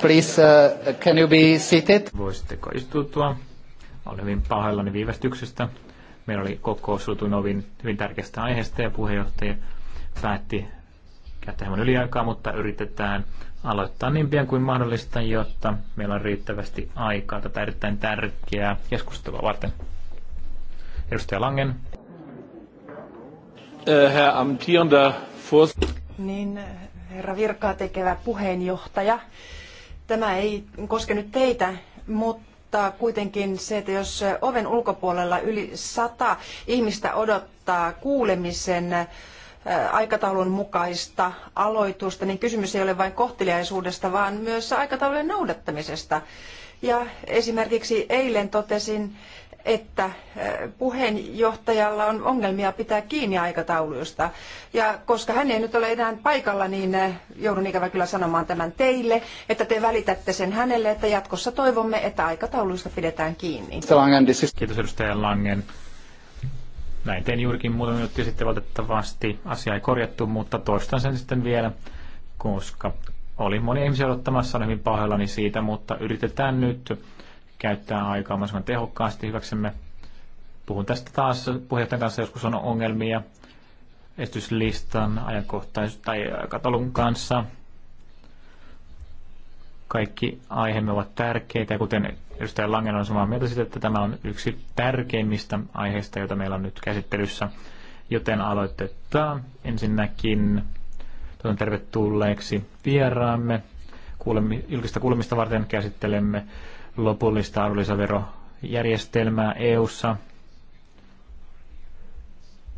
Please, uh, can you be seated? Voisitteko istuutua? Olen hyvin pahoillani viivästyksestä. Meillä oli kokous sutuin ovin hyvin tärkeästä aiheesta ja puheenjohtaja päätti käyttää hieman yliaikaa, mutta yritetään aloittaa niin pian kuin mahdollista, jotta meillä on riittävästi aikaa tätä erittäin tärkeää keskustelua varten. Edustaja Langen. Äh, Herr amtierender Niin, herra virkaa tekevä puheenjohtaja. Tämä ei koske nyt teitä, mutta kuitenkin se, että jos oven ulkopuolella yli sata ihmistä odottaa kuulemisen äh, aikataulun mukaista aloitusta, niin kysymys ei ole vain kohteliaisuudesta, vaan myös aikataulujen noudattamisesta. Ja esimerkiksi eilen totesin, että eh, puheenjohtajalla on ongelmia pitää kiinni aikatauluista. Ja koska hän ei nyt ole enää paikalla, niin eh, joudun ikävä kyllä sanomaan tämän teille, että te välitätte sen hänelle, että jatkossa toivomme, että aikatauluista pidetään kiinni. Kiitos edustaja Langen. Näin tein juurikin muutama minuuttia sitten valitettavasti. Asia ei korjattu, mutta toistan sen sitten vielä, koska oli moni ihmisiä odottamassa, on hyvin pahoillani siitä, mutta yritetään nyt käyttää aikaa mahdollisimman tehokkaasti hyväksemme. Puhun tästä taas puheenjohtajan kanssa, joskus on ongelmia esityslistan ajankohtais- tai katalun kanssa. Kaikki aiheemme ovat tärkeitä, kuten edustaja Langen on samaa mieltä siitä, että tämä on yksi tärkeimmistä aiheista, joita meillä on nyt käsittelyssä. Joten aloitetaan ensinnäkin toivon tervetulleeksi vieraamme. Kuulemi, julkista kuulemista varten käsittelemme lopullista arvonlisäverojärjestelmää EU-ssa.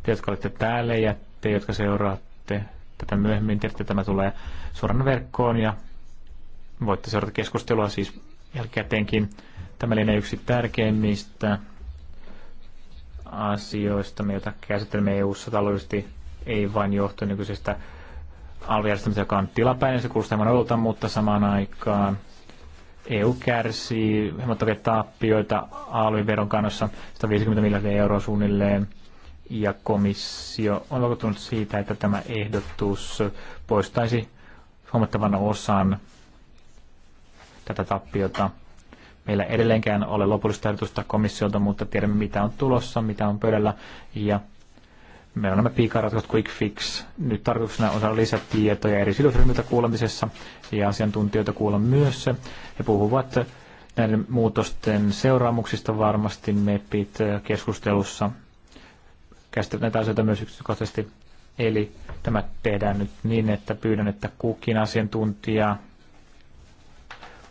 Te, jotka olette täällä ja te, jotka seuraatte tätä myöhemmin, tiedätte, tämä tulee suoraan verkkoon ja voitte seurata keskustelua siis jälkikäteenkin. Tämä lienee yksi tärkeimmistä asioista, joita käsittelemme EU-ssa taloudellisesti, ei vain johtuen nykyisestä alvijärjestelmästä, joka on tilapäinen, se kuulostaa hieman mutta samaan aikaan EU kärsii huomattavia tappioita ALV-veron kannossa 150 miljardia euroa suunnilleen. Ja komissio on vakuuttunut siitä, että tämä ehdotus poistaisi huomattavan osan tätä tappiota. Meillä edelleenkään ole lopullista ehdotusta komissiolta, mutta tiedämme mitä on tulossa, mitä on pöydällä. Ja Meillä on nämä pikaratkaisut Quick Fix. Nyt tarkoituksena on saada lisätietoja eri sidosryhmiltä kuulemisessa ja asiantuntijoita kuulla myös. He puhuvat näiden muutosten seuraamuksista varmasti MEPit keskustelussa käsitellä näitä asioita myös yksityiskohtaisesti. Eli tämä tehdään nyt niin, että pyydän, että kukin asiantuntija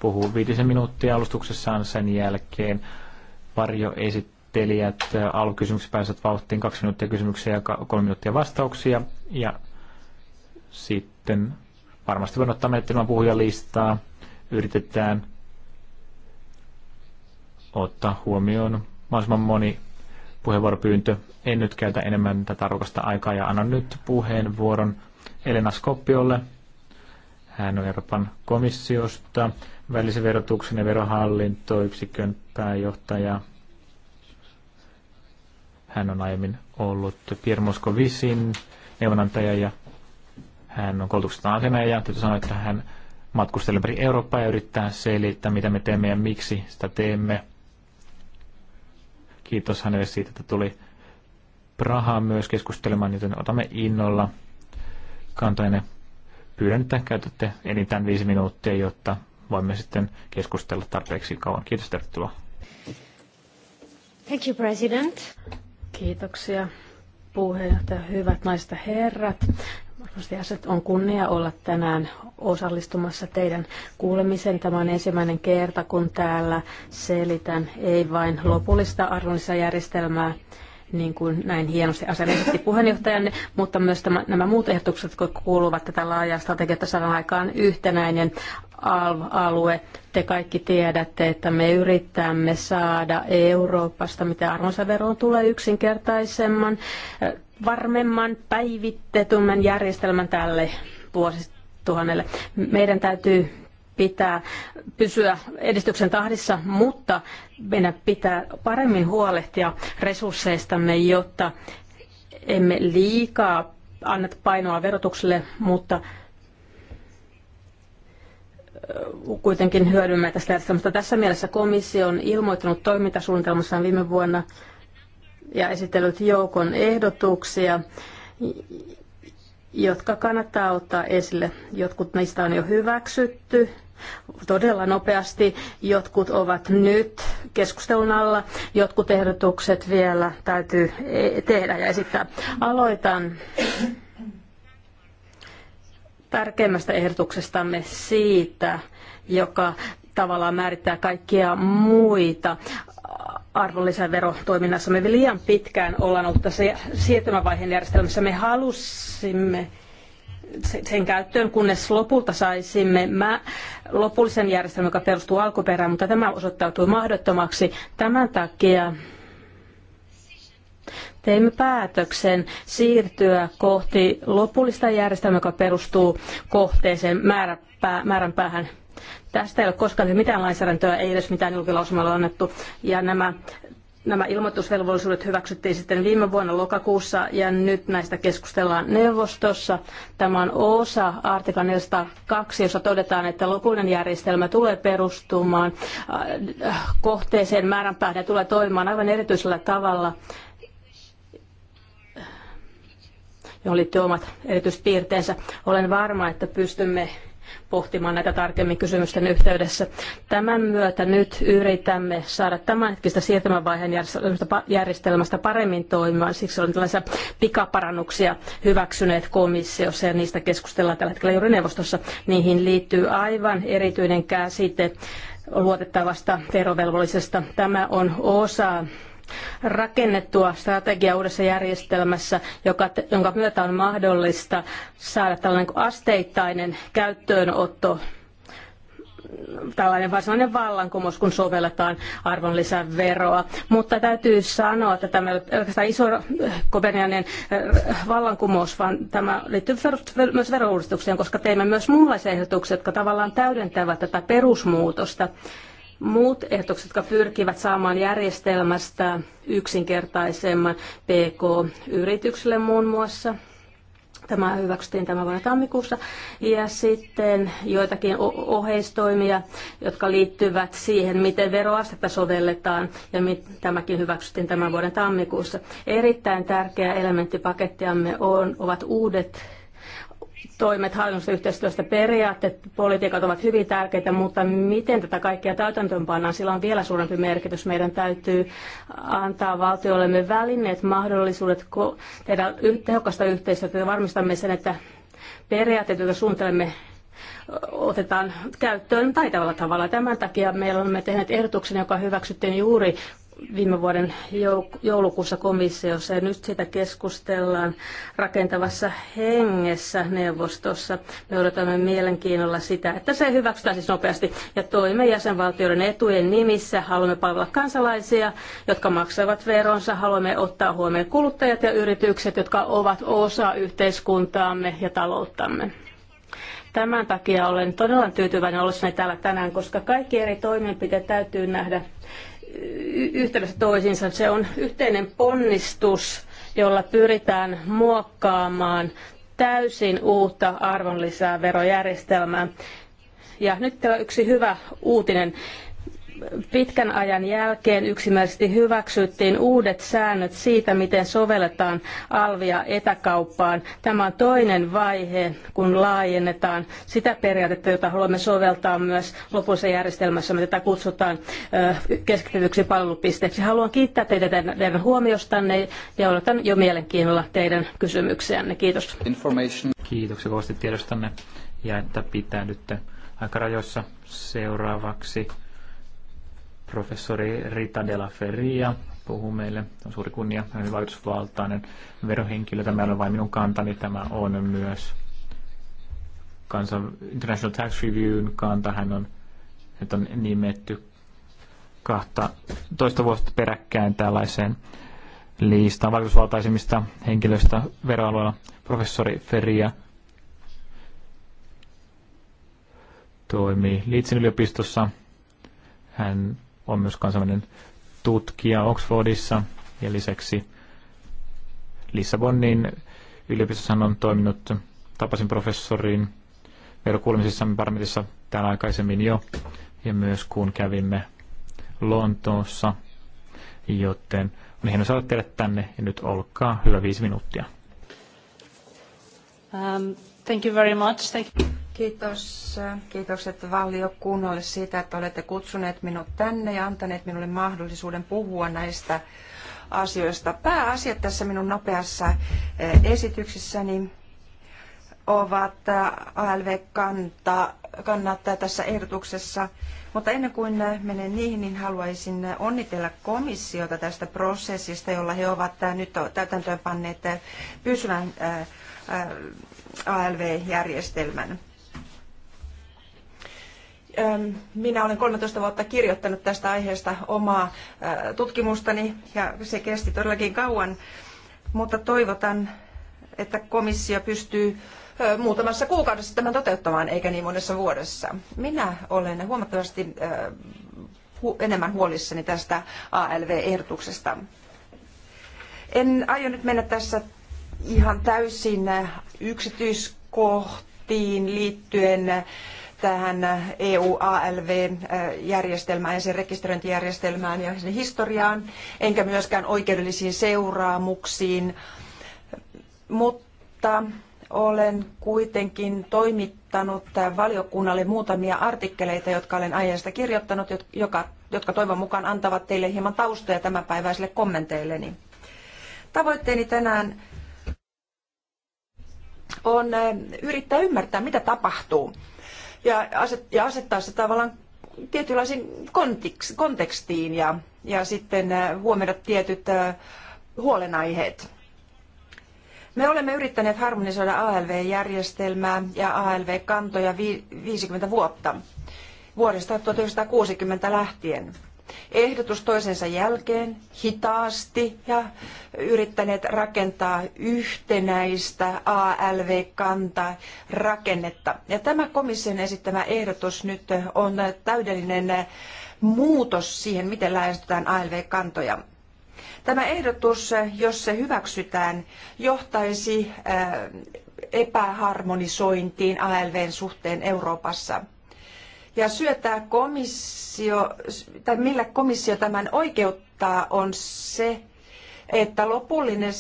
puhuu viitisen minuuttia alustuksessaan sen jälkeen varjo esittää esittelijät äh, alkukysymykset pääsevät vauhtiin kaksi minuuttia kysymyksiä ja kolme minuuttia vastauksia. Ja sitten varmasti voin ottaa menettelymään puhujalistaa. Yritetään ottaa huomioon mahdollisimman moni puheenvuoropyyntö. En nyt käytä enemmän tätä arvokasta aikaa ja annan nyt puheenvuoron Elena Skoppiolle. Hän on Euroopan komissiosta välisen verotuksen ja verohallintoyksikön pääjohtaja. Hän on aiemmin ollut Pierre Moscovisin neuvonantaja ja hän on koulutuksesta asemaja ja täytyy sanoa, että hän matkustelee ympäri Eurooppaa ja yrittää selittää, mitä me teemme ja miksi sitä teemme. Kiitos hänelle siitä, että tuli Prahaan myös keskustelemaan, joten otamme innolla kantoinen. Pyydän, että käytätte enintään viisi minuuttia, jotta voimme sitten keskustella tarpeeksi kauan. Kiitos, tervetuloa. Thank you, President. Kiitoksia puheenjohtaja, hyvät naiset ja herrat. on kunnia olla tänään osallistumassa teidän kuulemisen. Tämä on ensimmäinen kerta, kun täällä selitän ei vain lopullista arvonlisäjärjestelmää, järjestelmää niin kuin näin hienosti asennetti puheenjohtajanne, mutta myös tämä, nämä muut ehdotukset, jotka kuuluvat tätä laajaa strategiaa saadaan aikaan yhtenäinen alue. Te kaikki tiedätte, että me yritämme saada Euroopasta, mitä arvonsaveroon tulee yksinkertaisemman, varmemman, päivitetymmän järjestelmän tälle vuosituhannelle. Meidän täytyy pitää pysyä edistyksen tahdissa, mutta meidän pitää paremmin huolehtia resursseistamme, jotta emme liikaa anna painoa verotukselle, mutta kuitenkin hyödymme tästä järjestelmästä. Tässä mielessä komissio on ilmoittanut toimintasuunnitelmassaan viime vuonna ja esitellyt joukon ehdotuksia, jotka kannattaa ottaa esille. Jotkut niistä on jo hyväksytty todella nopeasti, jotkut ovat nyt keskustelun alla, jotkut ehdotukset vielä täytyy e- tehdä ja esittää. Aloitan tärkeimmästä ehdotuksestamme siitä, joka tavallaan määrittää kaikkia muita arvonlisäverotoiminnassa. Me liian pitkään ollaan ollut tässä siirtymävaiheen järjestelmässä. Me halusimme sen käyttöön, kunnes lopulta saisimme mä, lopullisen järjestelmän, joka perustuu alkuperään, mutta tämä osoittautui mahdottomaksi. Tämän takia teimme päätöksen siirtyä kohti lopullista järjestelmää, joka perustuu kohteeseen määränpäähän. Tästä ei ole koskaan mitään lainsäädäntöä, ei edes mitään julkilausumalla annettu. Ja nämä Nämä ilmoitusvelvollisuudet hyväksyttiin sitten viime vuonna lokakuussa ja nyt näistä keskustellaan neuvostossa. Tämä on osa artikla 402, jossa todetaan, että lopullinen järjestelmä tulee perustumaan äh, kohteeseen määränpäähän ja tulee toimimaan aivan erityisellä tavalla johon liittyy omat erityispiirteensä. Olen varma, että pystymme pohtimaan näitä tarkemmin kysymysten yhteydessä. Tämän myötä nyt yritämme saada tämänhetkistä siirtymävaiheen järjestelmästä paremmin toimimaan. Siksi on tällaisia pikaparannuksia hyväksyneet komissiossa ja niistä keskustellaan tällä hetkellä juuri neuvostossa. Niihin liittyy aivan erityinen käsite luotettavasta verovelvollisesta. Tämä on osa rakennettua strategiaa uudessa järjestelmässä, joka, jonka myötä on mahdollista saada tällainen asteittainen käyttöönotto tällainen varsinainen vallankumous, kun sovelletaan arvonlisäveroa. Mutta täytyy sanoa, että tämä ei ole pelkästään iso äh, kopernianen äh, vallankumous, vaan tämä liittyy myös verouudistukseen, koska teimme myös muunlaisia ehdotuksia, jotka tavallaan täydentävät tätä perusmuutosta. Muut ehdotukset, jotka pyrkivät saamaan järjestelmästä yksinkertaisemman PK-yrityksille muun muassa, Tämä hyväksyttiin tämän vuonna tammikuussa. Ja sitten joitakin oheistoimia, jotka liittyvät siihen, miten veroastetta sovelletaan. Ja tämäkin hyväksyttiin tämän vuoden tammikuussa. Erittäin tärkeä elementti pakettiamme on, ovat uudet toimet hallinnollisesta yhteistyöstä, periaatteet, politiikat ovat hyvin tärkeitä, mutta miten tätä kaikkea täytäntöön pannaan, sillä on vielä suurempi merkitys. Meidän täytyy antaa valtiollemme välineet, mahdollisuudet tehdä tehokasta yhteistyötä ja varmistamme sen, että periaatteet, joita suunnittelemme, otetaan käyttöön taitavalla tavalla. Tämän takia meillä olemme tehneet ehdotuksen, joka hyväksyttiin juuri viime vuoden joulukuussa komissiossa ja nyt sitä keskustellaan rakentavassa hengessä neuvostossa. Me odotamme mielenkiinnolla sitä, että se hyväksytään siis nopeasti ja toimme jäsenvaltioiden etujen nimissä. Haluamme palvella kansalaisia, jotka maksavat veronsa. Haluamme ottaa huomioon kuluttajat ja yritykset, jotka ovat osa yhteiskuntaamme ja talouttamme. Tämän takia olen todella tyytyväinen ollessani täällä tänään, koska kaikki eri toimenpiteet täytyy nähdä yhteydessä toisiinsa. Se on yhteinen ponnistus, jolla pyritään muokkaamaan täysin uutta arvonlisää verojärjestelmää. Ja nyt täällä on yksi hyvä uutinen pitkän ajan jälkeen yksimielisesti hyväksyttiin uudet säännöt siitä, miten sovelletaan alvia etäkauppaan. Tämä on toinen vaihe, kun laajennetaan sitä periaatetta, jota haluamme soveltaa myös lopullisessa järjestelmässä, mitä kutsutaan keskitetyksi palvelupisteeksi. Haluan kiittää teitä teidän huomiostanne ja odotan jo mielenkiinnolla teidän kysymyksiänne. Kiitos. Kiitoksia kovasti tiedostanne ja että pitäydytte aikarajoissa seuraavaksi professori Rita de la Feria puhuu meille. On suuri kunnia, hän on vaikutusvaltainen verohenkilö. Tämä on vain minun kantani, tämä on myös kansan, International Tax Reviewn kanta. Hän on, nyt on nimetty kahta toista vuotta peräkkäin tällaiseen listaan vaikutusvaltaisimmista henkilöistä veroalueella. Professori Feria toimii Liitsin yliopistossa. Hän on myös kansainvälinen tutkija Oxfordissa ja lisäksi Lissabonin yliopistossa on toiminut, tapasin professorin verokuulemisissamme parlamentissa täällä aikaisemmin jo ja myös kun kävimme Lontoossa, joten on hienoa saada teidät tänne ja nyt olkaa hyvä viisi minuuttia. Um, Thank you very much. Thank you. Kiitos. Kiitokset valiokunnalle siitä, että olette kutsuneet minut tänne ja antaneet minulle mahdollisuuden puhua näistä asioista. Pääasiat tässä minun nopeassa eh, esityksessäni ovat eh, ALV-kanta tässä ehdotuksessa. Mutta ennen kuin eh, menen niihin, niin haluaisin onnitella komissiota tästä prosessista, jolla he ovat nyt täytäntöön panneet pysyvän ALV-järjestelmän. Minä olen 13 vuotta kirjoittanut tästä aiheesta omaa tutkimustani ja se kesti todellakin kauan, mutta toivotan, että komissio pystyy muutamassa kuukaudessa tämän toteuttamaan, eikä niin monessa vuodessa. Minä olen huomattavasti enemmän huolissani tästä ALV-ehdotuksesta. En aio nyt mennä tässä ihan täysin yksityiskohtiin liittyen tähän EU-ALV-järjestelmään ja sen rekisteröintijärjestelmään ja sen historiaan, enkä myöskään oikeudellisiin seuraamuksiin. Mutta olen kuitenkin toimittanut valiokunnalle muutamia artikkeleita, jotka olen aiheesta kirjoittanut, joka, jotka toivon mukaan antavat teille hieman taustoja tämänpäiväisille kommenteilleni. Tavoitteeni tänään on yrittää ymmärtää, mitä tapahtuu ja, asettaa se tavallaan tietynlaisiin kontekstiin ja, ja sitten huomioida tietyt huolenaiheet. Me olemme yrittäneet harmonisoida ALV-järjestelmää ja ALV-kantoja 50 vuotta vuodesta 1960 lähtien ehdotus toisensa jälkeen hitaasti ja yrittäneet rakentaa yhtenäistä ALV-kantaa rakennetta. Ja tämä komission esittämä ehdotus nyt on täydellinen muutos siihen, miten lähestytään ALV-kantoja. Tämä ehdotus, jos se hyväksytään, johtaisi epäharmonisointiin ALVn suhteen Euroopassa – ja syöttää komissio, tai millä komissio tämän oikeuttaa, on se, että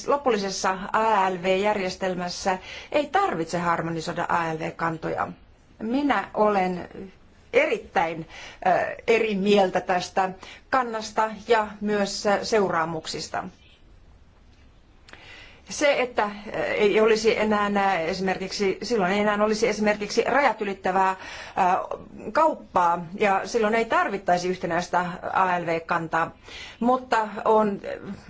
lopullisessa ALV-järjestelmässä ei tarvitse harmonisoida ALV-kantoja. Minä olen erittäin eri mieltä tästä kannasta ja myös seuraamuksista se, että eh, ei olisi enää eh, esimerkiksi, silloin ei enää olisi esimerkiksi rajat ylittävää eh, kauppaa ja silloin ei tarvittaisi yhtenäistä ALV-kantaa. Mutta on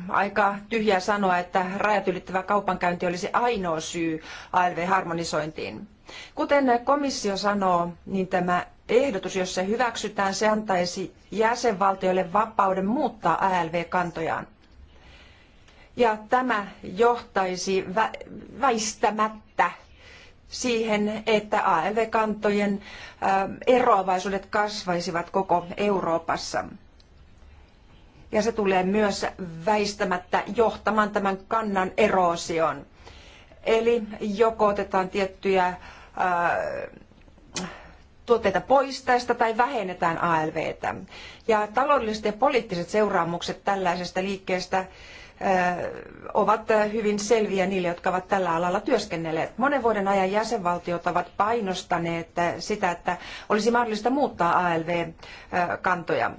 aika tyhjää sanoa, että rajat ylittävä kaupankäynti olisi ainoa syy ALV-harmonisointiin. Kuten komissio sanoo, niin tämä ehdotus, jos se hyväksytään, se antaisi jäsenvaltioille vapauden muuttaa ALV-kantojaan. Ja tämä johtaisi väistämättä siihen, että ALV-kantojen eroavaisuudet kasvaisivat koko Euroopassa. Ja se tulee myös väistämättä johtamaan tämän kannan eroosion. Eli joko otetaan tiettyjä tuotteita pois tästä tai vähennetään ALVtä. Ja taloudelliset ja poliittiset seuraamukset tällaisesta liikkeestä ovat hyvin selviä niille, jotka ovat tällä alalla työskennelleet. Monen vuoden ajan jäsenvaltiot ovat painostaneet sitä, että olisi mahdollista muuttaa ALV-kantoja.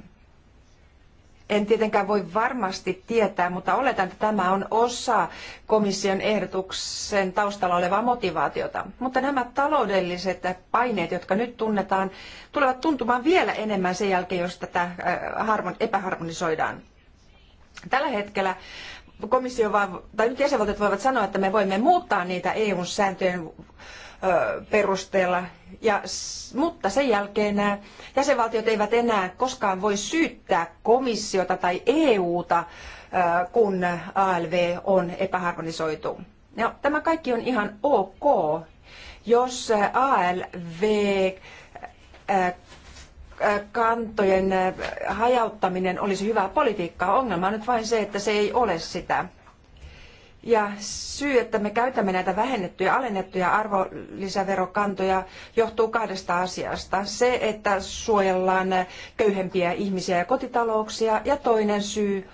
En tietenkään voi varmasti tietää, mutta oletan, että tämä on osa komission ehdotuksen taustalla olevaa motivaatiota. Mutta nämä taloudelliset paineet, jotka nyt tunnetaan, tulevat tuntumaan vielä enemmän sen jälkeen, jos tätä epäharmonisoidaan. Tällä hetkellä komissio vaan, tai nyt jäsenvaltiot voivat sanoa, että me voimme muuttaa niitä EU-sääntöjen perusteella, ja, mutta sen jälkeen nämä jäsenvaltiot eivät enää koskaan voi syyttää komissiota tai EUta, kun ALV on epäharmonisoitu. tämä kaikki on ihan ok, jos ALV kantojen äh, hajauttaminen olisi hyvää politiikkaa. Ongelma on nyt vain se, että se ei ole sitä. Ja syy, että me käytämme näitä vähennettyjä, alennettuja arvonlisäverokantoja, johtuu kahdesta asiasta. Se, että suojellaan köyhempiä ihmisiä ja kotitalouksia, ja toinen syy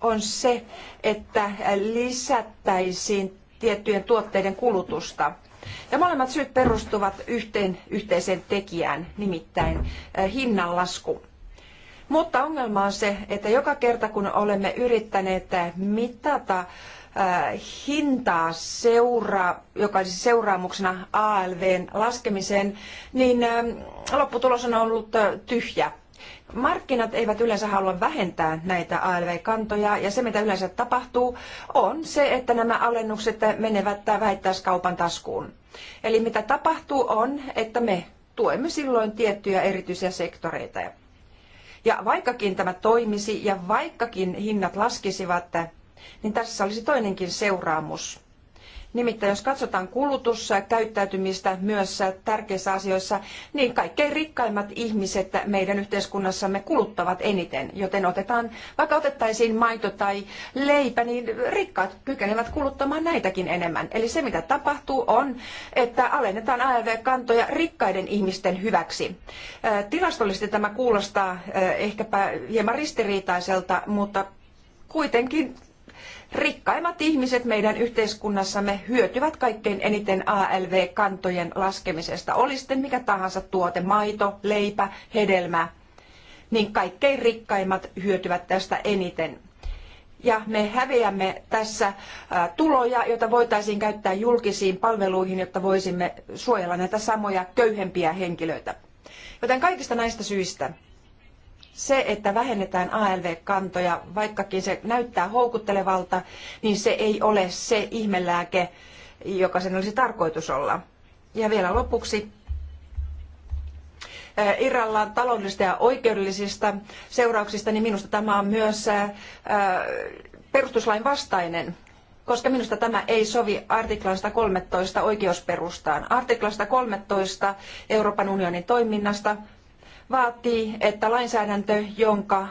on se, että lisättäisiin tiettyjen tuotteiden kulutusta. Ja molemmat syyt perustuvat yhteen yhteiseen tekijään, nimittäin eh, hinnanlasku. Mutta ongelma on se, että joka kerta kun olemme yrittäneet eh, mitata eh, hintaa, seura, joka olisi seuraamuksena ALVn laskemiseen, niin lopputulos on ollut tyhjä. Markkinat eivät yleensä halua vähentää näitä ALV-kantoja ja se mitä yleensä tapahtuu on se, että nämä alennukset menevät vähittäiskaupan taskuun. Eli mitä tapahtuu on, että me tuemme silloin tiettyjä erityisiä sektoreita. Ja vaikkakin tämä toimisi ja vaikkakin hinnat laskisivat, niin tässä olisi toinenkin seuraamus. Nimittäin jos katsotaan kulutuskäyttäytymistä myös tärkeissä asioissa, niin kaikkein rikkaimmat ihmiset meidän yhteiskunnassamme kuluttavat eniten. Joten otetaan, vaikka otettaisiin maito tai leipä, niin rikkaat kykenevät kuluttamaan näitäkin enemmän. Eli se mitä tapahtuu on, että alennetaan ALV-kantoja rikkaiden ihmisten hyväksi. Tilastollisesti tämä kuulostaa ehkäpä hieman ristiriitaiselta, mutta kuitenkin rikkaimmat ihmiset meidän yhteiskunnassamme hyötyvät kaikkein eniten ALV-kantojen laskemisesta. Oli sitten mikä tahansa tuote, maito, leipä, hedelmä, niin kaikkein rikkaimmat hyötyvät tästä eniten. Ja me häviämme tässä tuloja, joita voitaisiin käyttää julkisiin palveluihin, jotta voisimme suojella näitä samoja köyhempiä henkilöitä. Joten kaikista näistä syistä se, että vähennetään ALV-kantoja, vaikkakin se näyttää houkuttelevalta, niin se ei ole se ihmelääke, joka sen olisi tarkoitus olla. Ja vielä lopuksi eh, Irrallaan taloudellisista ja oikeudellisista seurauksista, niin minusta tämä on myös eh, perustuslain vastainen, koska minusta tämä ei sovi artiklasta 113 oikeusperustaan. artiklasta 113 Euroopan unionin toiminnasta vaatii, että lainsäädäntö, jonka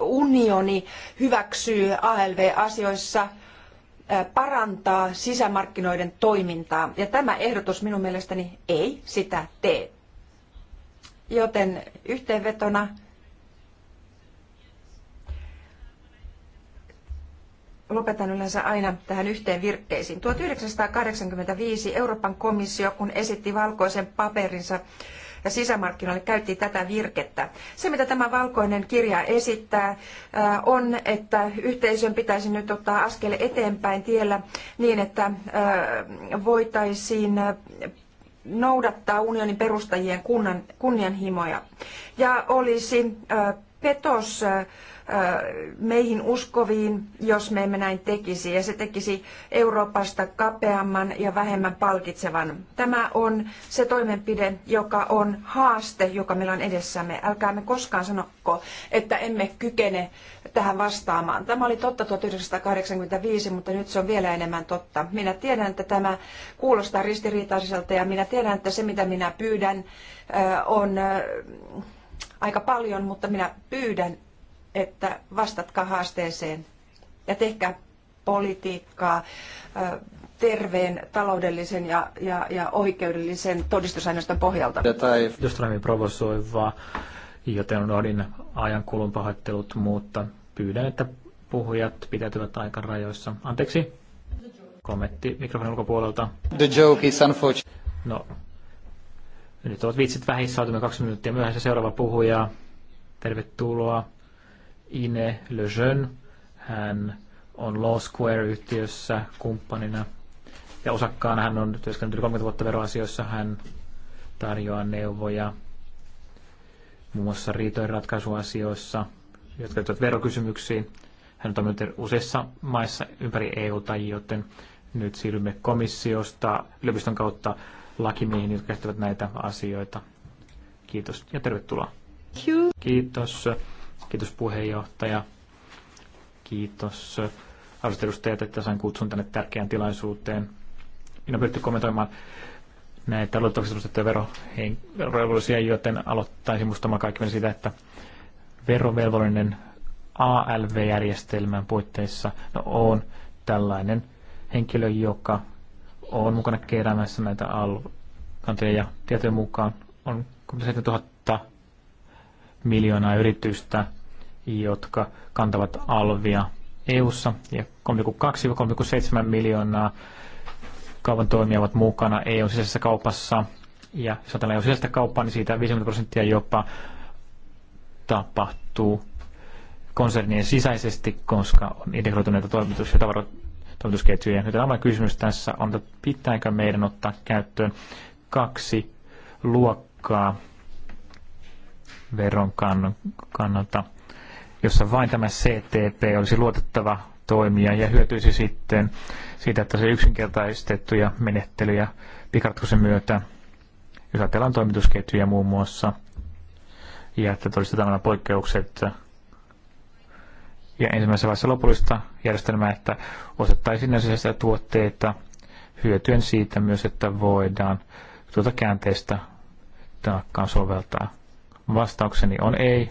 unioni hyväksyy ALV-asioissa, parantaa sisämarkkinoiden toimintaa. Ja tämä ehdotus minun mielestäni ei sitä tee. Joten yhteenvetona lopetan yleensä aina tähän yhteen virkkeisiin. 1985 Euroopan komissio, kun esitti valkoisen paperinsa ja sisämarkkinoille käytti tätä virkettä. Se, mitä tämä valkoinen kirja esittää, äh, on, että yhteisön pitäisi nyt ottaa askel eteenpäin tiellä niin, että äh, voitaisiin äh, noudattaa unionin perustajien kunnan, kunnianhimoja. Ja olisi petos meihin uskoviin, jos me emme näin tekisi. Ja se tekisi Euroopasta kapeamman ja vähemmän palkitsevan. Tämä on se toimenpide, joka on haaste, joka meillä on edessämme. Älkäämme koskaan sanokko, että emme kykene tähän vastaamaan. Tämä oli totta 1985, mutta nyt se on vielä enemmän totta. Minä tiedän, että tämä kuulostaa ristiriitaiselta ja minä tiedän, että se mitä minä pyydän on aika paljon, mutta minä pyydän että vastatkaa haasteeseen ja tehkää politiikkaa terveen taloudellisen ja, ja, ja oikeudellisen todistusaineiston pohjalta. Jos Rami provosoivaa, joten odin ajan kulun pahoittelut, mutta pyydän, että puhujat pitäytyvät aikarajoissa. Anteeksi, kommentti mikrofonin ulkopuolelta. The joke is unfortunate. No, nyt ovat vitsit vähissä, olemme kaksi minuuttia myöhässä. Seuraava puhuja, tervetuloa. Ine Lejeune. Hän on Law Square-yhtiössä kumppanina ja osakkaana hän on työskennellyt 30 vuotta veroasioissa. Hän tarjoaa neuvoja muun muassa riitojen ratkaisuasioissa, jotka liittyvät verokysymyksiin. Hän on toiminut useissa maissa ympäri EUta, joten nyt siirrymme komissiosta yliopiston kautta lakimiehiin, jotka käsittävät näitä asioita. Kiitos ja tervetuloa. Kiitos. Kiitos puheenjohtaja. Kiitos äh, arvoisat edustajat, että sain kutsun tänne tärkeään tilaisuuteen. Minä pyrittiin kommentoimaan näitä luottamuksellisia verovelvollisia, joten aloittaisin muistamaan kaikki siitä, että verovelvollinen ALV-järjestelmän puitteissa no, on tällainen henkilö, joka on mukana keräämässä näitä alv ja tietojen mukaan on 7000 miljoonaa yritystä jotka kantavat alvia EU-ssa ja 3,2-3,7 miljoonaa kaupan toimia ovat mukana EU sisäisessä kaupassa. Ja jos ajatellaan EUn sisäistä kauppaa, niin siitä 50 prosenttia jopa tapahtuu konsernien sisäisesti, koska on integroituneita toimitus- ja tavara- toimitusketjuja. Nyt tämä kysymys tässä on, että pitääkö meidän ottaa käyttöön kaksi luokkaa veron kannalta jossa vain tämä CTP olisi luotettava toimija ja hyötyisi sitten siitä, että se yksinkertaistettuja menettelyjä pikaratkaisen myötä, jos ajatellaan toimitusketjuja muun muassa, ja että todistetaan nämä poikkeukset ja ensimmäisessä vaiheessa lopullista järjestelmää, että osettaisiin näitä tuotteita hyötyen siitä myös, että voidaan tuota käänteistä taakkaan soveltaa. Vastaukseni on ei,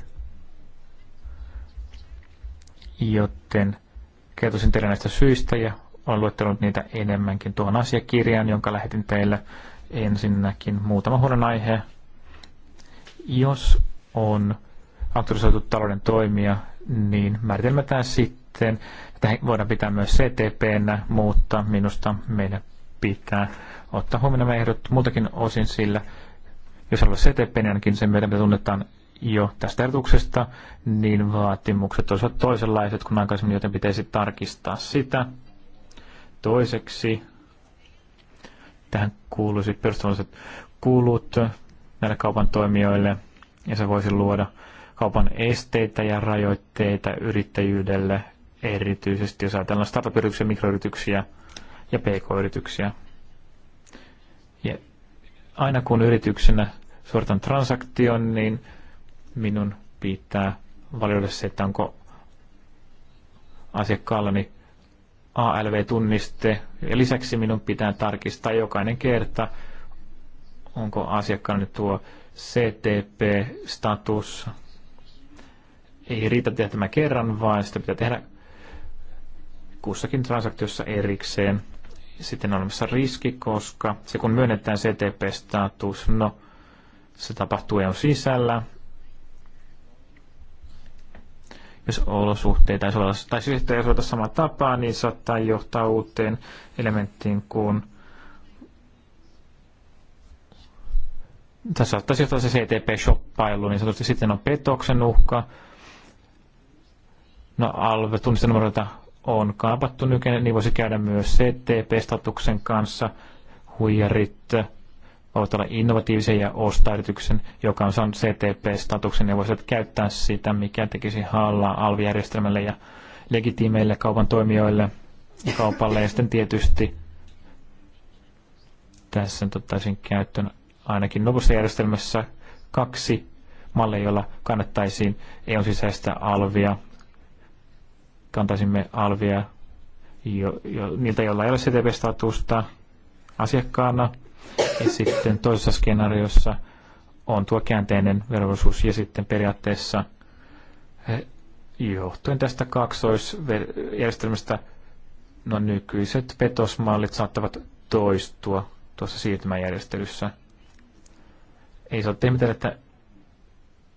joten kertoisin teille näistä syistä ja olen luettelut niitä enemmänkin tuon asiakirjaan, jonka lähetin teille ensinnäkin muutama aihe. Jos on auktorisoitu talouden toimija, niin määritelmätään sitten, että voidaan pitää myös CTPnä, mutta minusta meidän pitää ottaa huomioon nämä ehdot muutakin osin, sillä jos haluaa CTP, niin ainakin sen meidän tunnetaan jo tästä erotuksesta, niin vaatimukset olisivat toisenlaiset kuin aikaisemmin, joten pitäisi tarkistaa sitä. Toiseksi tähän kuuluisi perustuvalliset kulut näille kaupan toimijoille, ja se voisi luoda kaupan esteitä ja rajoitteita yrittäjyydelle, erityisesti jos ajatellaan startup-yrityksiä, mikroyrityksiä ja pk-yrityksiä. Ja aina kun yrityksenä suoritan transaktion, niin minun pitää valioida se, että onko asiakkaallani ALV-tunniste. Ja lisäksi minun pitää tarkistaa jokainen kerta, onko asiakkaallani tuo CTP-status. Ei riitä tehdä tämä kerran, vaan sitä pitää tehdä kussakin transaktiossa erikseen. Sitten on olemassa riski, koska se kun myönnetään CTP-status, no se tapahtuu EUn sisällä, jos olosuhteita ei sovelleta, tai siis ei sovelleta samaa tapaa, niin saattaa johtaa uuteen elementtiin kuin tässä saattaisi johtaa se siis CTP-shoppailu, niin sanotusti sitten on petoksen uhka. No alve tunnistenumeroita on kaapattu nykyään, niin voisi käydä myös CTP-statuksen e kanssa. Huijarit voivat olla innovatiivisia ja ostaa yrityksen, joka on saanut CTP-statuksen ja voisivat käyttää sitä, mikä tekisi hallaa alvijärjestelmälle ja legitiimeille kaupan toimijoille ja kaupalle. Ja sitten tietysti tässä ottaisin käyttöön ainakin novussa järjestelmässä kaksi mallia, joilla kannattaisiin EUn sisäistä alvia. Kantaisimme alvia jo, jo, niiltä, joilla ei ole CTP-statusta asiakkaana – ja sitten toisessa skenaariossa on tuo käänteinen velvollisuus ja sitten periaatteessa eh, johtuen tästä kaksoisjärjestelmästä no nykyiset petosmallit saattavat toistua tuossa siirtymäjärjestelyssä. Ei saa tehdä mitään, että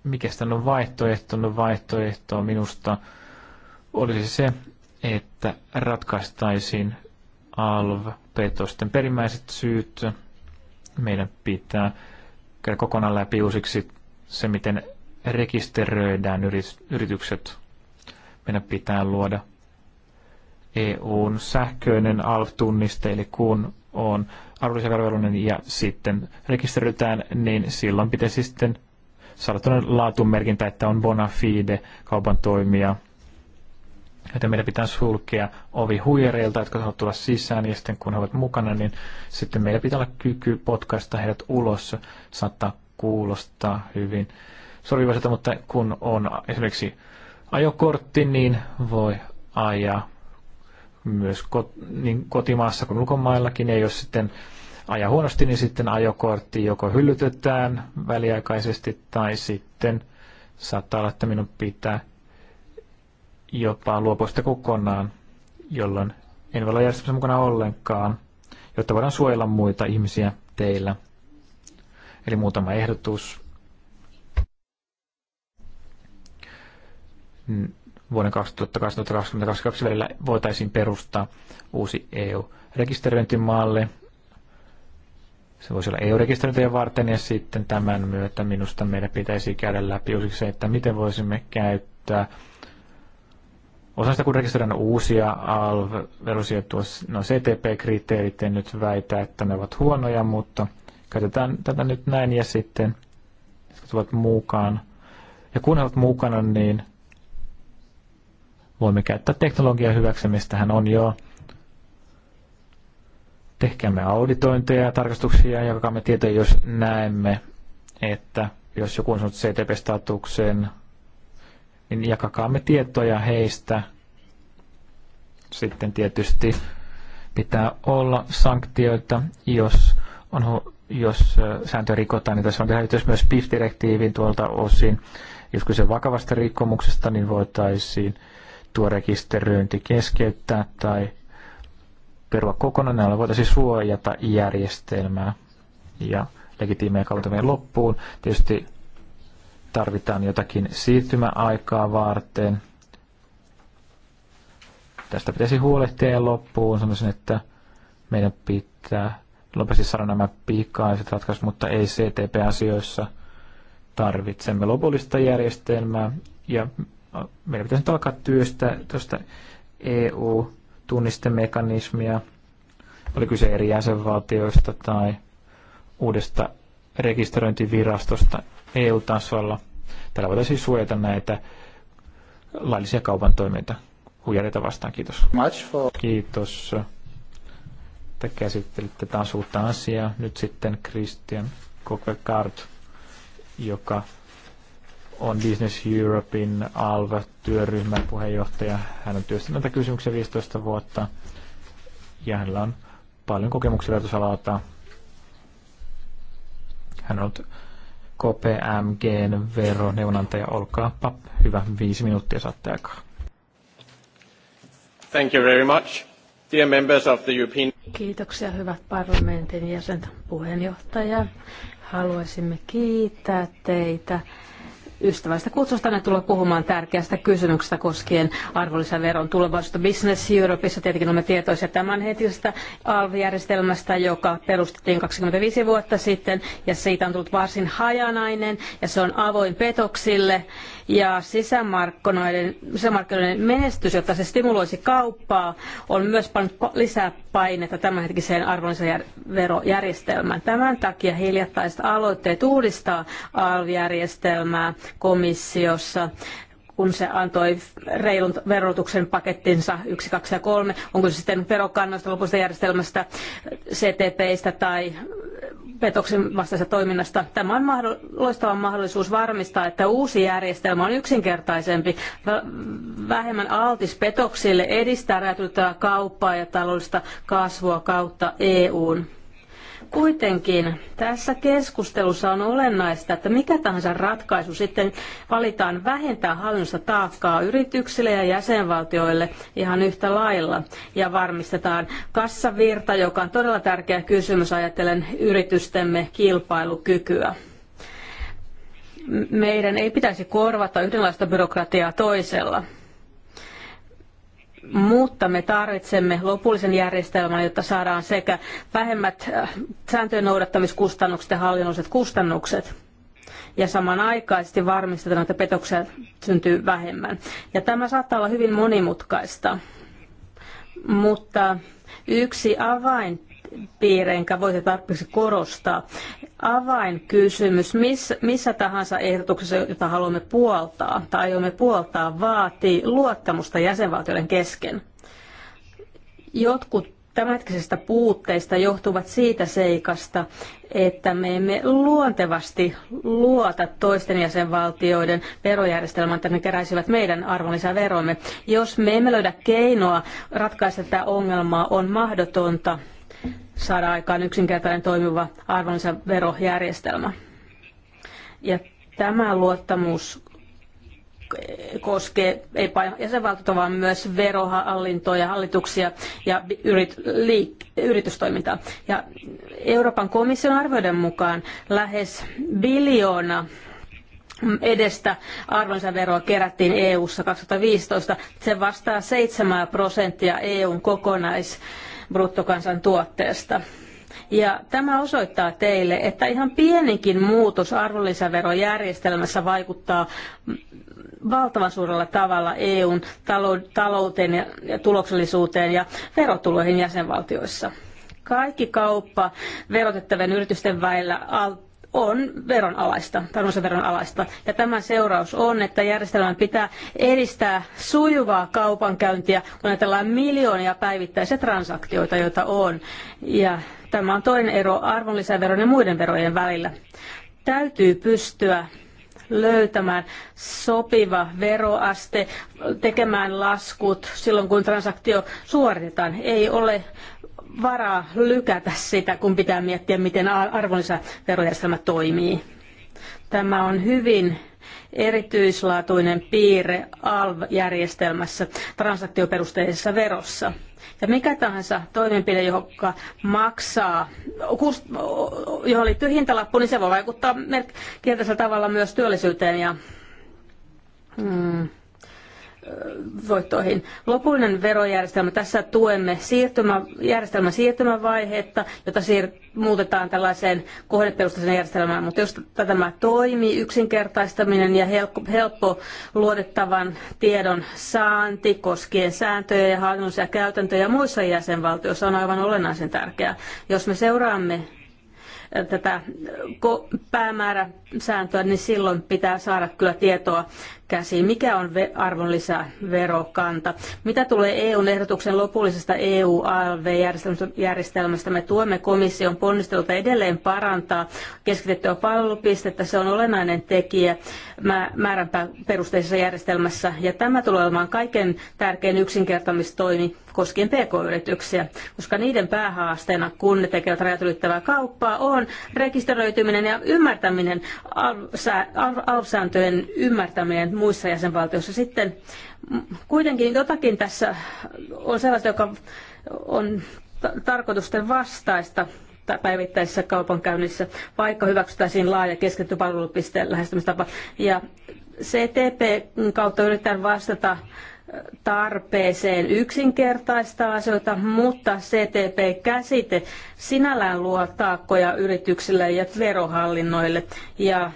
mikä sitä on vaihtoehto, no vaihtoehto minusta olisi se, että ratkaistaisiin alv-petosten perimmäiset syyt – meidän pitää käydä kokonaan läpi uusiksi se, miten rekisteröidään yritykset. Meidän pitää luoda EUn sähköinen ALF-tunniste, eli kun on arvonlisäverovelvollinen ja sitten rekisteröitään, niin silloin pitäisi sitten saada laatumerkintä, että on bona fide kaupan toimija – että meidän pitää sulkea ovi huijareilta, jotka haluavat tulla sisään, ja sitten kun he ovat mukana, niin sitten meillä pitää olla kyky potkaista heidät ulos, saattaa kuulostaa hyvin sopivaiselta, mutta kun on esimerkiksi ajokortti, niin voi ajaa myös kot- niin kotimaassa kuin ulkomaillakin, ja jos sitten aja huonosti, niin sitten ajokortti joko hyllytetään väliaikaisesti, tai sitten saattaa olla, että minun pitää jopa luopuista kokonaan, jolloin en voi olla järjestelmässä mukana ollenkaan, jotta voidaan suojella muita ihmisiä teillä. Eli muutama ehdotus. Vuoden 2020-2022 välillä voitaisiin perustaa uusi EU-rekisteröintimalli. Se voisi olla EU-rekisteröintiä varten ja sitten tämän myötä minusta meidän pitäisi käydä läpi uusiksi se, että miten voisimme käyttää osasta, kun rekisteröidään uusia alv tuossa, no CTP-kriteerit, en nyt väitä, että ne ovat huonoja, mutta käytetään tätä nyt näin ja sitten, jotka tulevat mukaan. Ja kun he ovat mukana, niin voimme käyttää teknologiaa hän on jo. Tehkäämme auditointeja ja tarkastuksia ja tietoja, jos näemme, että jos joku on saanut CTP-statuksen, niin jakakaamme tietoja heistä. Sitten tietysti pitää olla sanktioita, jos, on, jos sääntöä rikotaan, niin tässä on tehty myös PIF-direktiivin tuolta osin. Jos kyse vakavasta rikkomuksesta, niin voitaisiin tuo rekisteröinti keskeyttää tai perua kokonaan, jolla voitaisiin suojata järjestelmää ja legitiimejä kautta loppuun. Tietysti tarvitaan jotakin siirtymäaikaa varten. Tästä pitäisi huolehtia loppuun. Sanoisin, että meidän pitää lopesti saada nämä pikaiset ratkaisut, mutta ei CTP-asioissa. Tarvitsemme lopullista järjestelmää ja meidän pitäisi nyt alkaa työstä tuosta EU-tunnistemekanismia, oli kyse eri jäsenvaltioista tai uudesta rekisteröintivirastosta EU-tasolla. Tällä voitaisiin siis suojata näitä laillisia kaupan toimijoita huijareita vastaan. Kiitos. Kiitos. että käsittelitte taas uutta asiaa. Nyt sitten Christian Kokekart, joka on Business Europein Alva työryhmän puheenjohtaja. Hän on työstänyt näitä kysymyksiä 15 vuotta ja hänellä on paljon kokemuksia verotusalalta. Hän on ollut KPMGn veroneuvonantaja. Olkaapa hyvä, viisi minuuttia saatte aikaa. Thank you very much. Dear members of the European... Kiitoksia hyvät parlamentin jäsenet puheenjohtaja. Haluaisimme kiittää teitä ystävästä kutsusta ne tulla puhumaan tärkeästä kysymyksestä koskien arvonlisäveron tulevaisuutta. Business Europeissa tietenkin olemme tietoisia tämänhetkisestä järjestelmästä joka perustettiin 25 vuotta sitten ja siitä on tullut varsin hajanainen ja se on avoin petoksille ja sisämarkkinoiden, sisämarkkinoiden menestys, jotta se stimuloisi kauppaa, on myös pannut lisää painetta tämänhetkiseen arvonlisäverojärjestelmään. Tämän takia hiljattaiset aloitteet uudistaa järjestelmää komissiossa kun se antoi reilun verotuksen pakettinsa 1, 2 ja 3, onko se sitten verokannoista, lopullisesta järjestelmästä, CTPistä tai petoksen vastaisesta toiminnasta. Tämä on loistava mahdollisuus varmistaa, että uusi järjestelmä on yksinkertaisempi, vähemmän altis petoksille, edistää räätyltää kauppaa ja taloudellista kasvua kautta EUn. Kuitenkin tässä keskustelussa on olennaista, että mikä tahansa ratkaisu sitten valitaan vähentää hallinnosta taakkaa yrityksille ja jäsenvaltioille ihan yhtä lailla. Ja varmistetaan kassavirta, joka on todella tärkeä kysymys ajatellen yritystemme kilpailukykyä meidän ei pitäisi korvata yhdenlaista byrokratiaa toisella mutta me tarvitsemme lopullisen järjestelmän, jotta saadaan sekä vähemmät äh, sääntöjen noudattamiskustannukset ja hallinnolliset kustannukset ja samanaikaisesti varmistetaan, että petoksia syntyy vähemmän. Ja tämä saattaa olla hyvin monimutkaista, mutta yksi avain piirre, enkä voi tarpeeksi korostaa. Avainkysymys missä, missä tahansa ehdotuksessa, jota haluamme puoltaa tai aiomme puoltaa, vaatii luottamusta jäsenvaltioiden kesken. Jotkut tämänhetkisistä puutteista johtuvat siitä seikasta, että me emme luontevasti luota toisten jäsenvaltioiden verojärjestelmään, että ne keräisivät meidän arvonlisäveromme. Jos me emme löydä keinoa ratkaista tätä ongelmaa, on mahdotonta saada aikaan yksinkertainen toimiva arvonlisäverojärjestelmä. Ja tämä luottamus koskee ei vain jäsenvaltiota, vaan myös verohallintoja, hallituksia ja yrit, liik, yritystoimintaa. Ja Euroopan komission arvioiden mukaan lähes biljoona edestä arvonlisäveroa kerättiin EU-ssa 2015. Se vastaa 7 prosenttia EUn kokonais bruttokansantuotteesta. Ja tämä osoittaa teille, että ihan pienikin muutos arvonlisäverojärjestelmässä vaikuttaa valtavan suurella tavalla EUn talouteen ja tuloksellisuuteen ja verotuloihin jäsenvaltioissa. Kaikki kauppa verotettavien yritysten välillä on veronalaista, alaista. Ja tämän seuraus on, että järjestelmän pitää edistää sujuvaa kaupankäyntiä, kun ajatellaan miljoonia päivittäisiä transaktioita, joita on. Ja tämä on toinen ero arvonlisäveron ja muiden verojen välillä. Täytyy pystyä löytämään sopiva veroaste, tekemään laskut silloin, kun transaktio suoritetaan. Ei ole varaa lykätä sitä, kun pitää miettiä, miten arvonlisäverojärjestelmä toimii. Tämä on hyvin erityislaatuinen piirre ALV-järjestelmässä, transaktioperusteisessa verossa. Ja mikä tahansa toimenpide, joka maksaa, johon liittyy hintalappu, niin se voi vaikuttaa kielteisellä tavalla myös työllisyyteen ja mm, voittoihin. Lopullinen verojärjestelmä, tässä tuemme siirtymä, järjestelmän siirtymävaihetta, jota siir- muutetaan tällaiseen kohdeperustaiseen järjestelmään, mutta jos tämä toimii, yksinkertaistaminen ja helppo, helppo luodettavan tiedon saanti koskien sääntöjä ja hallinnollisia käytäntöjä muissa jäsenvaltioissa on aivan olennaisen tärkeää. Jos me seuraamme äh, tätä äh, päämäärä sääntöä, niin silloin pitää saada kyllä tietoa käsiin, mikä on arvonlisäverokanta. Mitä tulee EUn ehdotuksen lopullisesta EU-ALV-järjestelmästä, me tuemme komission ponnisteluta edelleen parantaa keskitettyä palvelupistettä. Se on olennainen tekijä määränpää järjestelmässä, ja tämä tulee olemaan kaiken tärkein yksinkertaamistoimi koskien pk-yrityksiä, koska niiden päähaasteena, kun ne tekevät rajat ylittävää kauppaa, on rekisteröityminen ja ymmärtäminen alv-sääntöjen ymmärtäminen muissa jäsenvaltioissa. Sitten kuitenkin jotakin tässä on sellaista, joka on tarkoitusten vastaista päivittäisessä kaupankäynnissä, vaikka hyväksyttäisiin laaja keskitetty palvelupisteen lähestymistapa. Ja CTP kautta yritetään vastata tarpeeseen yksinkertaistaa asioita, mutta CTP-käsite sinällään luo taakkoja yrityksille ja verohallinnoille. Ja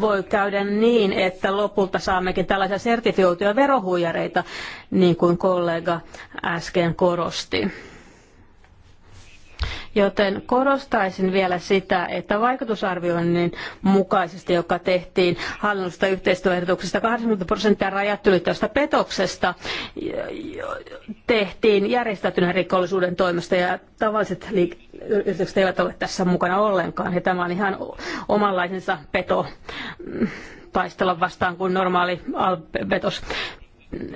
voi käydä niin, että lopulta saammekin tällaisia sertifioituja verohuijareita, niin kuin kollega äsken korosti. Joten korostaisin vielä sitä, että vaikutusarvioinnin mukaisesti, joka tehtiin hallinnollisesta yhteistyöehdotuksesta, 80 prosenttia rajat ylittävästä petoksesta tehtiin järjestäytyneen rikollisuuden toimesta ja tavalliset yritykset eivät ole tässä mukana ollenkaan. Ja tämä on ihan omanlaisensa peto mm, taistella vastaan kuin normaali petos.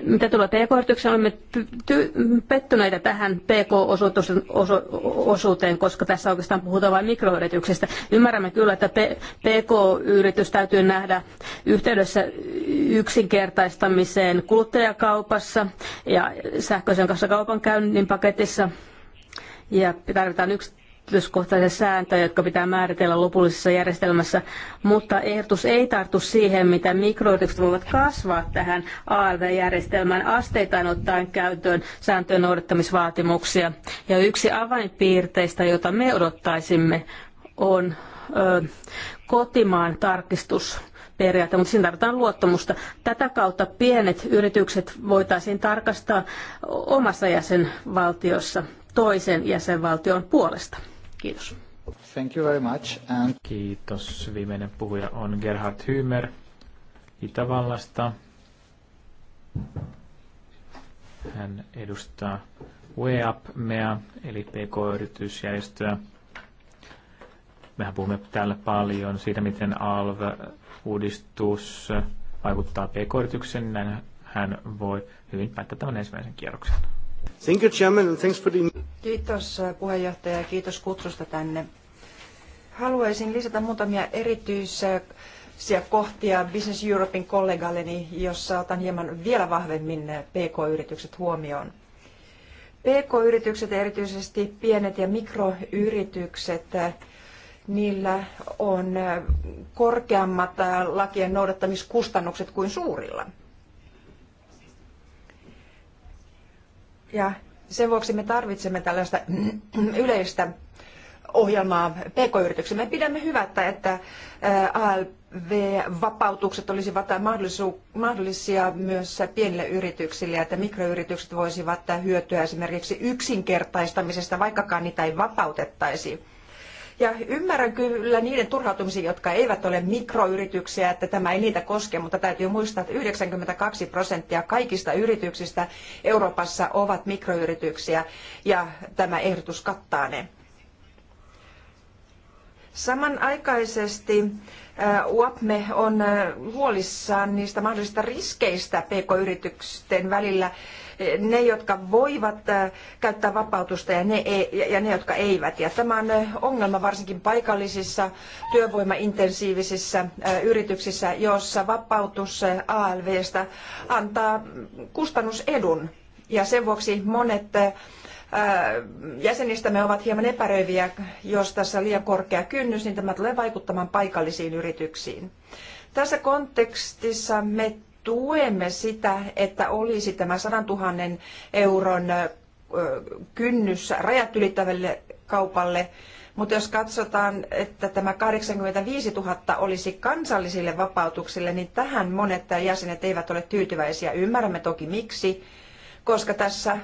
Mitä tulee pk-yritykseen, olemme pettyneitä tähän pk-osuuteen, koska tässä oikeastaan puhutaan vain mikroyrityksistä. Ymmärrämme kyllä, että pk-yritys täytyy nähdä yhteydessä yksinkertaistamiseen kuluttajakaupassa ja sähköisen kanssa kaupankäynnin paketissa. Ja tarvitaan yksi yksityiskohtaisia sääntöjä, jotka pitää määritellä lopullisessa järjestelmässä, mutta ehdotus ei tartu siihen, mitä mikroyritykset voivat kasvaa tähän ALV-järjestelmään asteittain ottaen käyttöön sääntöjen noudattamisvaatimuksia. Ja yksi avainpiirteistä, jota me odottaisimme, on ö, kotimaan tarkistus periaate, mutta siinä tarvitaan luottamusta. Tätä kautta pienet yritykset voitaisiin tarkastaa omassa jäsenvaltiossa toisen jäsenvaltion puolesta. Kiitos. Thank you very much. And... Kiitos. Viimeinen puhuja on Gerhard Hymer Itävallasta. Hän edustaa WEAP-mea, eli PK-yritysjärjestöä. Mehän puhumme täällä paljon siitä, miten ALV-uudistus vaikuttaa PK-yritykseen. hän voi hyvin päättää tämän ensimmäisen kierroksen. Thank you, Chairman, and thanks for the... Kiitos äh, puheenjohtaja ja kiitos kutsusta tänne. Haluaisin lisätä muutamia erityisiä kohtia Business Europein kollegalleni, jossa otan hieman vielä vahvemmin äh, PK-yritykset huomioon. PK-yritykset, erityisesti pienet ja mikroyritykset, äh, niillä on korkeammat lakien noudattamiskustannukset kuin suurilla. Ja sen vuoksi me tarvitsemme tällaista yleistä ohjelmaa pk-yrityksille. Me pidämme hyvättä, että ALV-vapautukset olisivat mahdollisia myös pienille yrityksille, että mikroyritykset voisivat hyötyä esimerkiksi yksinkertaistamisesta, vaikkakaan niitä ei vapautettaisi ja ymmärrän kyllä niiden turhautumisen, jotka eivät ole mikroyrityksiä, että tämä ei niitä koske, mutta täytyy muistaa, että 92 prosenttia kaikista yrityksistä Euroopassa ovat mikroyrityksiä ja tämä ehdotus kattaa ne. Samanaikaisesti äh, UAPME on äh, huolissaan niistä mahdollisista riskeistä pk-yritysten välillä ne, jotka voivat äh, käyttää vapautusta ja ne, e-, ja ne, jotka eivät. Ja tämä on äh, ongelma varsinkin paikallisissa työvoimaintensiivisissä äh, yrityksissä, joissa vapautus ALVstä antaa kustannusedun. Ja sen vuoksi monet jäsenistämme ovat hieman epäröiviä, jos tässä on liian korkea kynnys, niin tämä tulee vaikuttamaan paikallisiin yrityksiin. Tässä kontekstissa me tuemme sitä, että olisi tämä 100 000 euron kynnys rajat ylittävälle kaupalle, mutta jos katsotaan, että tämä 85 000 olisi kansallisille vapautuksille, niin tähän monet jäsenet eivät ole tyytyväisiä. Ymmärrämme toki miksi, koska tässä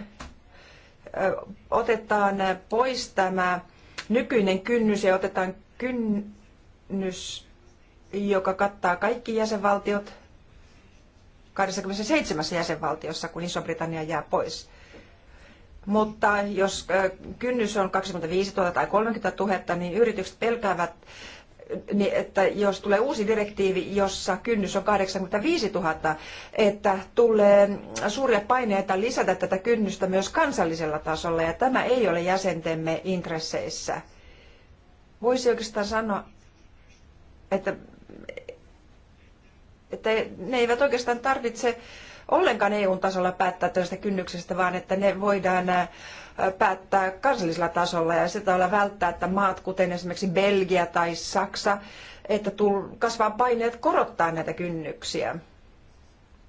otetaan pois tämä nykyinen kynnys ja otetaan kynnys, joka kattaa kaikki jäsenvaltiot 27 jäsenvaltiossa, kun Iso-Britannia jää pois. Mutta jos kynnys on 25 000 tai 30 000, niin yritykset pelkäävät, niin, että jos tulee uusi direktiivi, jossa kynnys on 85 000, että tulee suuria paineita lisätä tätä kynnystä myös kansallisella tasolla, ja tämä ei ole jäsentemme intresseissä. Voisi oikeastaan sanoa, että että ne eivät oikeastaan tarvitse ollenkaan EU-tasolla päättää tästä kynnyksestä, vaan että ne voidaan päättää kansallisella tasolla ja sitä olla välttää, että maat kuten esimerkiksi Belgia tai Saksa, että kasvaa paineet korottaa näitä kynnyksiä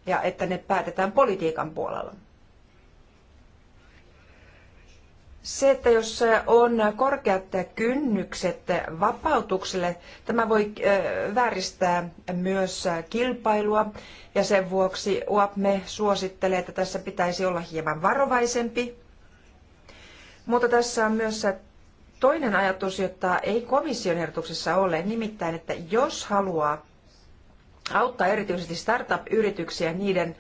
ja että ne päätetään politiikan puolella. Se, että jos on korkeat kynnykset vapautukselle, tämä voi vääristää myös kilpailua ja sen vuoksi me suosittelee, että tässä pitäisi olla hieman varovaisempi. Mutta tässä on myös toinen ajatus, jota ei komission ehdotuksessa ole, nimittäin, että jos haluaa auttaa erityisesti startup-yrityksiä niiden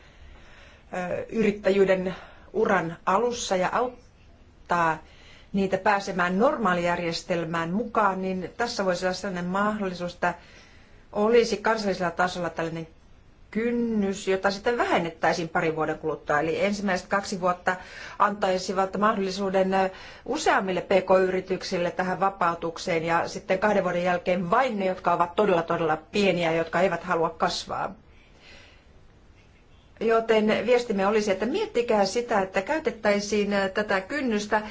yrittäjyyden uran alussa ja auttaa, auttaa niitä pääsemään normaalijärjestelmään mukaan, niin tässä voisi olla sellainen mahdollisuus, että olisi kansallisella tasolla tällainen kynnys, jota sitten vähennettäisiin parin vuoden kuluttua. Eli ensimmäiset kaksi vuotta antaisivat mahdollisuuden useammille pk-yrityksille tähän vapautukseen ja sitten kahden vuoden jälkeen vain ne, jotka ovat todella todella pieniä, jotka eivät halua kasvaa. Joten viestimme olisi, että miettikää sitä, että käytettäisiin äh, tätä kynnystä äh,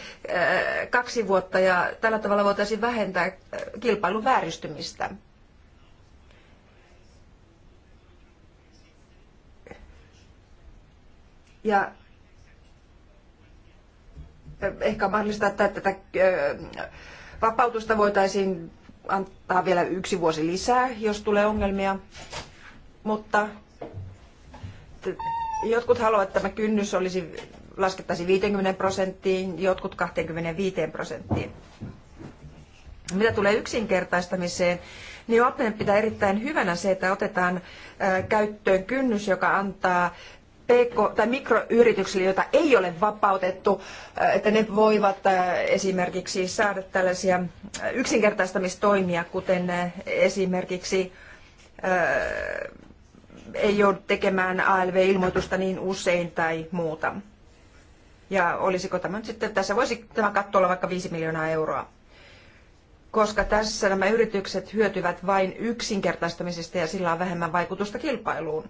kaksi vuotta ja tällä tavalla voitaisiin vähentää äh, kilpailun vääristymistä. Ja ehkä mahdollista, että tätä vapautusta voitaisiin antaa vielä yksi vuosi lisää, jos tulee ongelmia. Mutta jotkut haluavat, että tämä kynnys olisi, laskettaisiin 50 prosenttiin, jotkut 25 prosenttiin. Mitä tulee yksinkertaistamiseen, niin Apple pitää erittäin hyvänä se, että otetaan käyttöön kynnys, joka antaa PK- tai mikroyrityksille, joita ei ole vapautettu, että ne voivat esimerkiksi saada tällaisia yksinkertaistamistoimia, kuten esimerkiksi ei joudu tekemään ALV-ilmoitusta niin usein tai muuta. Ja olisiko tämä nyt sitten, tässä voisi tämä katto olla vaikka 5 miljoonaa euroa. Koska tässä nämä yritykset hyötyvät vain yksinkertaistamisesta ja sillä on vähemmän vaikutusta kilpailuun.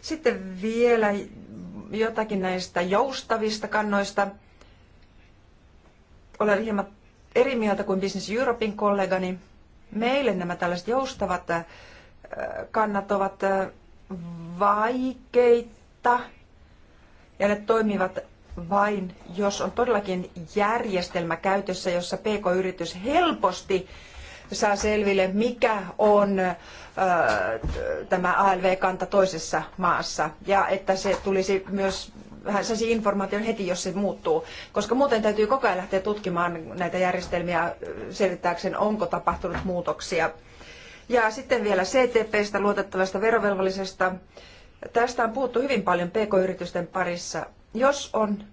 Sitten vielä jotakin näistä joustavista kannoista. Olen hieman eri mieltä kuin Business Europein kollegani. Meille nämä tällaiset joustavat äh, kannat ovat äh, vaikeita ja ne toimivat vain, jos on todellakin järjestelmä käytössä, jossa pk-yritys helposti saa selville, mikä on ö, tämä ALV-kanta toisessa maassa ja että se tulisi myös vähän saisi informaation heti, jos se muuttuu, koska muuten täytyy koko ajan lähteä tutkimaan näitä järjestelmiä selvittääkseen, onko tapahtunut muutoksia ja sitten vielä CTPstä, luotettavasta verovelvollisesta. Tästä on puhuttu hyvin paljon pk-yritysten parissa. Jos on,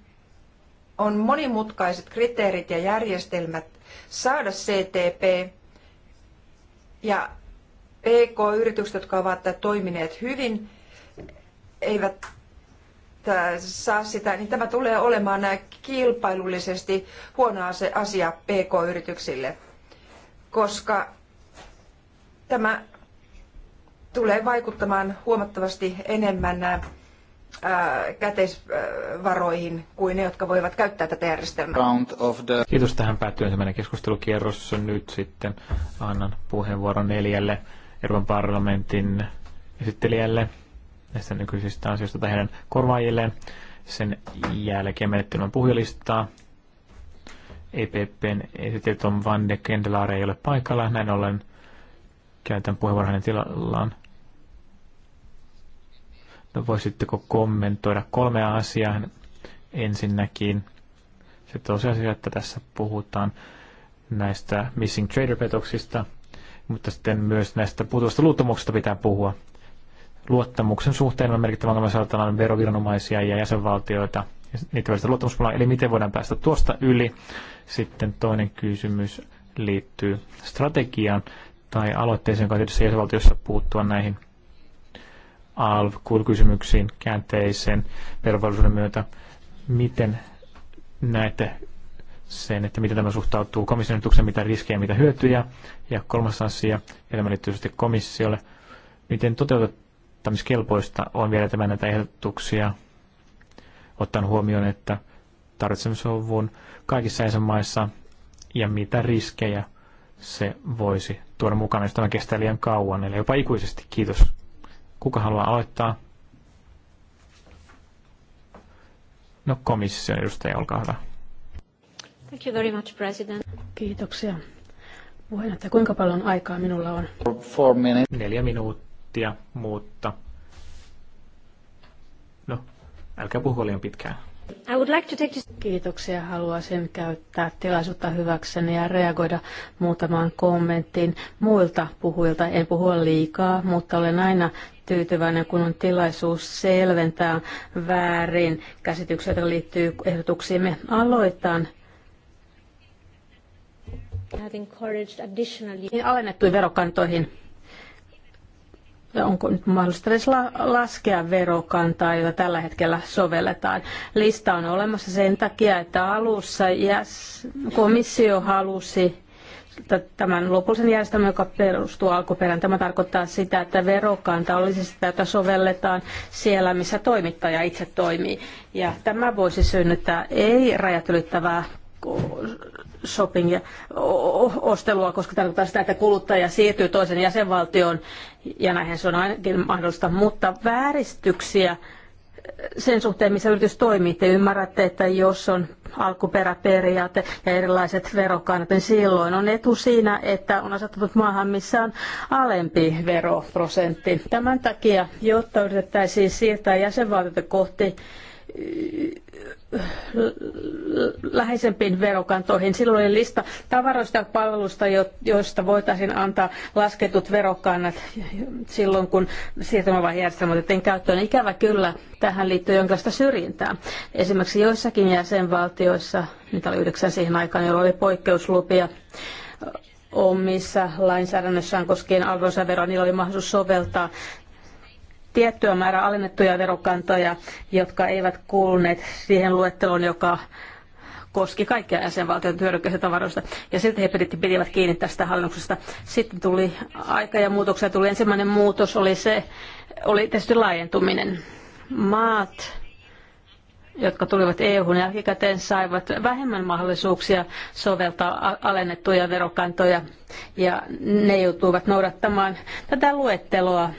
on monimutkaiset kriteerit ja järjestelmät saada CTP ja PK-yritykset, jotka ovat toimineet hyvin, eivät saa sitä, niin tämä tulee olemaan kilpailullisesti huono asia PK-yrityksille, koska Tämä tulee vaikuttamaan huomattavasti enemmän äh, käteisvaroihin kuin ne, jotka voivat käyttää tätä järjestelmää. Kiitos. Tähän päättyy ensimmäinen keskustelukierros. Nyt sitten annan puheenvuoron neljälle Euroopan parlamentin esittelijälle näistä nykyisistä asioista tai heidän korvaajilleen. Sen jälkeen menettelemään puhujalistaa. EPPn esittelijä Tom van de Kendelaar ei ole paikalla. Näin ollen käytän puheenvuoron hänen tilallaan. No voisitteko kommentoida kolmea asiaa ensinnäkin? Se tosiasia, että tässä puhutaan näistä missing trader-petoksista, mutta sitten myös näistä puutuvasta luottamuksesta pitää puhua. Luottamuksen suhteen on merkittävä ongelma saatetaan veroviranomaisia ja jäsenvaltioita ja niitä välistä eli miten voidaan päästä tuosta yli. Sitten toinen kysymys liittyy strategiaan tai aloitteeseen, joka tietysti jäsenvaltiossa puuttua näihin ALV-kysymyksiin käänteisen verovelvollisuuden myötä. Miten näette sen, että miten tämä suhtautuu komission ehdotukseen, mitä riskejä, mitä hyötyjä. Ja kolmas asia, ja tämä liittyy komissiolle, miten toteuttamiskelpoista on vielä tämän näitä ehdotuksia, ottaen huomioon, että tarvitsemme sovun kaikissa jäsenmaissa ja mitä riskejä se voisi tuoda mukana, jos tämä kestää liian kauan, eli jopa ikuisesti. Kiitos. Kuka haluaa aloittaa? No komission edustaja, olkaa hyvä. Thank you very much, President. Kiitoksia. että kuinka paljon aikaa minulla on? Four minutes. Neljä minuuttia, mutta... No, älkää puhu liian pitkään. I would like to take this... Kiitoksia. Haluaisin käyttää tilaisuutta hyväkseni ja reagoida muutamaan kommenttiin muilta puhuilta. En puhu liikaa, mutta olen aina tyytyväinen, kun on tilaisuus selventää väärin käsityksiä, jotka liittyy ehdotuksiimme. Aloitan niin, Alennettuihin verokantoihin onko nyt mahdollista edes laskea verokantaa, jota tällä hetkellä sovelletaan. Lista on olemassa sen takia, että alussa yes, komissio halusi tämän lopullisen järjestelmän, joka perustuu alkuperään. Tämä tarkoittaa sitä, että verokanta olisi sitä, jota sovelletaan siellä, missä toimittaja itse toimii. Ja tämä voisi synnyttää ei-rajat ylittävää shopping ja ostelua, koska tarkoittaa sitä, että kuluttaja siirtyy toisen jäsenvaltioon ja näinhän se on ainakin mahdollista, mutta vääristyksiä eh, sen suhteen, missä yritys toimii. Te ymmärrätte, että jos on alkuperäperiaate ja erilaiset verokannat, niin silloin on etu siinä, että on asettunut maahan, missä on alempi veroprosentti. Tämän takia, jotta yritettäisiin siirtää jäsenvaltioita kohti läheisempiin verokantoihin. Silloin oli lista tavaroista ja palveluista, joista voitaisiin antaa lasketut verokannat silloin, kun siirtymävaihejärjestelmä otettiin käyttöön. Ikävä kyllä tähän liittyy jonkinlaista syrjintää. Esimerkiksi joissakin jäsenvaltioissa, niitä oli yhdeksän siihen aikaan, jolloin oli poikkeuslupia, omissa lainsäädännössään koskien arvonlisäveroa, niillä oli mahdollisuus soveltaa tiettyä määrää alennettuja verokantoja, jotka eivät kuuluneet siihen luetteloon, joka koski kaikkia jäsenvaltion hyödykkeistä tavaroista. Ja silti he pitivät kiinni tästä hallinnuksesta. Sitten tuli aika ja muutoksia. Tuli ensimmäinen muutos, oli se, oli tietysti laajentuminen. Maat, jotka tulivat EU-hun jälkikäteen, saivat vähemmän mahdollisuuksia soveltaa alennettuja verokantoja ja ne joutuivat noudattamaan tätä luetteloa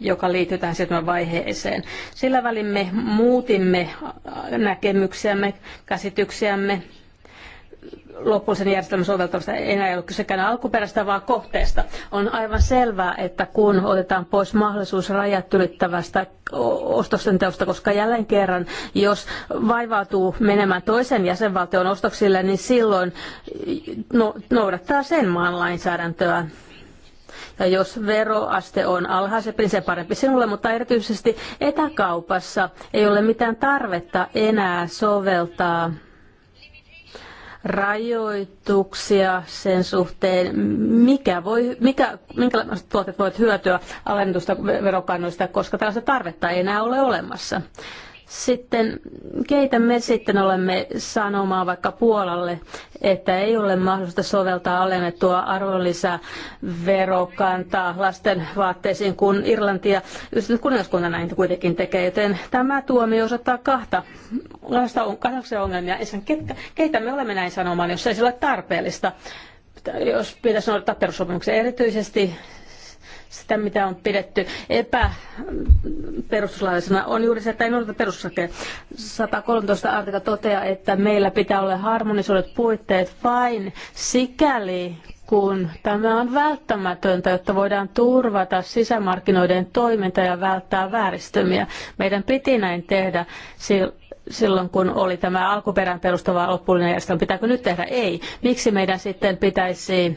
joka liittyy tähän siirtymävaiheeseen. Sillä välin me muutimme näkemyksiämme, käsityksiämme lopullisen järjestelmän soveltamista ei enää ole kysekään alkuperäistä, vaan kohteesta. On aivan selvää, että kun otetaan pois mahdollisuus rajat ylittävästä ostosten teosta, koska jälleen kerran, jos vaivautuu menemään toisen jäsenvaltion ostoksille, niin silloin no, noudattaa sen maan lainsäädäntöä ja jos veroaste on alhaisempi, niin se parempi sinulle, mutta erityisesti etäkaupassa ei ole mitään tarvetta enää soveltaa rajoituksia sen suhteen, mikä voi, mikä, minkälaiset tuotteet voivat hyötyä alennetusta verokannoista, koska tällaista tarvetta ei enää ole olemassa. Sitten keitä me sitten olemme sanomaan vaikka Puolalle, että ei ole mahdollista soveltaa alennettua arvonlisäverokantaa lasten vaatteisiin, kun Irlanti ja kuningaskunta näin kuitenkin tekee. Joten tämä tuomio osoittaa kahta, kahta, on, kahta ongelmia. Ensin, ketkä, keitä me olemme näin sanomaan, jos ei se ole tarpeellista jos pitäisi noudattaa perussopimuksen erityisesti sitä, mitä on pidetty epäperustuslaillisena, on juuri se, että ei noudata perustuslakia. 113 artikla toteaa, että meillä pitää olla harmonisoidut puitteet vain sikäli, kun tämä on välttämätöntä, jotta voidaan turvata sisämarkkinoiden toiminta ja välttää vääristymiä. Meidän piti näin tehdä silloin, kun oli tämä alkuperän perustava loppullinen järjestelmä. Pitääkö nyt tehdä? Ei. Miksi meidän sitten pitäisi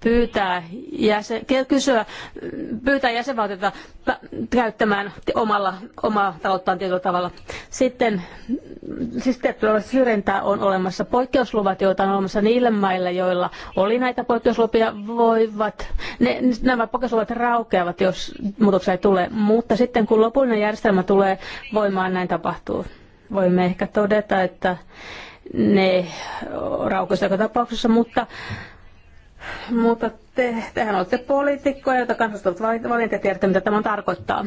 pyytää, jäsen, kysyä, pyytää jäsenvaltiota käyttämään omalla, omaa talouttaan tietyllä tavalla. Sitten siis syrjintää on olemassa. Poikkeusluvat, joita on olemassa niille maille, joilla oli näitä poikkeuslupia, voivat, ne, nämä poikkeusluvat raukeavat, jos muutoksia ei tule. Mutta sitten kun lopullinen järjestelmä tulee voimaan, näin tapahtuu. Voimme ehkä todeta, että ne raukoisi joka tapauksessa, mutta mutta te, tehän olette poliitikkoja, joita kansastavat ovat tiedätte, mitä tämä tarkoittaa.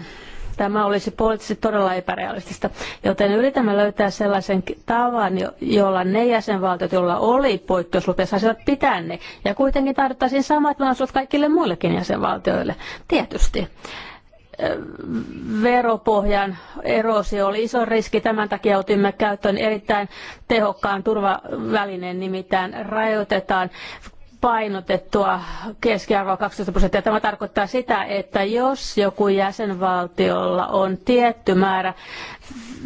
Tämä olisi poliittisesti todella epärealistista, joten yritämme löytää sellaisen tavan, jolla ne jäsenvaltiot, joilla oli poikkeuslupia, saisivat pitää ne. Ja kuitenkin tarvittaisiin samat mahdollisuudet kaikille muillekin jäsenvaltioille, tietysti veropohjan erosio oli iso riski. Tämän takia otimme käyttöön erittäin tehokkaan turvavälineen, nimittäin rajoitetaan painotettua keskiarvoa 12 prosenttia. Tämä tarkoittaa sitä, että jos joku jäsenvaltiolla on tietty määrä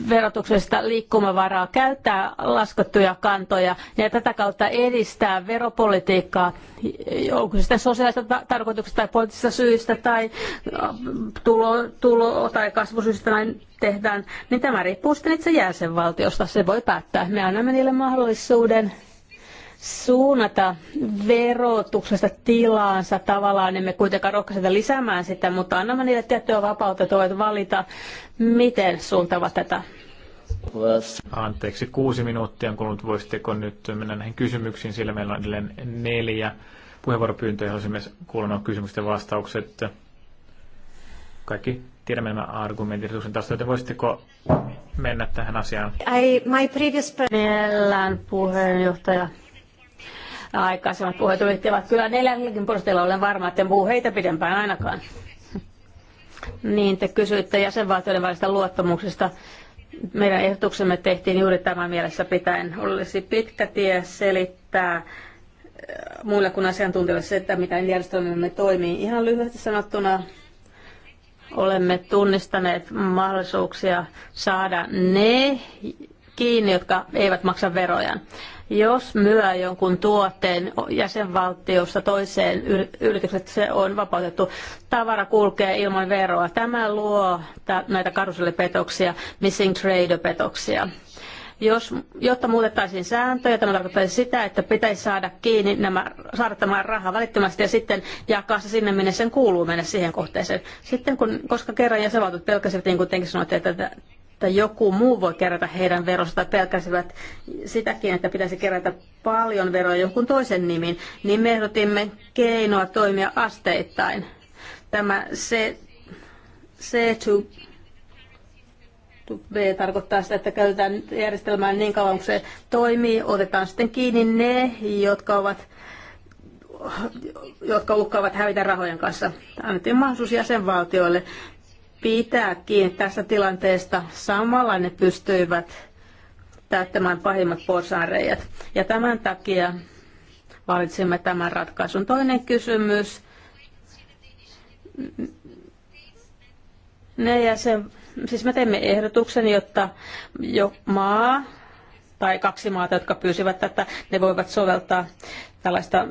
verotuksesta liikkumavaraa käyttää laskettuja kantoja ja niin tätä kautta edistää veropolitiikkaa, onko se sitten sosiaalista tarkoituksesta tai poliittisista syistä tai äh, tulo, tulo tai kasvusyistä näin tehdään, niin tämä riippuu sitten itse jäsenvaltiosta. Se voi päättää. Me annamme niille mahdollisuuden suunnata verotuksesta tilaansa tavallaan, emme kuitenkaan rohkaiseta lisäämään sitä, mutta annamme niille tiettyä vapautta, että voivat valita, miten suuntavat tätä. Anteeksi, kuusi minuuttia on kulunut. Voisitteko nyt mennä näihin kysymyksiin, sillä meillä on edelleen neljä puheenvuoropyyntöjä, joissa myös kuulla kysymysten vastaukset. Kaikki tiedämme nämä argumentit usein taas, joten voisitteko mennä tähän asiaan? I, my previous... panel puheenjohtaja aikaisemmat puheet ylittivät kyllä 40 prosentilla, olen varma, että en puhu heitä pidempään ainakaan. Niin, te kysyitte jäsenvaltioiden välistä luottamuksesta. Meidän ehdotuksemme tehtiin juuri tämän mielessä pitäen. Olisi pitkä tie selittää eh, muille kuin asiantuntijoille se, että miten järjestelmämme toimii. Ihan lyhyesti sanottuna olemme tunnistaneet mahdollisuuksia saada ne kiinni, jotka eivät maksa veroja. Jos myö jonkun tuotteen jäsenvaltiosta toiseen yrityksestä, se on vapautettu. Tavara kulkee ilman veroa. Tämä luo näitä karusellipetoksia, missing trader-petoksia jos, jotta muutettaisiin sääntöjä, tämä tarkoittaisi sitä, että pitäisi saada kiinni nämä, saada tämä raha välittömästi ja sitten jakaa se sinne, minne sen kuuluu mennä siihen kohteeseen. Sitten kun, koska kerran jäsenvaltiot pelkäsivät, niin kuin sanoitte, että että joku muu voi kerätä heidän tai pelkäsivät sitäkin, että pitäisi kerätä paljon veroja jonkun toisen nimin, niin me ehdotimme keinoa toimia asteittain. Tämä c 2 B tarkoittaa sitä, että käytetään järjestelmää niin kauan kun se toimii, otetaan sitten kiinni ne, jotka ovat jotka uhkaavat hävitä rahojen kanssa. Annettiin mahdollisuus jäsenvaltioille pitää tässä tästä tilanteesta. Samalla ne pystyivät täyttämään pahimmat porsaanreijät. Ja tämän takia valitsimme tämän ratkaisun. Toinen kysymys. Ne jäsen, siis me teimme ehdotuksen, jotta jo maa tai kaksi maata, jotka pyysivät tätä, ne voivat soveltaa tällaista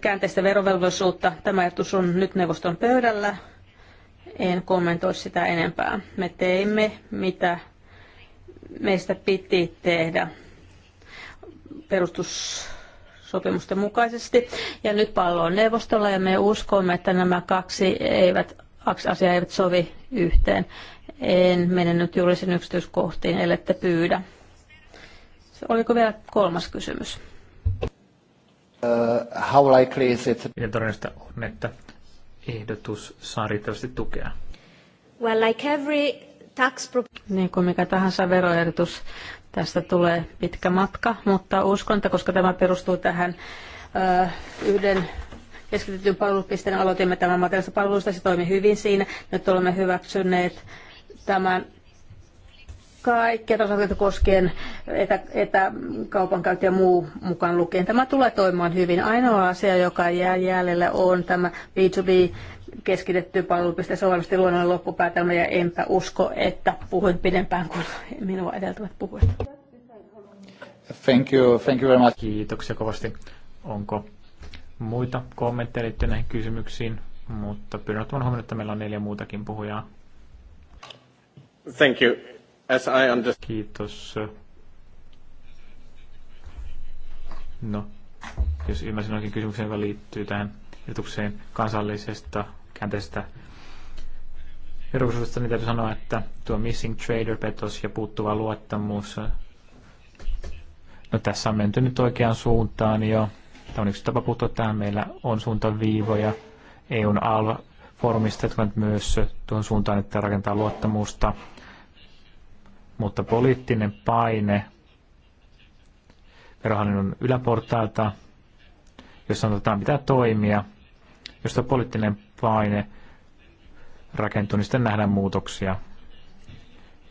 käänteistä verovelvollisuutta. Tämä ehdotus on nyt neuvoston pöydällä en kommentoi sitä enempää. Me teimme, mitä meistä piti tehdä perustussopimusten mukaisesti. Ja nyt pallo on neuvostolla ja me uskomme, että nämä kaksi, eivät, asiaa eivät sovi yhteen. En mene nyt juurisen yksityiskohtiin, ellette pyydä. Oliko vielä kolmas kysymys? Uh, how likely is it? Miten todennäköistä on, että ehdotus saa riittävästi tukea? Well, like every tax niin kuin mikä tahansa veroehdotus, tästä tulee pitkä matka, mutta uskon, että koska tämä perustuu tähän ö, yhden keskitetyn palvelupisteen aloitimme tämän materiaalista palvelusta, se toimi hyvin siinä. Nyt olemme hyväksyneet tämän kaikkia transaktioita koskien että etäkaupankäynti ja muu mukaan lukien. Tämä tulee toimimaan hyvin. Ainoa asia, joka jää jäljelle, on tämä B2B keskitetty palvelupiste. Se on varmasti luonnollinen loppupäätelmä ja enpä usko, että puhuin pidempään kuin minua edeltävät puhujat. Thank you, thank you very much. Kiitoksia kovasti. Onko muita kommentteja liittyen näihin kysymyksiin? Mutta pyydän huomioon, että meillä on neljä muutakin puhujaa. Thank you. As I Kiitos. No, jos ymmärsin oikein kysymyksen, joka liittyy tähän ehdotukseen kansallisesta käänteisestä verotuksesta, niin täytyy sanoa, että tuo missing trader-petos ja puuttuva luottamus, no tässä on menty nyt oikeaan suuntaan jo. Tämä on yksi tapa puuttua tähän. Meillä on suuntaviivoja EUn alfa-foorumista, jotka myös tuon suuntaan, että rakentaa luottamusta – mutta poliittinen paine verohallinnon yläportailta, jossa sanotaan mitä toimia, josta poliittinen paine rakentuu, niin sitten nähdään muutoksia.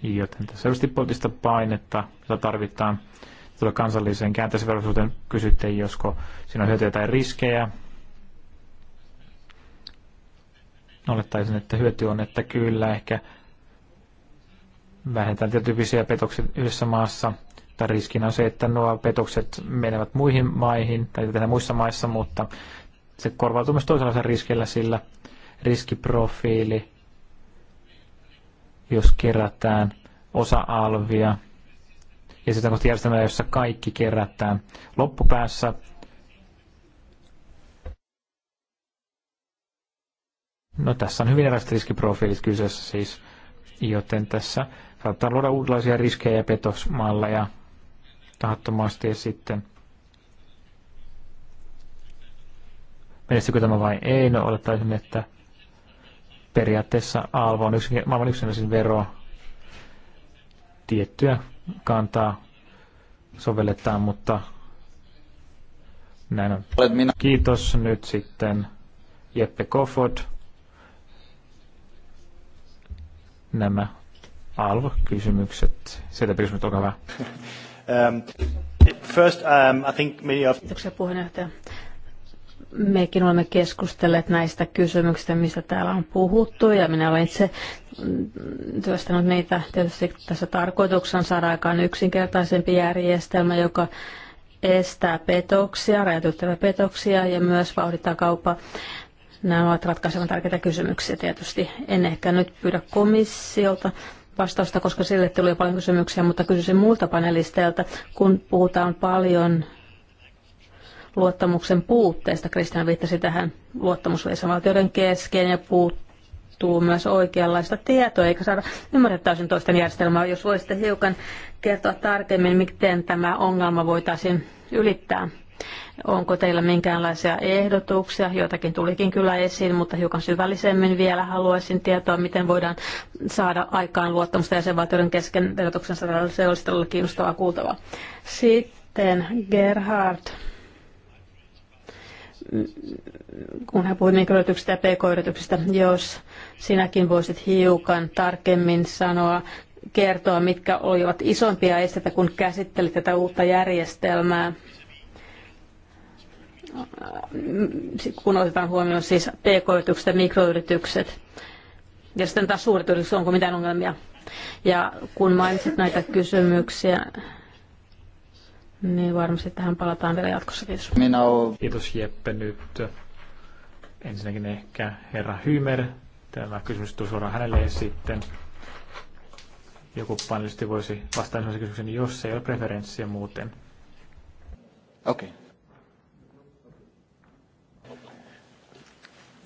Joten tässä on poliittista painetta, jota tarvitaan tuolla kansalliseen käänteisvelvollisuuteen kysytte, josko siinä on hyötyjä tai riskejä. Olettaisin, että hyöty on, että kyllä ehkä vähentää tietyyppisiä petokset yhdessä maassa. Tai riskinä on se, että nuo petokset menevät muihin maihin tai tehdään muissa maissa, mutta se korvautuu myös toisella riskillä, sillä riskiprofiili, jos kerätään osa-alvia ja sitten on järjestelmä, jossa kaikki kerätään loppupäässä, No tässä on hyvin erilaiset riskiprofiilit kyseessä siis, joten tässä saattaa luoda uudenlaisia riskejä ja petosmalleja tahattomasti ja sitten menestykö tämä vai ei, no olettaisin, että periaatteessa alvo on yksi, maailman yksinäisin vero tiettyä kantaa sovelletaan, mutta näin on. Kiitos nyt sitten Jeppe Kofod. Nämä ALV-kysymykset. Sieltä kysymykset, olkaa hyvä. Um, first, um, I think many of... Kiitoksia puheenjohtaja. Mekin olemme keskustelleet näistä kysymyksistä, mistä täällä on puhuttu, ja minä olen itse mm, työstänyt niitä tietysti tässä tarkoituksena saada aikaan yksinkertaisempi järjestelmä, joka estää petoksia, rajoitettavia petoksia ja myös vauhdittaa kauppa. Nämä ovat ratkaisevan tärkeitä kysymyksiä tietysti. En ehkä nyt pyydä komissiolta vastausta, koska sille tuli jo paljon kysymyksiä, mutta kysyisin muilta panelisteilta, kun puhutaan paljon luottamuksen puutteesta. Kristian viittasi tähän luottamuslisävaltioiden kesken ja puuttuu myös oikeanlaista tietoa, eikä saada ymmärtää täysin toisten järjestelmää. Jos voisitte hiukan kertoa tarkemmin, miten tämä ongelma voitaisiin ylittää. Onko teillä minkäänlaisia ehdotuksia? Joitakin tulikin kyllä esiin, mutta hiukan syvällisemmin vielä haluaisin tietoa, miten voidaan saada aikaan luottamusta jäsenvaltioiden kesken verotuksen saralla. Se olisi todella kiinnostavaa kuultavaa. Sitten Gerhard kun hän puhui mikroyrityksistä ja pk-yrityksistä, jos sinäkin voisit hiukan tarkemmin sanoa, kertoa, mitkä olivat isompia esteitä, kun käsittelit tätä uutta järjestelmää kun otetaan huomioon siis pk-yritykset ja mikroyritykset. Ja sitten taas suuret yritykset, onko mitään ongelmia. Ja kun mainitsit näitä kysymyksiä, niin varmasti tähän palataan vielä jatkossa. Kiitos. Minä olen. Kiitos Jeppe nyt. Ensinnäkin ehkä herra Hymer. Tämä kysymys tuli suoraan hänelle ja sitten joku panelisti voisi vastata sellaisen kysymyksen, jos ei ole preferenssiä muuten. Okei. Okay.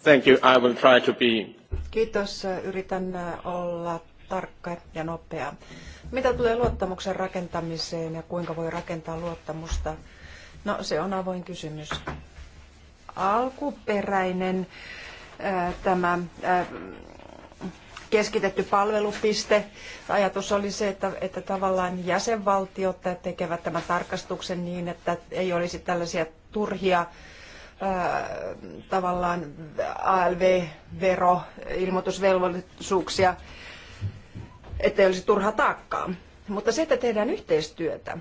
Thank you. I will try to be. Kiitos. Yritän äh, olla tarkka ja nopea. Mitä tulee luottamuksen rakentamiseen ja kuinka voi rakentaa luottamusta? No se on avoin kysymys. Alkuperäinen äh, tämä äh, keskitetty palvelupiste. Ajatus oli se, että, että tavallaan jäsenvaltiot tekevät tämän tarkastuksen niin, että ei olisi tällaisia turhia tavallaan ALV-vero, ilmoitusvelvollisuuksia, ettei olisi turha taakkaa. Mutta se, että tehdään yhteistyötä,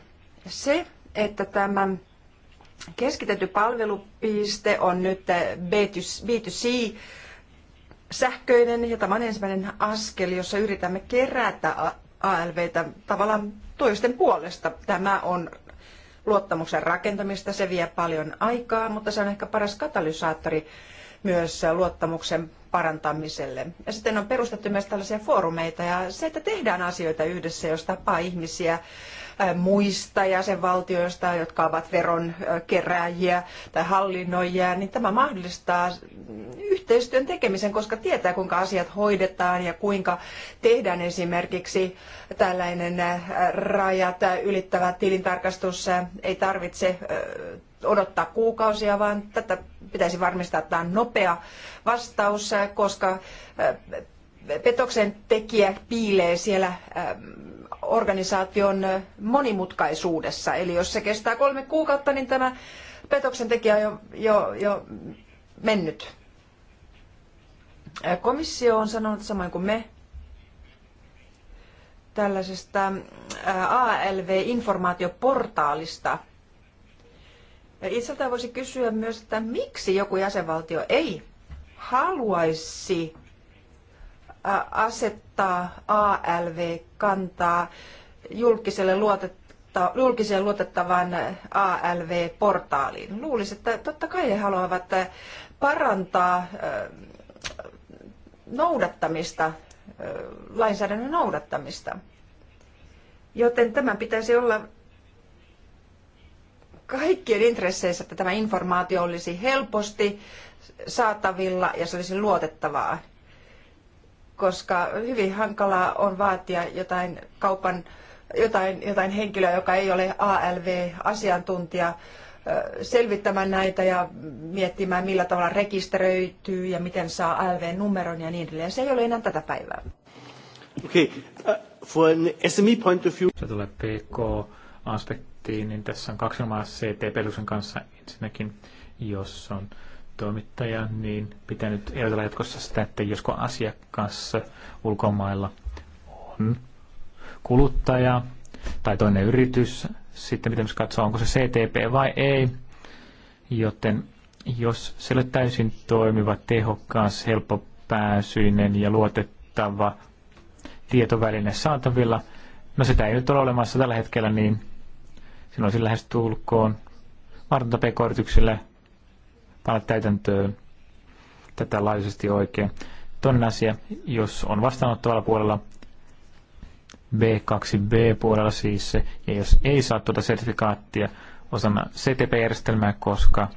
se, että tämä keskitetty palvelupiste on nyt B2C, sähköinen, ja tämä on ensimmäinen askel, jossa yritämme kerätä ALVtä tavallaan toisten puolesta. Tämä on luottamuksen rakentamista. Se vie paljon aikaa, mutta se on ehkä paras katalysaattori myös luottamuksen parantamiselle. Ja sitten on perustettu myös tällaisia foorumeita ja se, että tehdään asioita yhdessä, jos tapaa ihmisiä, muista jäsenvaltioista, jotka ovat veron kerääjiä tai hallinnoijia, niin tämä mahdollistaa yhteistyön tekemisen, koska tietää kuinka asiat hoidetaan ja kuinka tehdään esimerkiksi tällainen rajat ylittävä tilintarkastus. Ei tarvitse odottaa kuukausia, vaan tätä pitäisi varmistaa, että tämä on nopea vastaus, koska petoksen tekijä piilee siellä ähm, organisaation äh, monimutkaisuudessa. Eli jos se kestää kolme kuukautta, niin tämä petoksen tekijä on jo, jo, jo mennyt. Äh, komissio on sanonut samoin kuin me tällaisesta äh, ALV-informaatioportaalista. Itseltään voisi kysyä myös, että miksi joku jäsenvaltio ei haluaisi asettaa ALV-kantaa julkiselle luotetta, julkiseen luotettavaan ALV-portaaliin. Luulisi, että totta kai he haluavat parantaa noudattamista, lainsäädännön noudattamista. Joten tämän pitäisi olla kaikkien intresseissä, että tämä informaatio olisi helposti saatavilla ja se olisi luotettavaa koska hyvin hankalaa on vaatia jotain kaupan, jotain, jotain henkilöä, joka ei ole ALV-asiantuntija, selvittämään näitä ja miettimään, millä tavalla rekisteröityy ja miten saa ALV-numeron ja niin edelleen. Se ei ole enää tätä päivää. Okei, okay. uh, for an SME point of view... Se tulee PK-aspektiin, niin tässä on kaksi omaa CT-pelusen kanssa ensinnäkin, jos on toimittaja, niin pitää nyt erotella jatkossa sitä, että josko asiakas ulkomailla on kuluttaja tai toinen yritys, sitten pitäisi katsoa, onko se CTP vai ei, joten jos se on täysin toimiva, tehokkaas, helppopääsyinen ja luotettava tietoväline saatavilla, no sitä ei nyt ole olemassa tällä hetkellä, niin silloin se lähestulkoon tulkoon panna täytäntöön tätä laajuisesti oikein. Toinen asia, jos on vastaanottavalla puolella B2B-puolella siis, ja jos ei saa tuota sertifikaattia osana CTP-järjestelmää, koska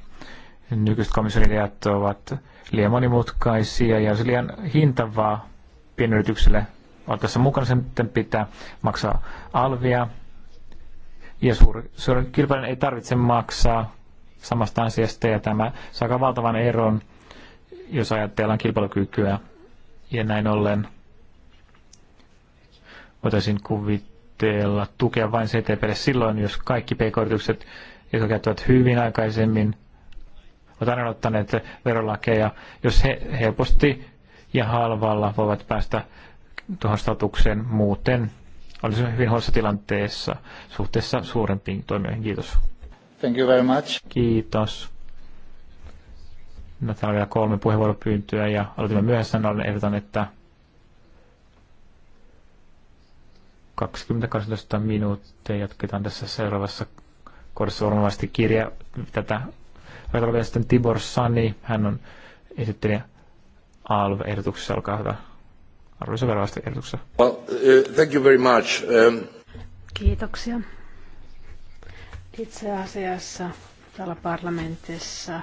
nykyiset komission ideat ovat liian monimutkaisia ja se liian hintavaa pienyritykselle olla tässä mukana, sen pitää maksaa alvia, ja suuri, suuri kilpailu ei tarvitse maksaa samasta asiasta ja tämä saa valtavan eron, jos ajatellaan kilpailukykyä. Ja näin ollen voitaisiin kuvitella tukea vain CTPlle silloin, jos kaikki pk-yritykset, jotka käyttävät hyvin aikaisemmin, ovat aina ottaneet verolakeja, jos he helposti ja halvalla voivat päästä tuohon statukseen muuten olisi hyvin huolissa tilanteessa suhteessa suurempiin toimijoihin. Kiitos. Thank you very much. Kiitos. No, täällä on vielä kolme puheenvuoropyyntöä ja aloitimme myöhässä. Olen ehdotan, että 20-18 minuuttia jatketaan tässä seuraavassa kohdassa varmasti kirja tätä. Laitetaan vielä sitten Tibor Sani. Hän on esittelijä ALV-ehdotuksessa. Olkaa hyvä. Arvoisa verovasti ehdotuksessa. Well, uh, thank you very much. Um... Kiitoksia. Itse asiassa täällä parlamentissa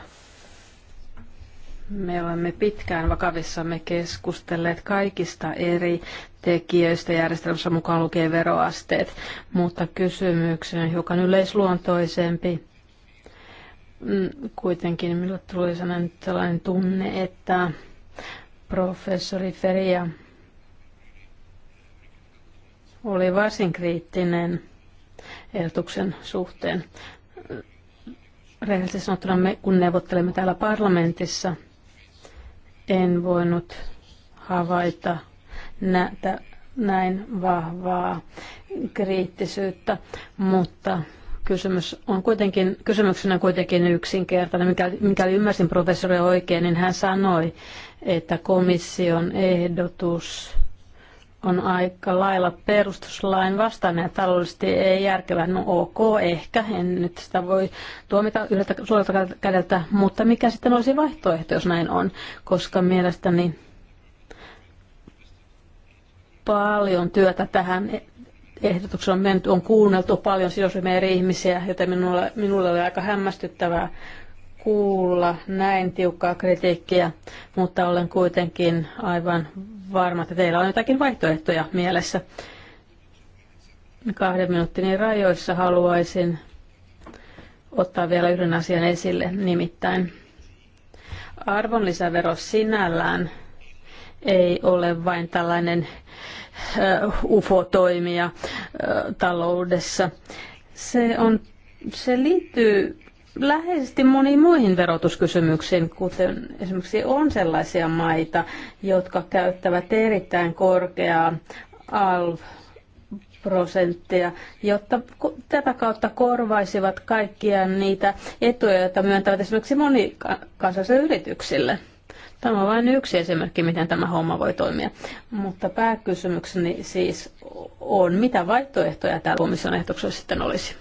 me olemme pitkään vakavissamme keskustelleet kaikista eri tekijöistä järjestelmässä mukaan lukien veroasteet, mutta kysymyksenä hiukan yleisluontoisempi. Mm, kuitenkin minulle tuli sellainen tunne, että professori Feria oli varsin kriittinen ehdotuksen suhteen. Rehellisesti sanottuna me, kun neuvottelemme täällä parlamentissa, en voinut havaita näitä näin vahvaa kriittisyyttä, mutta kysymys on kuitenkin, kysymyksenä kuitenkin yksinkertainen. Mikäli, mikäli ymmärsin professori oikein, niin hän sanoi, että komission ehdotus on aika lailla perustuslain vastainen ja taloudellisesti ei järkevä. No ok, ehkä, en nyt sitä voi tuomita yhdeltä suojelta kädeltä, mutta mikä sitten olisi vaihtoehto, jos näin on, koska mielestäni paljon työtä tähän ehdotukseen on mennyt, on kuunneltu paljon sidosryhmiä eri ihmisiä, joten minulle, minulle oli aika hämmästyttävää kuulla näin tiukkaa kritiikkiä, mutta olen kuitenkin aivan varma, että teillä on jotakin vaihtoehtoja mielessä. Kahden minuutin rajoissa haluaisin ottaa vielä yhden asian esille, nimittäin arvonlisävero sinällään ei ole vain tällainen UFO-toimija taloudessa. Se, on, se liittyy läheisesti moniin muihin verotuskysymyksiin, kuten esimerkiksi on sellaisia maita, jotka käyttävät erittäin korkeaa ALV prosenttia, jotta tätä kautta korvaisivat kaikkia niitä etuja, joita myöntävät esimerkiksi monikansallisille yrityksille. Tämä on vain yksi esimerkki, miten tämä homma voi toimia. Mutta pääkysymykseni siis on, mitä vaihtoehtoja täällä komission ehdotuksessa sitten olisi?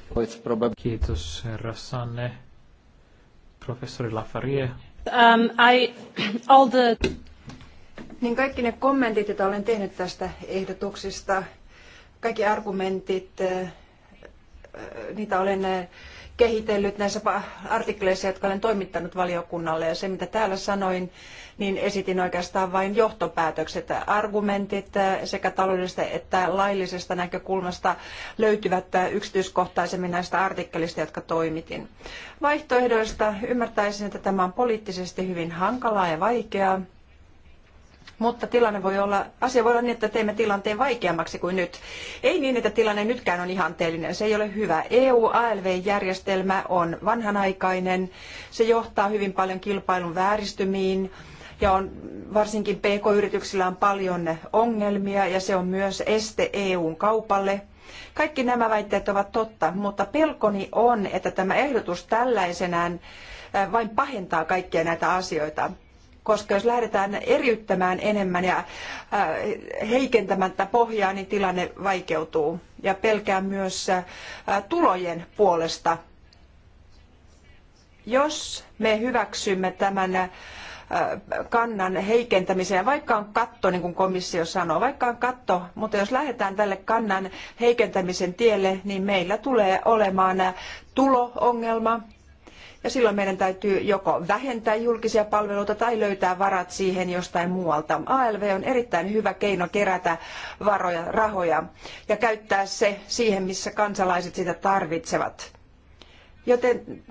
Kiitos herra Sanne. Professori Lafarie. Um, I, all the... Niin kaikki ne kommentit, joita olen tehnyt tästä ehdotuksesta, kaikki argumentit, eh, eh, niitä olen eh, kehitellyt näissä artikkeleissa, jotka olen toimittanut valiokunnalle. Ja se, mitä täällä sanoin, niin esitin oikeastaan vain johtopäätökset. Argumentit eh, sekä taloudellisesta että laillisesta näkökulmasta löytyvät eh, yksityiskohtaisemmin näistä artikkelista, jotka toimitin. Vaihtoehdoista ymmärtäisin, että tämä on poliittisesti hyvin hankalaa ja vaikeaa mutta tilanne voi olla, asia voi olla niin, että teemme tilanteen vaikeammaksi kuin nyt. Ei niin, että tilanne nytkään on ihanteellinen, se ei ole hyvä. EU-ALV-järjestelmä on vanhanaikainen, se johtaa hyvin paljon kilpailun vääristymiin ja on, varsinkin PK-yrityksillä on paljon ongelmia ja se on myös este EUn kaupalle. Kaikki nämä väitteet ovat totta, mutta pelkoni on, että tämä ehdotus tällaisenaan äh, vain pahentaa kaikkia näitä asioita koska jos lähdetään eriyttämään enemmän ja äh, heikentämään tätä pohjaa, niin tilanne vaikeutuu. Ja pelkään myös äh, tulojen puolesta. Jos me hyväksymme tämän äh, kannan heikentämiseen, vaikka on katto, niin kuin komissio sanoo, vaikka on katto, mutta jos lähdetään tälle kannan heikentämisen tielle, niin meillä tulee olemaan tuloongelma, ja silloin meidän täytyy joko vähentää julkisia palveluita tai löytää varat siihen jostain muualta. ALV on erittäin hyvä keino kerätä varoja, rahoja ja käyttää se siihen, missä kansalaiset sitä tarvitsevat. Joten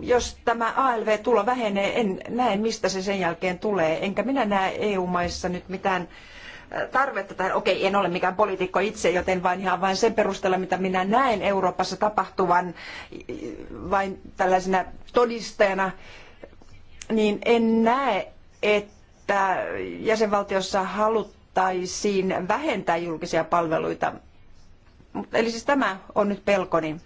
jos tämä ALV-tulo vähenee, en näe mistä se sen jälkeen tulee. Enkä minä näe EU-maissa nyt mitään äh, tarvetta tähän. Okei, en ole mikään poliitikko itse, joten vain ihan vain sen perusteella, mitä minä näen Euroopassa tapahtuvan vain tällaisena todistajana, niin en näe, että jäsenvaltiossa haluttaisiin vähentää julkisia palveluita. Eli siis tämä on nyt pelkoni.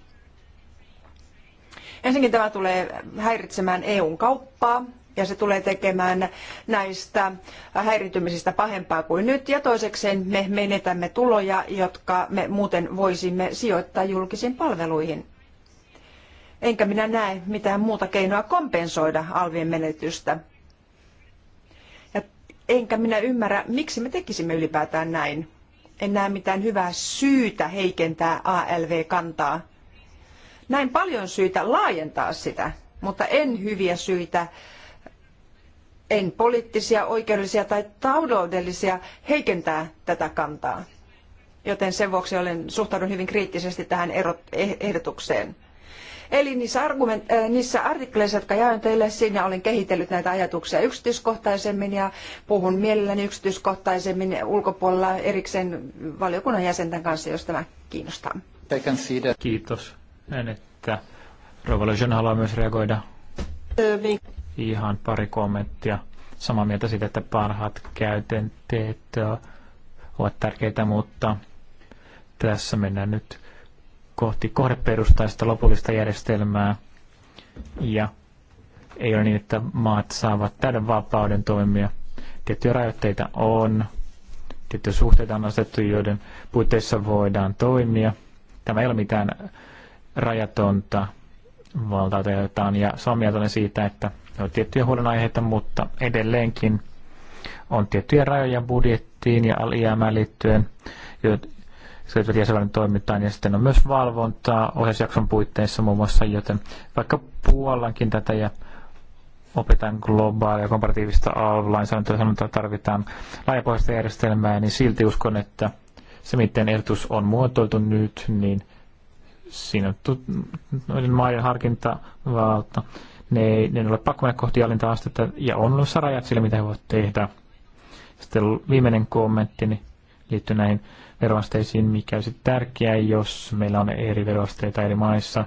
Ensinnäkin tämä tulee häiritsemään EUn kauppaa, ja se tulee tekemään näistä häiriintymisistä pahempaa kuin nyt. Ja toisekseen me menetämme tuloja, jotka me muuten voisimme sijoittaa julkisiin palveluihin. Enkä minä näe mitään muuta keinoa kompensoida alvien menetystä. Ja enkä minä ymmärrä, miksi me tekisimme ylipäätään näin. En näe mitään hyvää syytä heikentää ALV-kantaa. Näin paljon syitä laajentaa sitä, mutta en hyviä syitä en poliittisia, oikeudellisia tai taloudellisia heikentää tätä kantaa. Joten sen vuoksi olen suhtaudun hyvin kriittisesti tähän eh- ehdotukseen. Eli niissä, argument, eh, niissä artikkeleissa, jotka jaoin teille, sinne, olen kehitellyt näitä ajatuksia yksityiskohtaisemmin ja puhun mielelläni yksityiskohtaisemmin ulkopuolella erikseen valiokunnan jäsenten kanssa, jos tämä kiinnostaa. Kiitos. Näin, että Rouva haluaa myös reagoida. Ihan pari kommenttia. Samaa mieltä siitä, että parhaat käytänteet ovat tärkeitä, mutta tässä mennään nyt kohti kohdeperustaista lopullista järjestelmää. Ja ei ole niin, että maat saavat täyden vapauden toimia. Tiettyjä rajoitteita on, tiettyjä suhteita on asetettu, joiden puitteissa voidaan toimia. Tämä ei ole mitään rajatonta valtaa Ja samaa mieltä olen siitä, että on tiettyjä huolenaiheita, mutta edelleenkin on tiettyjä rajoja budjettiin ja alijäämään liittyen, joita liittyvät jäsenvaltion toimintaan, ja sitten on myös valvontaa ohjausjakson puitteissa muun muassa, joten vaikka puolankin tätä ja opetan globaalia komparatiivista ALV-lainsäädäntöä, sanotaan, että tarvitaan laajapohjaista järjestelmää, niin silti uskon, että se, miten ehdotus on muotoiltu nyt, niin siinä on noiden maiden harkintavalta ne, ei, ne ei ole pakko mennä kohti alinta astetta ja on olemassa rajat sille, mitä he voivat tehdä. Sitten viimeinen kommentti liittyy näihin veroasteisiin, mikä olisi tärkeää, jos meillä on eri veroasteita eri maissa,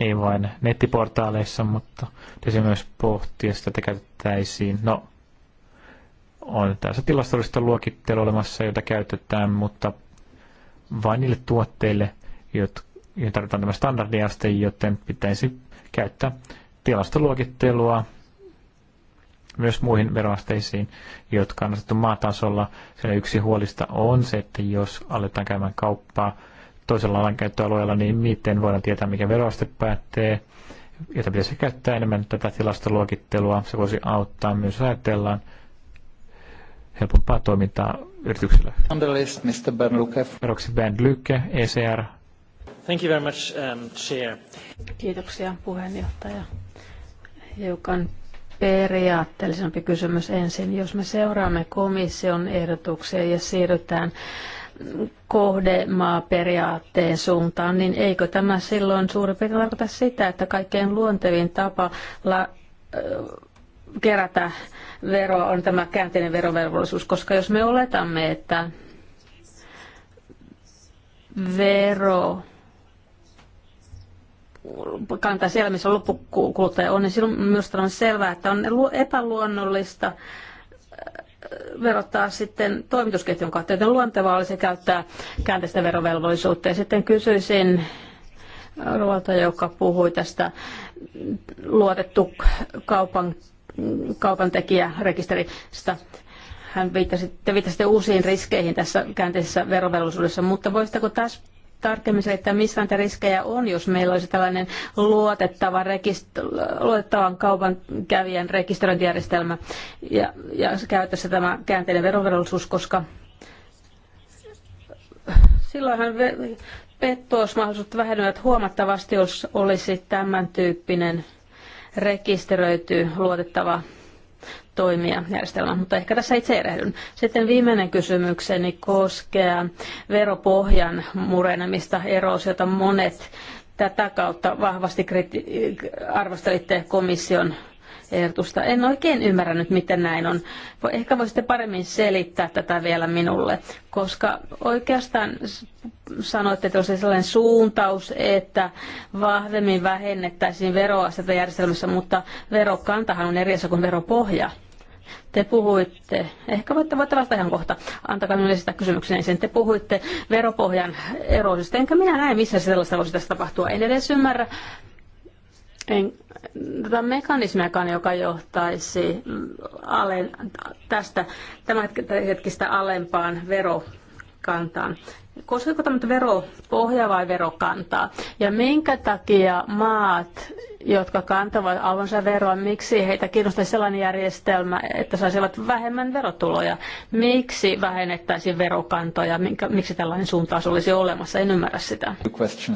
ei vain nettiportaaleissa, mutta pitäisi myös pohtia sitä, että käytettäisiin. No, on tässä tilastollista luokittelu olemassa, jota käytetään, mutta vain niille tuotteille, jotka tarvitaan tämä standardiaste, joten pitäisi käyttää tilastoluokittelua myös muihin veroasteisiin, jotka on asettu maatasolla. Sillä yksi huolista on se, että jos aletaan käymään kauppaa toisella alankäyttöalueella, niin miten voidaan tietää, mikä veroaste päättee, jota pitäisi käyttää enemmän tätä tilastoluokittelua. Se voisi auttaa myös ajatellaan helpompaa toimintaa yrityksille. On the list, Mr. Bernluke. Veroksi Bernluke, ECR. Thank you very much, um, Chair. Kiitoksia puheenjohtaja hiukan periaatteellisempi kysymys ensin. Jos me seuraamme komission ehdotuksia ja siirrytään kohdemaaperiaatteen suuntaan, niin eikö tämä silloin suurin piirtein tarkoita sitä, että kaikkein luontevin tapa la, kerätä veroa on tämä käänteinen verovelvollisuus, koska jos me oletamme, että vero kantaa siellä, missä loppukuluttaja on, niin silloin myös on selvää, että on epäluonnollista äh, verottaa sitten toimitusketjun kautta, joten luontevaa olisi käyttää käänteistä verovelvollisuutta. Ja sitten kysyisin Ruolta, joka puhui tästä luotettu kaupan, kaupantekijärekisteristä. Hän viittasi, te viittasitte uusiin riskeihin tässä käänteisessä verovelvollisuudessa, mutta voisitteko tässä tarkemmin että missä niitä riskejä on, jos meillä olisi tällainen luotettava rekist- luotettavan kaupan kävijän rekisteröintijärjestelmä ja, ja käytössä tämä käänteinen verovelvollisuus, koska silloinhan ve- pettuusmahdollisuudet vähenevät huomattavasti, jos olisi tämän tyyppinen rekisteröity luotettava toimia järjestelmä, mutta ehkä tässä itse erehdyn. Sitten viimeinen kysymykseni koskee veropohjan murenemista eroos, jota monet tätä kautta vahvasti kriti- arvostelitte komission ehdotusta. En oikein ymmärränyt, miten näin on. Ehkä voisitte paremmin selittää tätä vielä minulle, koska oikeastaan sanoitte, että olisi sellainen suuntaus, että vahvemmin vähennettäisiin veroastetta järjestelmässä, mutta verokantahan on eri asia kuin veropohja te puhuitte, ehkä voitte, voitte vastata ihan kohta, antakaa minulle sitä kysymyksen ensin. te puhuitte veropohjan eroisista, enkä minä näe missä sellaista voisi tässä tapahtua. En edes ymmärrä, en, tätä mekanismiakaan, joka johtaisi alen, tästä tämänhetkistä alempaan verokantaan. Koskeeko tämä veropohja vai verokantaa? Ja minkä takia maat, jotka kantavat alvonsa veroa, miksi heitä kiinnostaisi sellainen järjestelmä, että saisivat vähemmän verotuloja? Miksi vähennettäisiin verokantoja? Minkä, miksi tällainen suuntaus olisi olemassa? En ymmärrä sitä.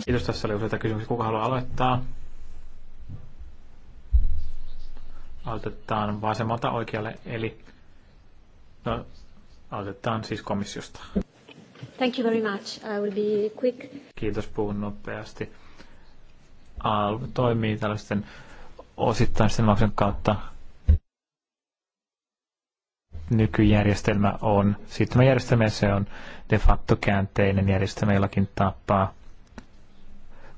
Kiitos. Tässä oli useita kysymyksiä. Kuka haluaa aloittaa? aloitetaan vasemmalta oikealle, eli no, aloitetaan siis komissiosta. Thank you very much. I will be quick. Kiitos, puhun nopeasti. ALV toimii tällaisten osittaisten maksun kautta. Nykyjärjestelmä on siirtymäjärjestelmä ja se on de facto käänteinen järjestelmä jollakin tapaa,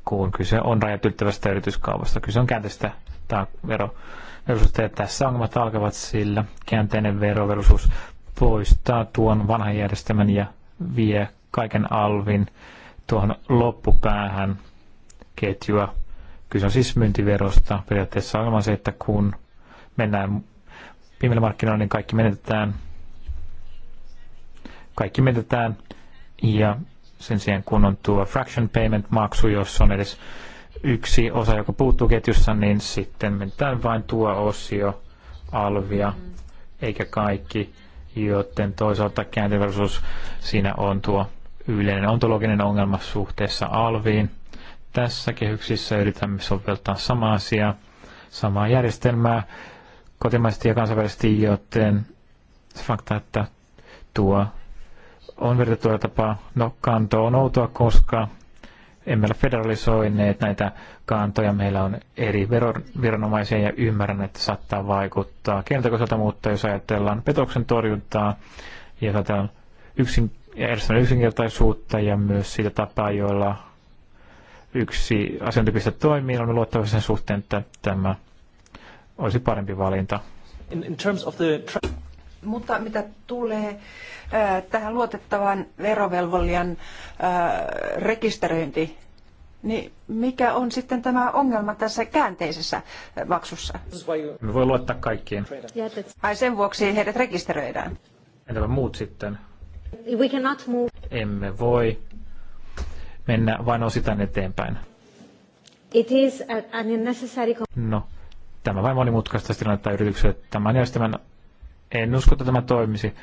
kun kyse on rajat ylittävästä yrityskaupasta. Kyse on käänteistä tämä vero resursseja. tässä ongelmat alkavat sillä. Käänteinen verovelvollisuus poistaa tuon vanhan järjestelmän ja vie kaiken alvin tuohon loppupäähän ketjua. Kyse on siis myyntiverosta. Periaatteessa ongelma on se, että kun mennään pimeillä markkinoilla, niin kaikki menetetään. Kaikki menetetään. Ja sen sijaan kun on tuo fraction payment maksu, jos on edes yksi osa, joka puuttuu ketjussa, niin sitten mennään vain tuo osio alvia, mm-hmm. eikä kaikki, joten toisaalta kääntyversus siinä on tuo yleinen ontologinen ongelma suhteessa alviin. Tässä kehyksissä yritämme soveltaa samaa asiaa, samaa järjestelmää kotimaisesti ja kansainvälisesti, joten se fakta, että tuo on vertailulla tapaa, no kanto on outoa, koska emme ole federalisoineet näitä kantoja. Meillä on eri veroviranomaisia ja ymmärrän, että saattaa vaikuttaa kieltäkoiselta, mutta jos ajatellaan petoksen torjuntaa ja ajatellaan yksin, järjestelmän yksinkertaisuutta ja myös sitä tapaa, joilla yksi asiointipiste toimii, olemme luottavaisen suhteen, että tämä olisi parempi valinta. In, in terms of the mutta mitä tulee äh, tähän luotettavan verovelvollian äh, rekisteröinti, niin mikä on sitten tämä ongelma tässä käänteisessä maksussa? Me voi luottaa kaikkiin. Ai sen vuoksi heidät rekisteröidään. Entäpä muut sitten? We cannot move. Emme voi mennä vain osittain eteenpäin. It is an unnecessary... No, tämä vain monimutkaista tilannetta yritykselle. Tämän järjestelmän en usko, että tämä toimisi.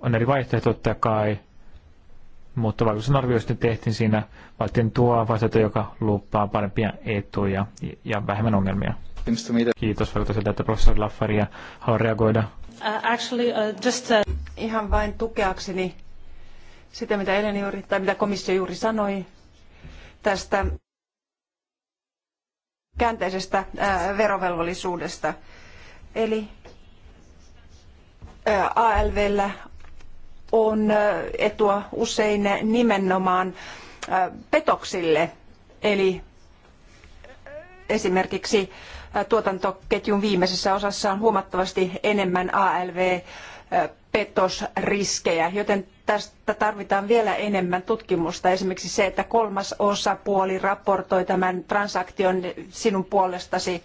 On eri vaihtoehto totta kai, mutta vaikutusten arvioista tehtiin siinä, valittiin tuo vaihtoehto, joka luuppaa parempia etuja ja vähemmän ongelmia. Kiitos, vaikuttaa että professori Laffaria haluaa reagoida. Uh, actually, uh, just, uh... Ihan vain tukeakseni sitä, mitä Eleni juuri, tai mitä komissio juuri sanoi tästä käänteisestä uh, verovelvollisuudesta. Eli ALVllä on etua usein nimenomaan petoksille, eli esimerkiksi tuotantoketjun viimeisessä osassa on huomattavasti enemmän ALV petosriskejä, joten tästä tarvitaan vielä enemmän tutkimusta. Esimerkiksi se, että kolmas osapuoli raportoi tämän transaktion sinun puolestasi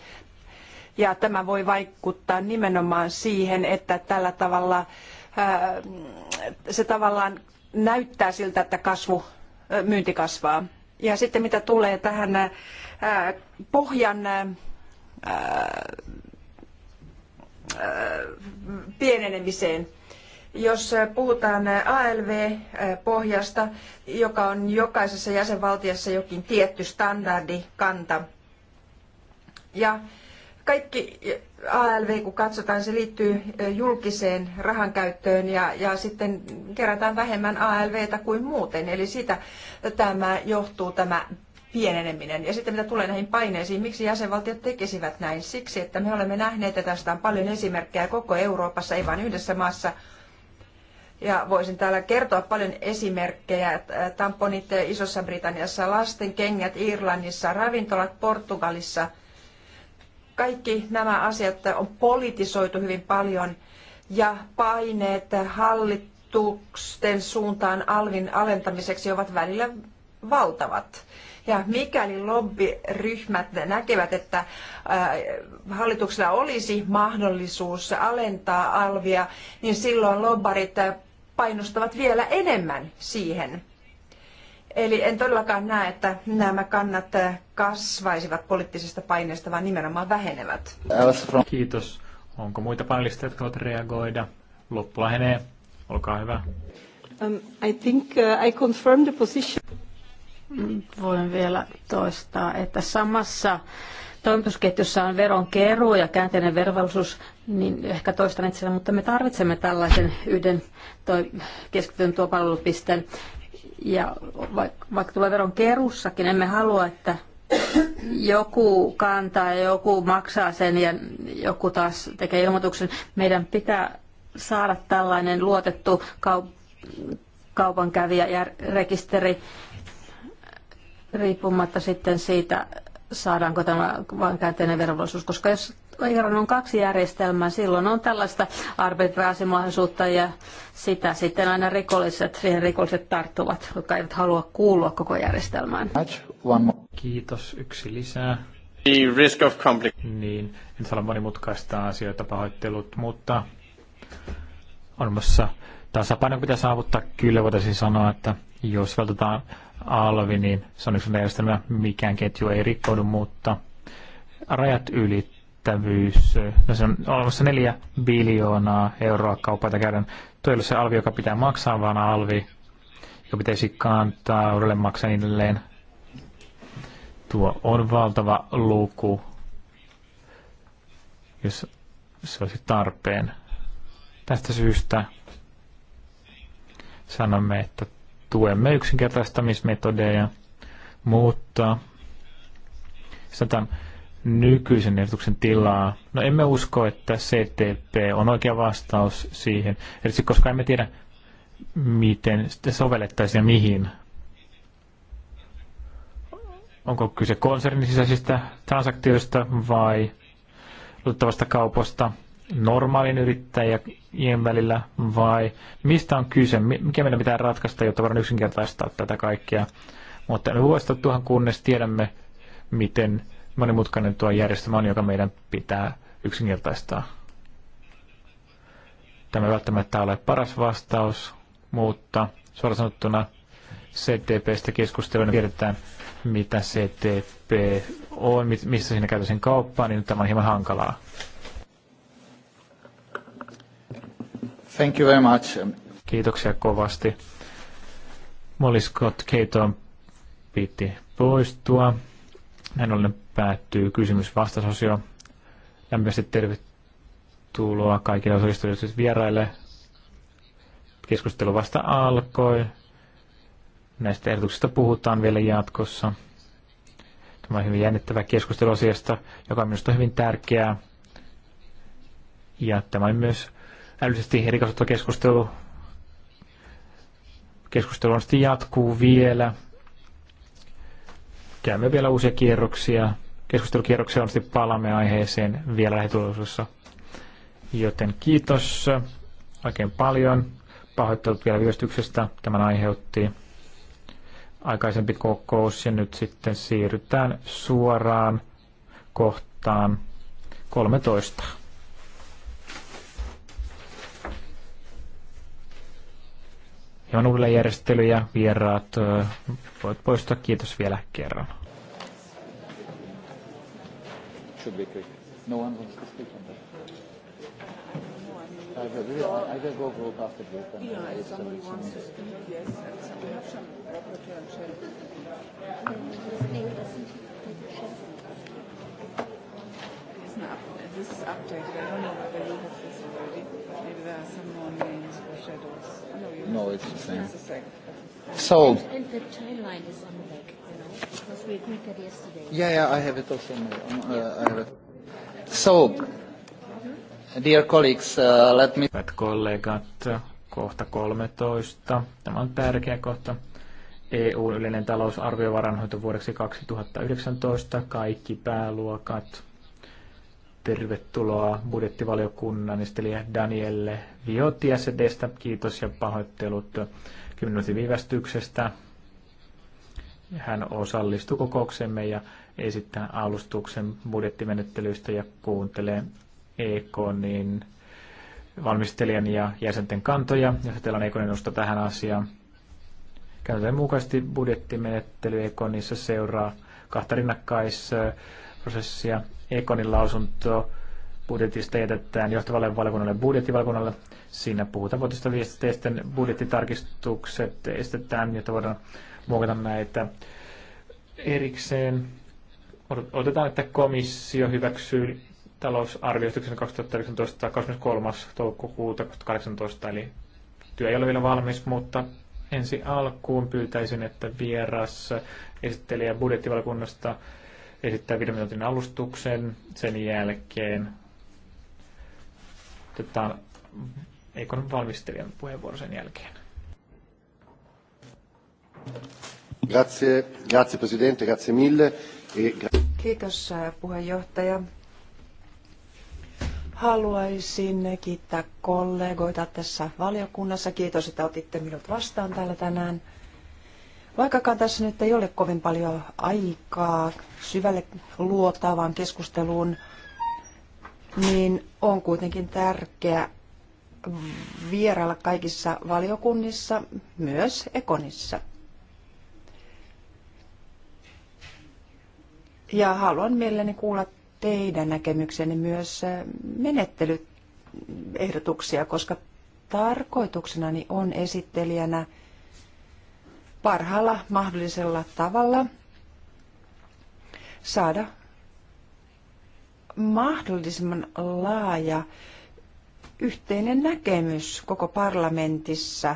ja tämä voi vaikuttaa nimenomaan siihen, että tällä tavalla äh, se tavallaan näyttää siltä, että kasvu, äh, myynti kasvaa. Ja sitten mitä tulee tähän äh, pohjan pienenemiseen, jos puhutaan ALV-pohjasta, joka on jokaisessa jäsenvaltiossa jokin tietty standardikanta, ja kaikki ALV, kun katsotaan, se liittyy julkiseen rahankäyttöön ja, ja sitten kerätään vähemmän ALVtä kuin muuten. Eli siitä tämä johtuu tämä pieneneminen. Ja sitten mitä tulee näihin paineisiin, miksi jäsenvaltiot tekisivät näin? Siksi, että me olemme nähneet, että tästä on paljon esimerkkejä koko Euroopassa, ei vain yhdessä maassa. Ja voisin täällä kertoa paljon esimerkkejä. Tamponit Isossa Britanniassa, lasten kengät Irlannissa, ravintolat Portugalissa – kaikki nämä asiat on politisoitu hyvin paljon ja paineet hallituksen suuntaan alvin alentamiseksi ovat välillä valtavat. Ja mikäli lobbyryhmät näkevät, että äh, hallituksella olisi mahdollisuus alentaa alvia, niin silloin lobbarit painostavat vielä enemmän siihen. Eli en todellakaan näe, että nämä kannat eh, kasvaisivat poliittisesta paineesta, vaan nimenomaan vähenevät. Kiitos. Onko muita panelisteja, jotka voivat reagoida? Loppu lähenee. Olkaa hyvä. Um, I think uh, I confirm the position. Voin vielä toistaa, että samassa toimitusketjussa on veronkeruu ja käänteinen verovallisuus, niin ehkä toistan itsellä, mutta me tarvitsemme tällaisen yhden toi keskitytyn tuopalvelupisteen. Ja vaikka, vaikka tulee veron kerussakin, emme halua, että joku kantaa ja joku maksaa sen ja joku taas tekee ilmoituksen. Meidän pitää saada tällainen luotettu kaup- kaupankävijä ja rekisteri riippumatta sitten siitä, saadaanko tämä vain käteinen verovelvollisuus, koska jos Iran on kaksi järjestelmää. Silloin on tällaista arbitraasimahdollisuutta ja sitä sitten aina rikolliset, siihen rikolliset tarttuvat, jotka eivät halua kuulua koko järjestelmään. Kiitos. Yksi lisää. The risk of conflict. Niin, en saa monimutkaista asioita, pahoittelut, mutta on myös tasapaino, pitää saavuttaa. Kyllä voitaisiin sanoa, että jos vältetään alvi, niin se on yksi järjestelmä, mikään ketju ei rikkoudu, mutta rajat yli kestävyys. No se on olemassa neljä biljoonaa euroa kaupoita käydään. Tuo ei ole se alvi, joka pitää maksaa, vaan alvi, joka pitäisi kantaa uudelleen maksaa Tuo on valtava luku, jos se olisi tarpeen. Tästä syystä sanomme, että tuemme yksinkertaistamismetodeja, mutta sanotaan, nykyisen ehdotuksen tilaa? No emme usko, että CTP on oikea vastaus siihen, eli koska emme tiedä, miten sitä sovellettaisiin ja mihin. Onko kyse konsernin sisäisistä transaktioista vai luottavasta kaupasta normaalin yrittäjien välillä vai mistä on kyse, mikä meidän pitää ratkaista, jotta voidaan yksinkertaistaa tätä kaikkea. Mutta me tuohon kunnes tiedämme, miten monimutkainen tuo järjestelmä on, joka meidän pitää yksinkertaistaa. Tämä ei välttämättä ole paras vastaus, mutta suoraan sanottuna CTPstä keskustelua, tiedetään mitä CTP on, missä siinä käytäisiin kauppaan, kauppaa, niin tämä on hieman hankalaa. Thank you very much. Kiitoksia kovasti. Molly Scott Keiton piti poistua. Näin ollen päättyy kysymys vastasosio. Lämpimästi tervetuloa kaikille osallistujille siis vieraille. Keskustelu vasta alkoi. Näistä ehdotuksista puhutaan vielä jatkossa. Tämä on hyvin jännittävä keskustelu asiasta, joka on minusta hyvin tärkeää. Ja tämä on myös älyllisesti erikasvattava keskustelu. Keskustelu on sitten jatkuu vielä käymme vielä uusia kierroksia. Keskustelukierroksia on sitten palaamme aiheeseen vielä lähetulosuussa. Joten kiitos oikein paljon. Pahoittelut vielä viestyksestä. Tämän aiheutti aikaisempi kokous ja nyt sitten siirrytään suoraan kohtaan 13. hieman uudelleenjärjestely ja vieraat voit poistua. Kiitos vielä kerran. No yeah, This is updated. I don't know whether you have this already. No, no, it's the same. So. And the timeline is on the back, you know, because we agreed that yesterday. Yeah, yeah, I have it also. On, uh, I have it. So, dear colleagues, uh, let me... Hyvät kollegat, kohta 13. Tämä on tärkeä kohta. eu yleinen talousarvio vuodeksi 2019, kaikki pääluokat tervetuloa budjettivaliokunnan istelijä Danielle Viotti Kiitos ja pahoittelut 10 minuutin viivästyksestä. Hän osallistui kokouksemme ja esittää alustuksen budjettimenettelyistä ja kuuntelee niin valmistelijan ja jäsenten kantoja. ja teillä on EKONin nosto tähän asiaan, käytetään mukaisesti budjettimenettely EKONissa seuraa kahta rinnakkaisprosessia Ekonin lausunto budjetista jätetään johtavalle valiokunnalle budjettivalkunnalle. Siinä puhutaan vuotista viestistä budjettitarkistukset estetään, jotta voidaan muokata näitä erikseen. Otetaan, että komissio hyväksyy talousarvioistuksen 2019 23. toukokuuta 2018, eli työ ei ole vielä valmis, mutta ensi alkuun pyytäisin, että vieras esittelijä budjettivalkunnasta esittää viiden minuutin alustuksen. Sen jälkeen otetaan Eikon valmistelijan puheenvuoro sen jälkeen. Grazie, grazie presidente, grazie mille. E Kiitos äh, puheenjohtaja. Haluaisin kiittää kollegoita tässä valiokunnassa. Kiitos, että otitte minut vastaan täällä tänään. Vaikkakaan tässä nyt ei ole kovin paljon aikaa syvälle luotaavaan keskusteluun, niin on kuitenkin tärkeää vierailla kaikissa valiokunnissa, myös Ekonissa. Ja haluan mielelläni kuulla teidän näkemyksenne myös äh, menettelyehdotuksia, koska tarkoituksenani on esittelijänä – parhaalla mahdollisella tavalla saada mahdollisimman laaja yhteinen näkemys koko parlamentissa,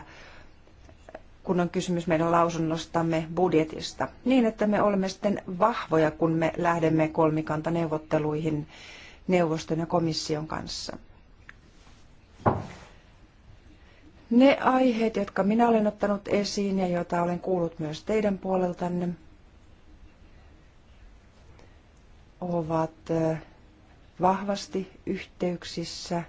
kun on kysymys meidän lausunnostamme budjetista, niin että me olemme sitten vahvoja, kun me lähdemme kolmikantaneuvotteluihin neuvoston ja komission kanssa. Ne aiheet, jotka minä olen ottanut esiin ja joita olen kuullut myös teidän puoleltanne, ovat vahvasti yhteyksissä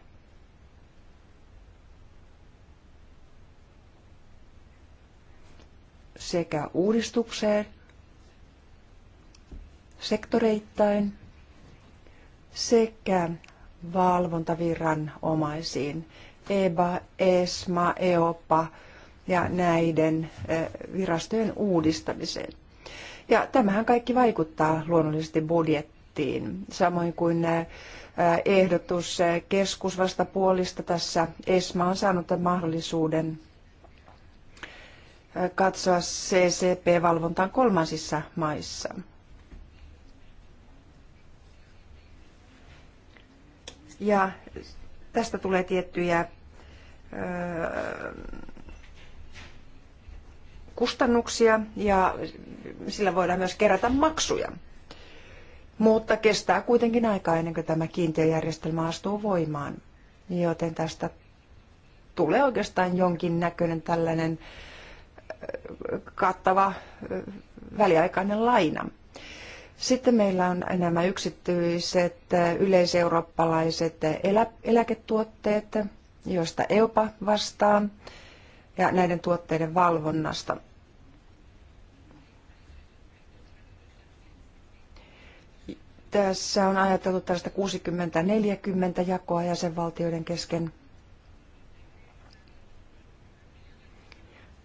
sekä uudistukseen sektoreittain sekä valvontaviranomaisiin EBA, ESMA, EOPA ja näiden virastojen uudistamiseen. Ja tämähän kaikki vaikuttaa luonnollisesti budjettiin, samoin kuin ehdotus keskusvastapuolista tässä ESMA on saanut mahdollisuuden katsoa CCP-valvontaan kolmansissa maissa. Ja tästä tulee tiettyjä kustannuksia ja sillä voidaan myös kerätä maksuja. Mutta kestää kuitenkin aikaa ennen kuin tämä kiintiöjärjestelmä astuu voimaan. Joten tästä tulee oikeastaan jonkin näköinen tällainen äh, kattava äh, väliaikainen laina. Sitten meillä on nämä yksityiset äh, yleiseurooppalaiset elä, eläketuotteet, josta EUPA vastaa, ja näiden tuotteiden valvonnasta. Tässä on ajateltu tällaista 60-40 jakoa jäsenvaltioiden kesken.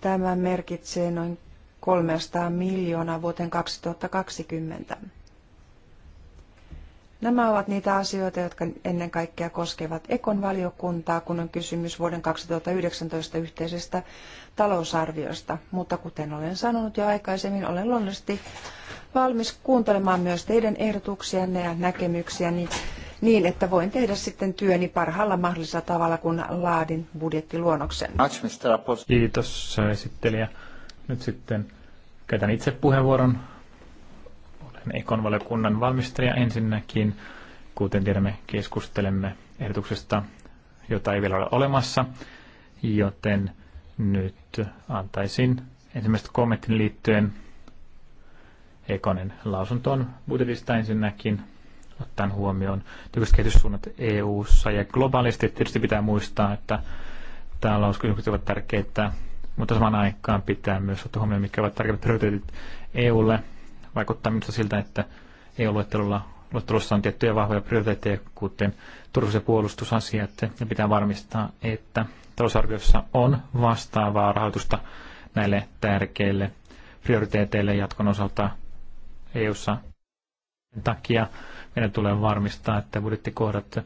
Tämä merkitsee noin 300 miljoonaa vuoteen 2020. Nämä ovat niitä asioita, jotka ennen kaikkea koskevat Ekon valiokuntaa, kun on kysymys vuoden 2019 yhteisestä talousarviosta. Mutta kuten olen sanonut jo aikaisemmin, olen luonnollisesti valmis kuuntelemaan myös teidän ehdotuksianne ja näkemyksiänne niin, että voin tehdä sitten työni parhaalla mahdollisella tavalla, kun laadin budjettiluonnoksen. Kiitos esittelijä. Nyt sitten käytän itse puheenvuoron Ekon valiokunnan valmistaja ensinnäkin. Kuten tiedämme, keskustelemme ehdotuksesta, jota ei vielä ole olemassa, joten nyt antaisin ensimmäistä kommentin liittyen Ekonen lausuntoon budjetista ensinnäkin ottaen huomioon nykyiset kehityssuunnat EU-ssa ja globaalisti tietysti pitää muistaa, että talouskysymykset ovat tärkeitä, mutta samaan aikaan pitää myös ottaa huomioon, mitkä ovat tärkeimmät prioriteetit EUlle Vaikuttaa minusta siltä, että EU-luettelulla luettelussa on tiettyjä vahvoja prioriteetteja, kuten turvallisuus- ja puolustusasiat, ja pitää varmistaa, että talousarviossa on vastaavaa rahoitusta näille tärkeille prioriteeteille jatkon osalta EU-ssa. Sen takia meidän tulee varmistaa, että budjettikohdat,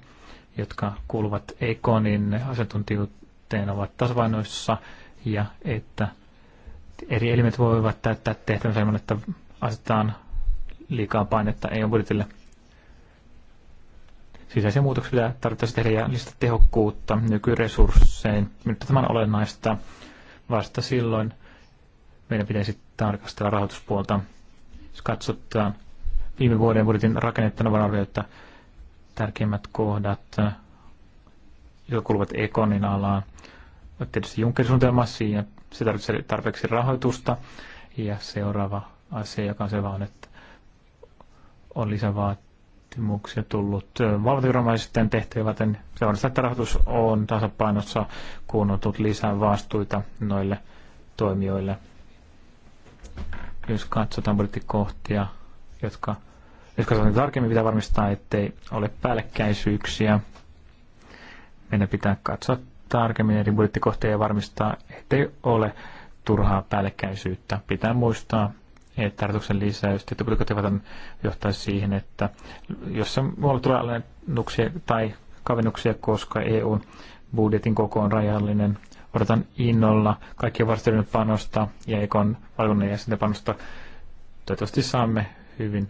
jotka kuuluvat EKONin asiantuntijuuteen, ovat tasapainoissa ja että eri elimet voivat täyttää tehtävänsä ilman, että asetetaan liikaa painetta EU-budjetille. Sisäisiä muutoksia tarvitaan tehdä ja lisätä tehokkuutta nykyresursseihin, Nyt tämä on olennaista. Vasta silloin meidän pitäisi tarkastella rahoituspuolta. Jos katsotaan viime vuoden budjetin rakennetta, on arvioitu, että tärkeimmät kohdat, jotka kuuluvat Ekonin alaan, tietysti Junckerin suunnitelma, siinä se tarvitsee tarpeeksi rahoitusta. Ja seuraava asia, joka on se vaan, että on lisävaatimuksia tullut valvontaviranomaisten tehtäviä varten. Se on, että rahoitus on tasapainossa, kun on tullut lisää vastuita noille toimijoille. Jos katsotaan budjettikohtia, jotka jos katsotaan tarkemmin, pitää varmistaa, ettei ole päällekkäisyyksiä. Meidän pitää katsoa tarkemmin eri budjettikohtia ja varmistaa, ettei ole turhaa päällekkäisyyttä. Pitää muistaa, että tarkoituksen lisäys tietopalvelukotivaltan johtaisi siihen, että jos muualla tulee alennuksia tai kavennuksia, koska EUn budjetin koko on rajallinen, odotan innolla kaikkia vastuuden panosta ja ekon valvonnan jäsenten panosta. Toivottavasti saamme hyvin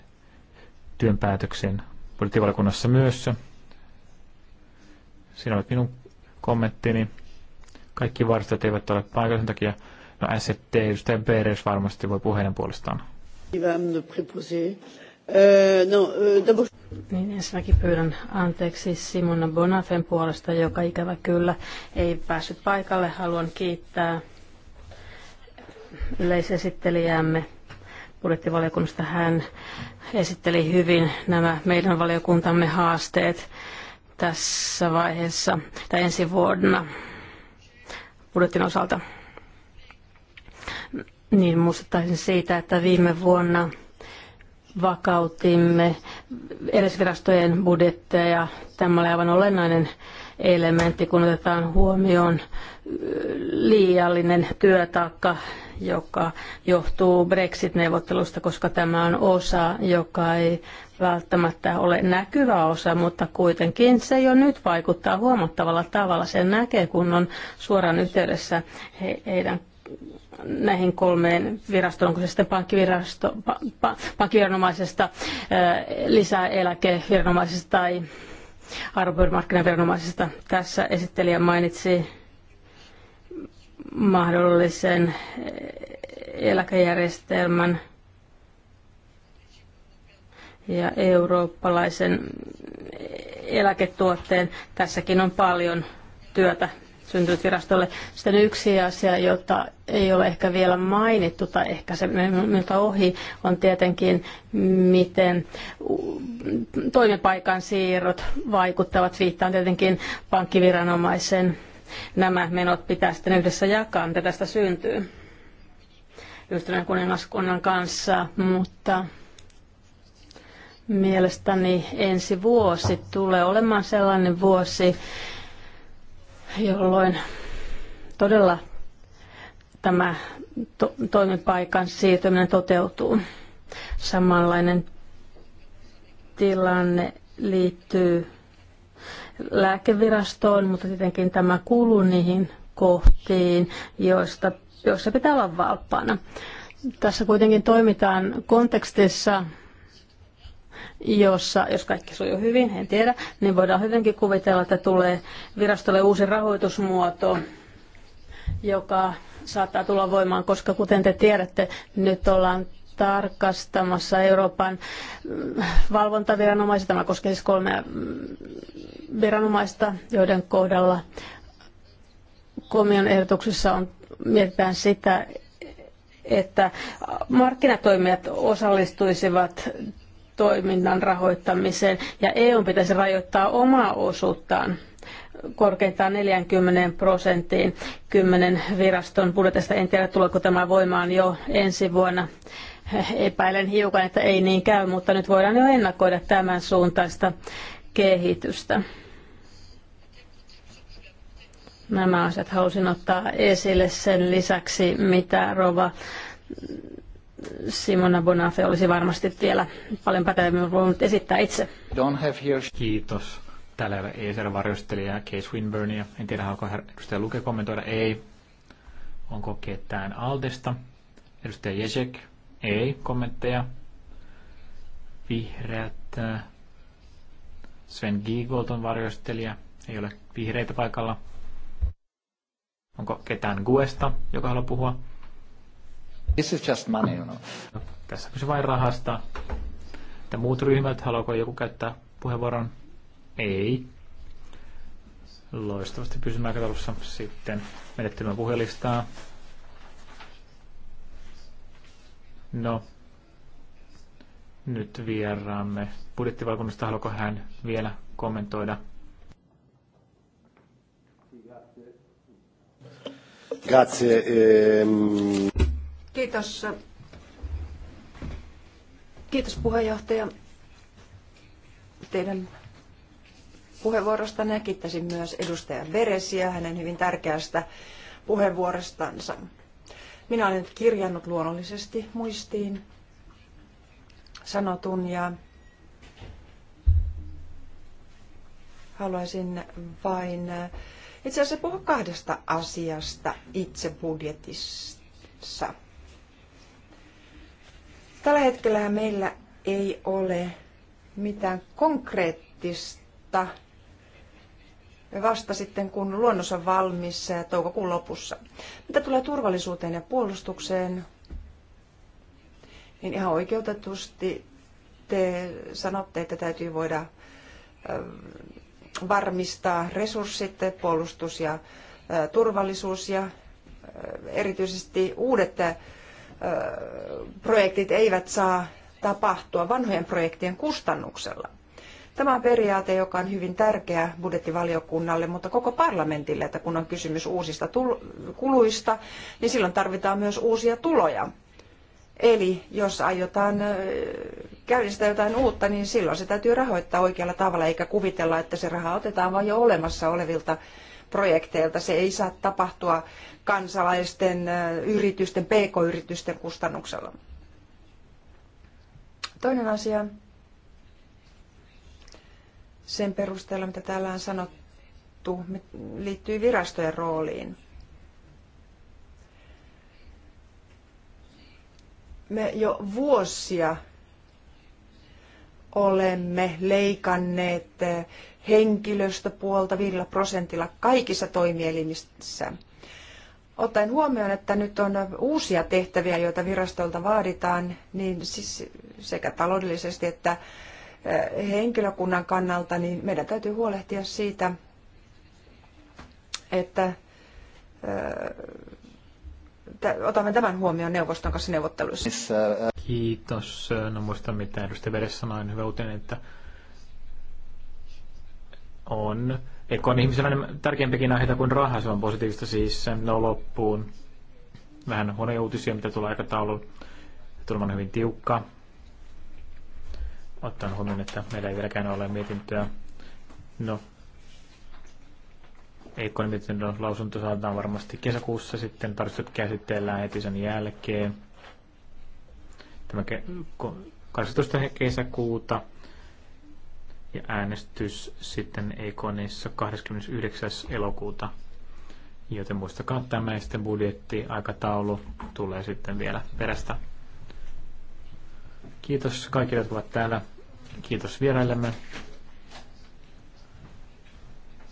työn päätöksen budjettivalkunnassa myös. Siinä olet minun kommenttini. Kaikki varstajat eivät ole paikallisen takia No SFT, edustaja Beres varmasti voi puheen puolestaan. Euh, euh, niin ensinnäkin pyydän anteeksi Simona Bonafen puolesta, joka ikävä kyllä ei päässyt paikalle. Haluan kiittää yleisesittelijäämme budjettivaliokunnasta. Hän esitteli hyvin nämä meidän valiokuntamme haasteet tässä vaiheessa tai ensi vuonna budjetin osalta niin muistuttaisin siitä, että viime vuonna vakautimme edesvirastojen budjetteja ja tämä oli aivan olennainen elementti, kun otetaan huomioon liiallinen työtaakka, joka johtuu Brexit-neuvottelusta, koska tämä on osa, joka ei välttämättä ole näkyvä osa, mutta kuitenkin se jo nyt vaikuttaa huomattavalla tavalla. Sen näkee, kun on suoraan yhteydessä heidän näihin kolmeen virastoon, onko se sitten pankkivirasto, pa, pa, pankkiviranomaisesta, lisäeläkeviranomaisesta tai arvopyörimarkkinaviranomaisesta. Tässä esittelijä mainitsi mahdollisen eläkejärjestelmän ja eurooppalaisen eläketuotteen. Tässäkin on paljon työtä syntynyt virastolle. Sitten yksi asia, jota ei ole ehkä vielä mainittu tai ehkä se minulta ohi, on tietenkin, miten toimipaikan siirrot vaikuttavat. Viittaan tietenkin pankkiviranomaisen. Nämä menot pitää sitten yhdessä jakaa, mitä tästä syntyy yhtenä kuningaskunnan kanssa, mutta mielestäni ensi vuosi tulee olemaan sellainen vuosi, jolloin todella tämä to- toimipaikan siirtyminen toteutuu. Samanlainen tilanne liittyy lääkevirastoon, mutta tietenkin tämä kuuluu niihin kohtiin, joista, joissa pitää olla valppaana. Tässä kuitenkin toimitaan kontekstissa, jossa, jos kaikki sujuu hyvin, en tiedä, niin voidaan hyvinkin kuvitella, että tulee virastolle uusi rahoitusmuoto, joka saattaa tulla voimaan, koska kuten te tiedätte, nyt ollaan tarkastamassa Euroopan mm, valvontaviranomaisia. Tämä koskee siis kolmea mm, viranomaista, joiden kohdalla komion ehdotuksessa on, mietitään sitä, että markkinatoimijat osallistuisivat toiminnan rahoittamiseen ja EU pitäisi rajoittaa omaa osuuttaan korkeintaan 40 prosenttiin kymmenen viraston budjetista. En tiedä, tuleeko tämä voimaan jo ensi vuonna. Epäilen hiukan, että ei niin käy, mutta nyt voidaan jo ennakoida tämän suuntaista kehitystä. Nämä asiat halusin ottaa esille sen lisäksi, mitä Rova Simona Bonafe olisi varmasti vielä paljon pätevämmin voinut esittää itse. Don't have here... Kiitos. Täällä ei ole ESR-varjostelija Case Winburnia. En tiedä, haluaako edustaja Luke kommentoida. Ei. Onko ketään Aldesta? Edustaja Jezek. Ei. Kommentteja? Vihreät? Äh, Sven Giegold on varjostelija. Ei ole vihreitä paikalla. Onko ketään Guesta, joka haluaa puhua? This is just money, you know. No, tässä kyse vain rahasta. Että muut ryhmät, haluaako joku käyttää puheenvuoron? Ei. Loistavasti pysymään katalussa sitten menettelymä puhelistaa. No, nyt vieraamme budjettivalkunnasta. Haluaako hän vielä kommentoida? Grazie. Ehm... Kiitos. Kiitos puheenjohtaja teidän puheenvuorostanne ja kiittäisin myös edustaja Beresiä hänen hyvin tärkeästä puheenvuorostansa. Minä olen nyt kirjannut luonnollisesti muistiin sanotun ja haluaisin vain itse asiassa puhua kahdesta asiasta itse budjetissa. Tällä hetkellä meillä ei ole mitään konkreettista vasta sitten, kun luonnos on valmis eh, toukokuun lopussa. Mitä tulee turvallisuuteen ja puolustukseen, niin ihan oikeutetusti te sanotte, että täytyy voida eh, varmistaa resurssit, puolustus ja eh, turvallisuus ja erityisesti uudet projektit eivät saa tapahtua vanhojen projektien kustannuksella. Tämä on periaate, joka on hyvin tärkeä budjettivaliokunnalle, mutta koko parlamentille, että kun on kysymys uusista kuluista, niin silloin tarvitaan myös uusia tuloja. Eli jos aiotaan käynnistää jotain uutta, niin silloin se täytyy rahoittaa oikealla tavalla, eikä kuvitella, että se raha otetaan vain jo olemassa olevilta projekteilta. Se ei saa tapahtua kansalaisten, yritysten, pk-yritysten kustannuksella. Toinen asia sen perusteella, mitä täällä on sanottu, liittyy virastojen rooliin. Me jo vuosia olemme leikanneet henkilöstöpuolta 5 prosentilla kaikissa toimielimissä. Ottaen huomioon, että nyt on uusia tehtäviä, joita virastolta vaaditaan, niin siis sekä taloudellisesti että eh, henkilökunnan kannalta, niin meidän täytyy huolehtia siitä, että eh, otamme tämän huomioon neuvoston kanssa neuvotteluissa. Eh, Kiitos. No muista mitä edustaja Veres sanoi, hyvä uutinen, että on. Eikö on ihmisellä tärkeämpikin aiheita kuin raha, se on positiivista siis. No loppuun. Vähän huonoja uutisia, mitä tulee aikataulu. Tulma on hyvin tiukka. Ottaen huomioon, että meillä ei vieläkään ole mietintöä. No, Eikon mietinnön lausunto saadaan varmasti kesäkuussa sitten, tarkistukset käsitellään heti sen jälkeen. Tämä 12. kesäkuuta ja äänestys sitten Ekonissa 29. elokuuta. Joten muistakaa tämä ja sitten aikataulu tulee sitten vielä perästä. Kiitos kaikille, jotka ovat täällä. Kiitos vieraillemme.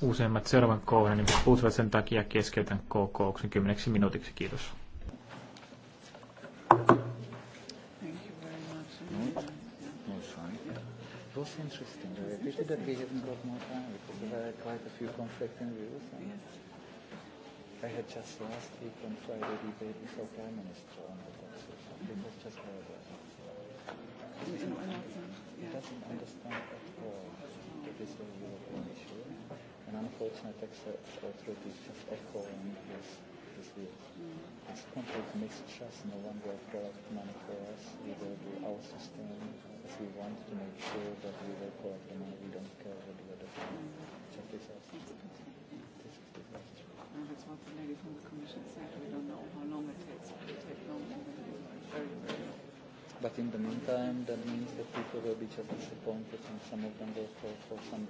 Useimmat seuraavan kohdan niin puuttuvat sen takia keskeytän kokouksen 10 minuutiksi. Kiitos. was interesting. I pity that we haven't got more time because there are quite a few conflicting views. And yes. I had just last week on Friday debate with our Prime Minister on it. So it was just horrible. He doesn't understand at all that this is a European issue. And unfortunately, tax authorities just on his this week. It's complete mistrust. No one will collect money for us. We will do our system if you want to make sure that we work for them and we don't care what the other time. It's a This is disaster. And that's what the lady from the commission said. We don't know how long it takes. It will take longer. Very, very long. But in the meantime, that means that people will be just disappointed and some of them will fall for some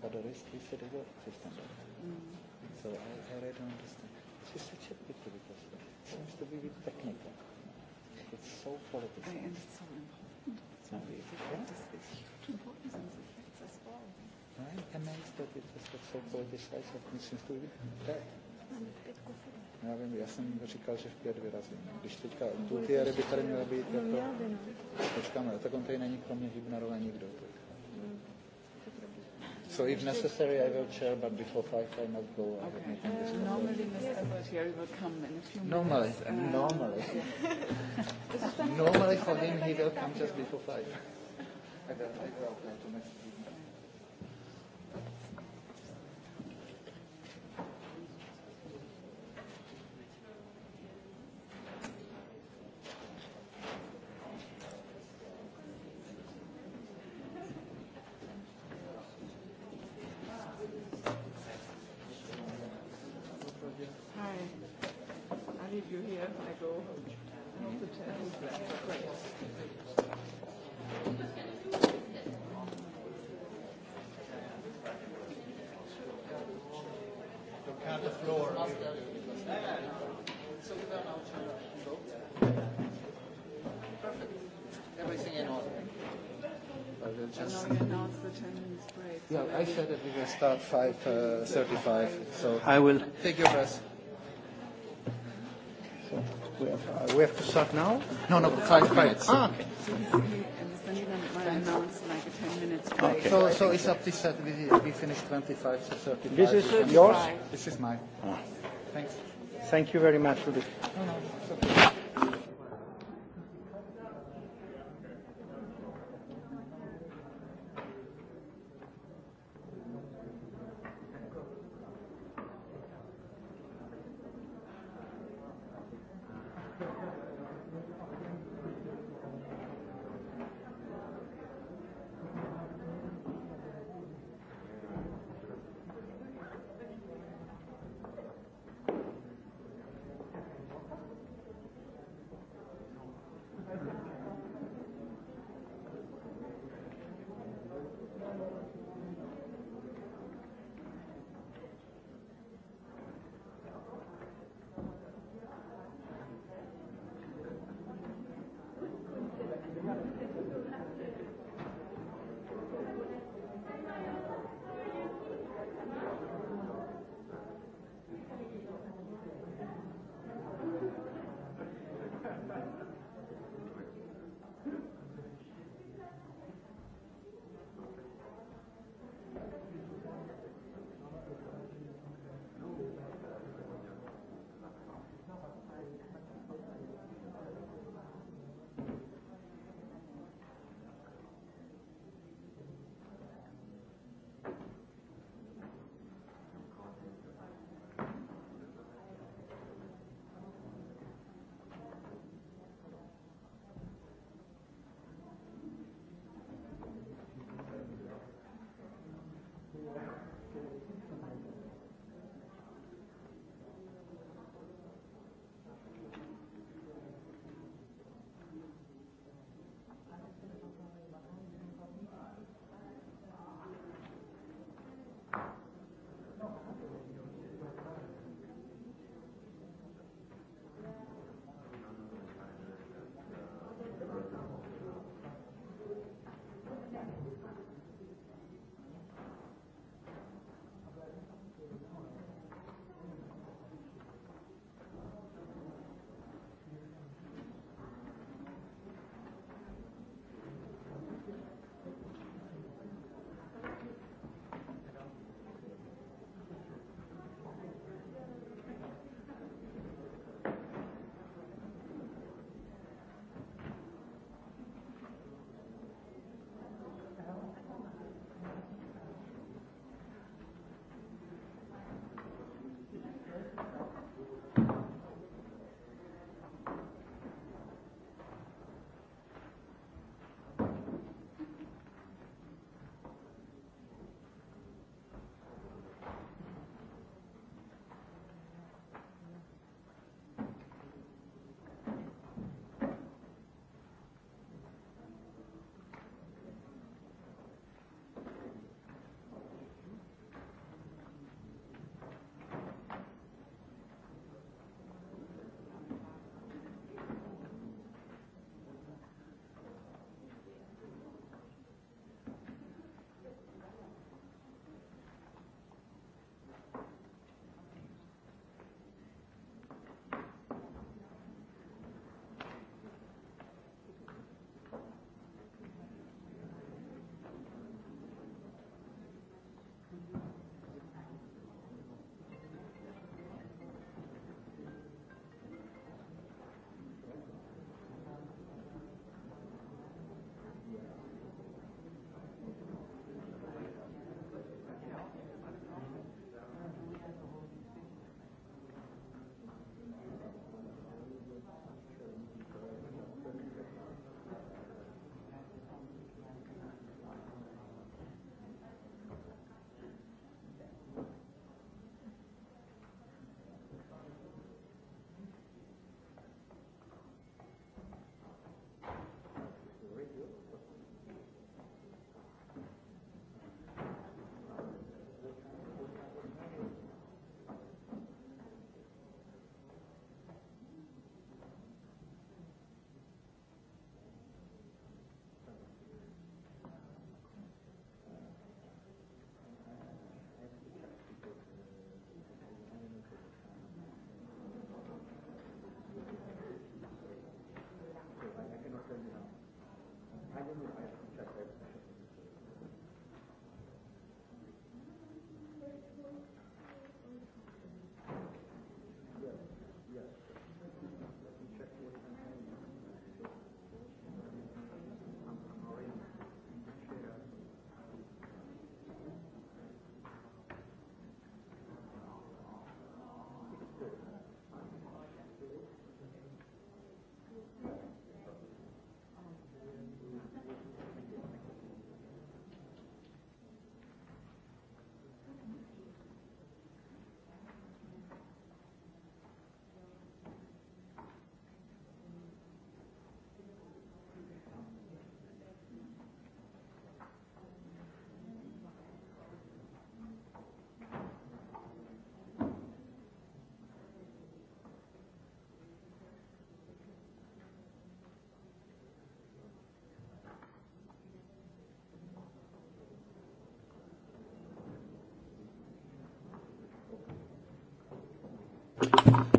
But the rest, he said, well, system. Mm. So I, I really don't understand. She's such a pity because it seems to be a bit technical. It's so political. And it's so important. It's the effect is, it's huge importance and the effects as well. I'm amazed that it has got so politicized, but it seems to be that. Já vím, já jsem říkal, že v pět vyrazím. Když teďka tu ty ryby tady měla být, jako... No, Počkáme, tak on tady není kromě Hybnerové nikdo. Tak. Mm. So if necessary, I will chair, but before five, I must go. okay. uh, normally, Mr. Gualtieri will come in a few normally, minutes. Uh, normally, normally. normally for him, he will come just before five. I will, I will go to will just. And now we announce the 10 minutes break. Yeah, I said that we will start 5:35. Uh, so I will. Take your rest. So we have, uh, to start now? No, no, no five, five. minutes. Ah, okay. So might announce like a 10 minutes break. Okay. So, so it's up to set. We, finish 25 to 35. This is yours? This is mine. Ah. Thanks. Thank you very much, Rudy. No, no, it's okay.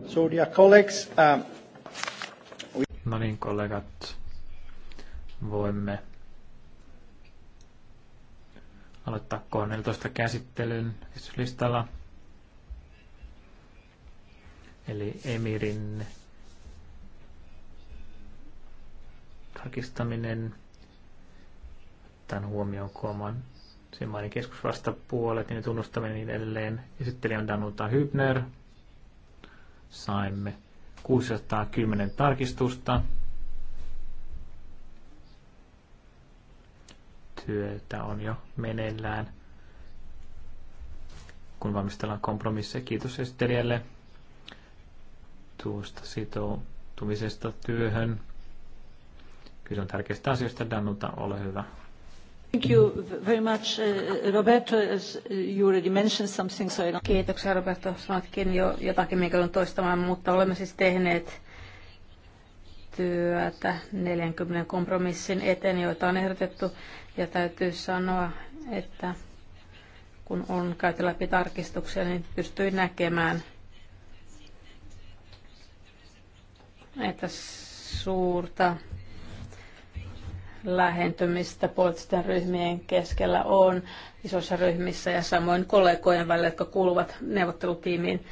So, dear colleagues, um, we... No niin, kollegat, voimme aloittaa K14 käsittelyn listalla. Eli Emirin tarkistaminen tämän huomioon siinä Simmanin keskusvastapuolet, niin tunnustaminen niin edelleen. Esittelijä on Danuta Hübner. Saimme 610 tarkistusta. Työtä on jo meneillään, kun valmistellaan kompromisseja. Kiitos esittelijälle tuosta sitoutumisesta työhön. Kyse on tärkeistä asioista. Danuta, ole hyvä. Roberto, Kiitoksia, Roberto. Sanoitkin jo jotakin, minkä on toistamaan, mutta olemme siis tehneet työtä 40 kompromissin eteen, joita on ehdotettu. Ja täytyy sanoa, että kun on käyty läpi tarkistuksia, niin pystyy näkemään, että suurta lähentymistä poliittisten ryhmien keskellä on isoissa ryhmissä ja samoin kollegojen välillä, jotka kuuluvat neuvottelutiimiin.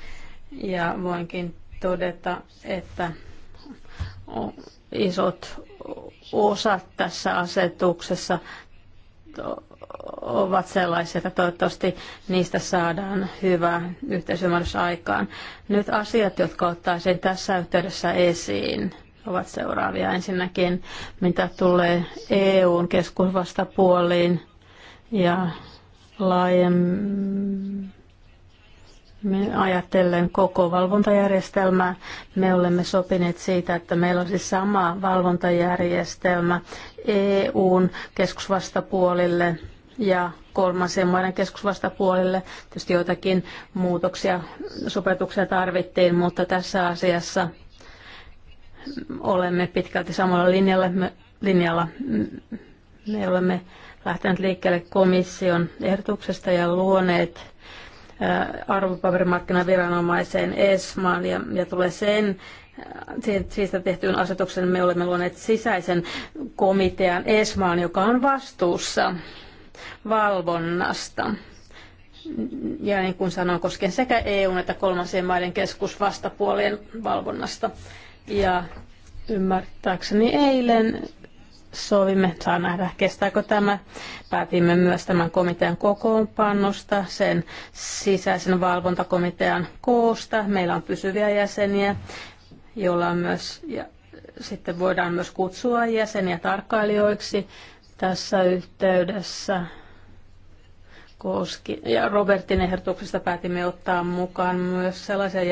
Ja voinkin todeta, että isot osat tässä asetuksessa ovat sellaisia, että toivottavasti niistä saadaan hyvä yhteisymmärrys aikaan. Nyt asiat, jotka ottaisin tässä yhteydessä esiin – ovat seuraavia. Ensinnäkin, mitä tulee EUn keskusvastapuoliin ja laajemmin ajatellen koko valvontajärjestelmää. Me olemme sopineet siitä, että meillä on siis sama valvontajärjestelmä EUn keskusvastapuolille ja kolmansien maiden keskusvastapuolille. Tietysti joitakin muutoksia, sopetuksia tarvittiin, mutta tässä asiassa olemme pitkälti samalla linjalla. Me, linjalla. me olemme lähteneet liikkeelle komission ehdotuksesta ja luoneet arvopaperimarkkinaviranomaiseen ESMAan ja, ja tulee sen siitä tehtyyn asetuksen me olemme luoneet sisäisen komitean ESMAan, joka on vastuussa valvonnasta. Ja niin kuin sanoin, koskien sekä EUn että kolmansien maiden keskusvastapuolien valvonnasta. Ja ymmärtääkseni eilen sovimme, saa nähdä kestääkö tämä. Päätimme myös tämän komitean kokoonpannosta, sen sisäisen valvontakomitean koosta. Meillä on pysyviä jäseniä, joilla on myös, ja sitten voidaan myös kutsua jäseniä tarkkailijoiksi tässä yhteydessä koski, ja Robertin ehdotuksesta päätimme ottaa mukaan myös sellaisia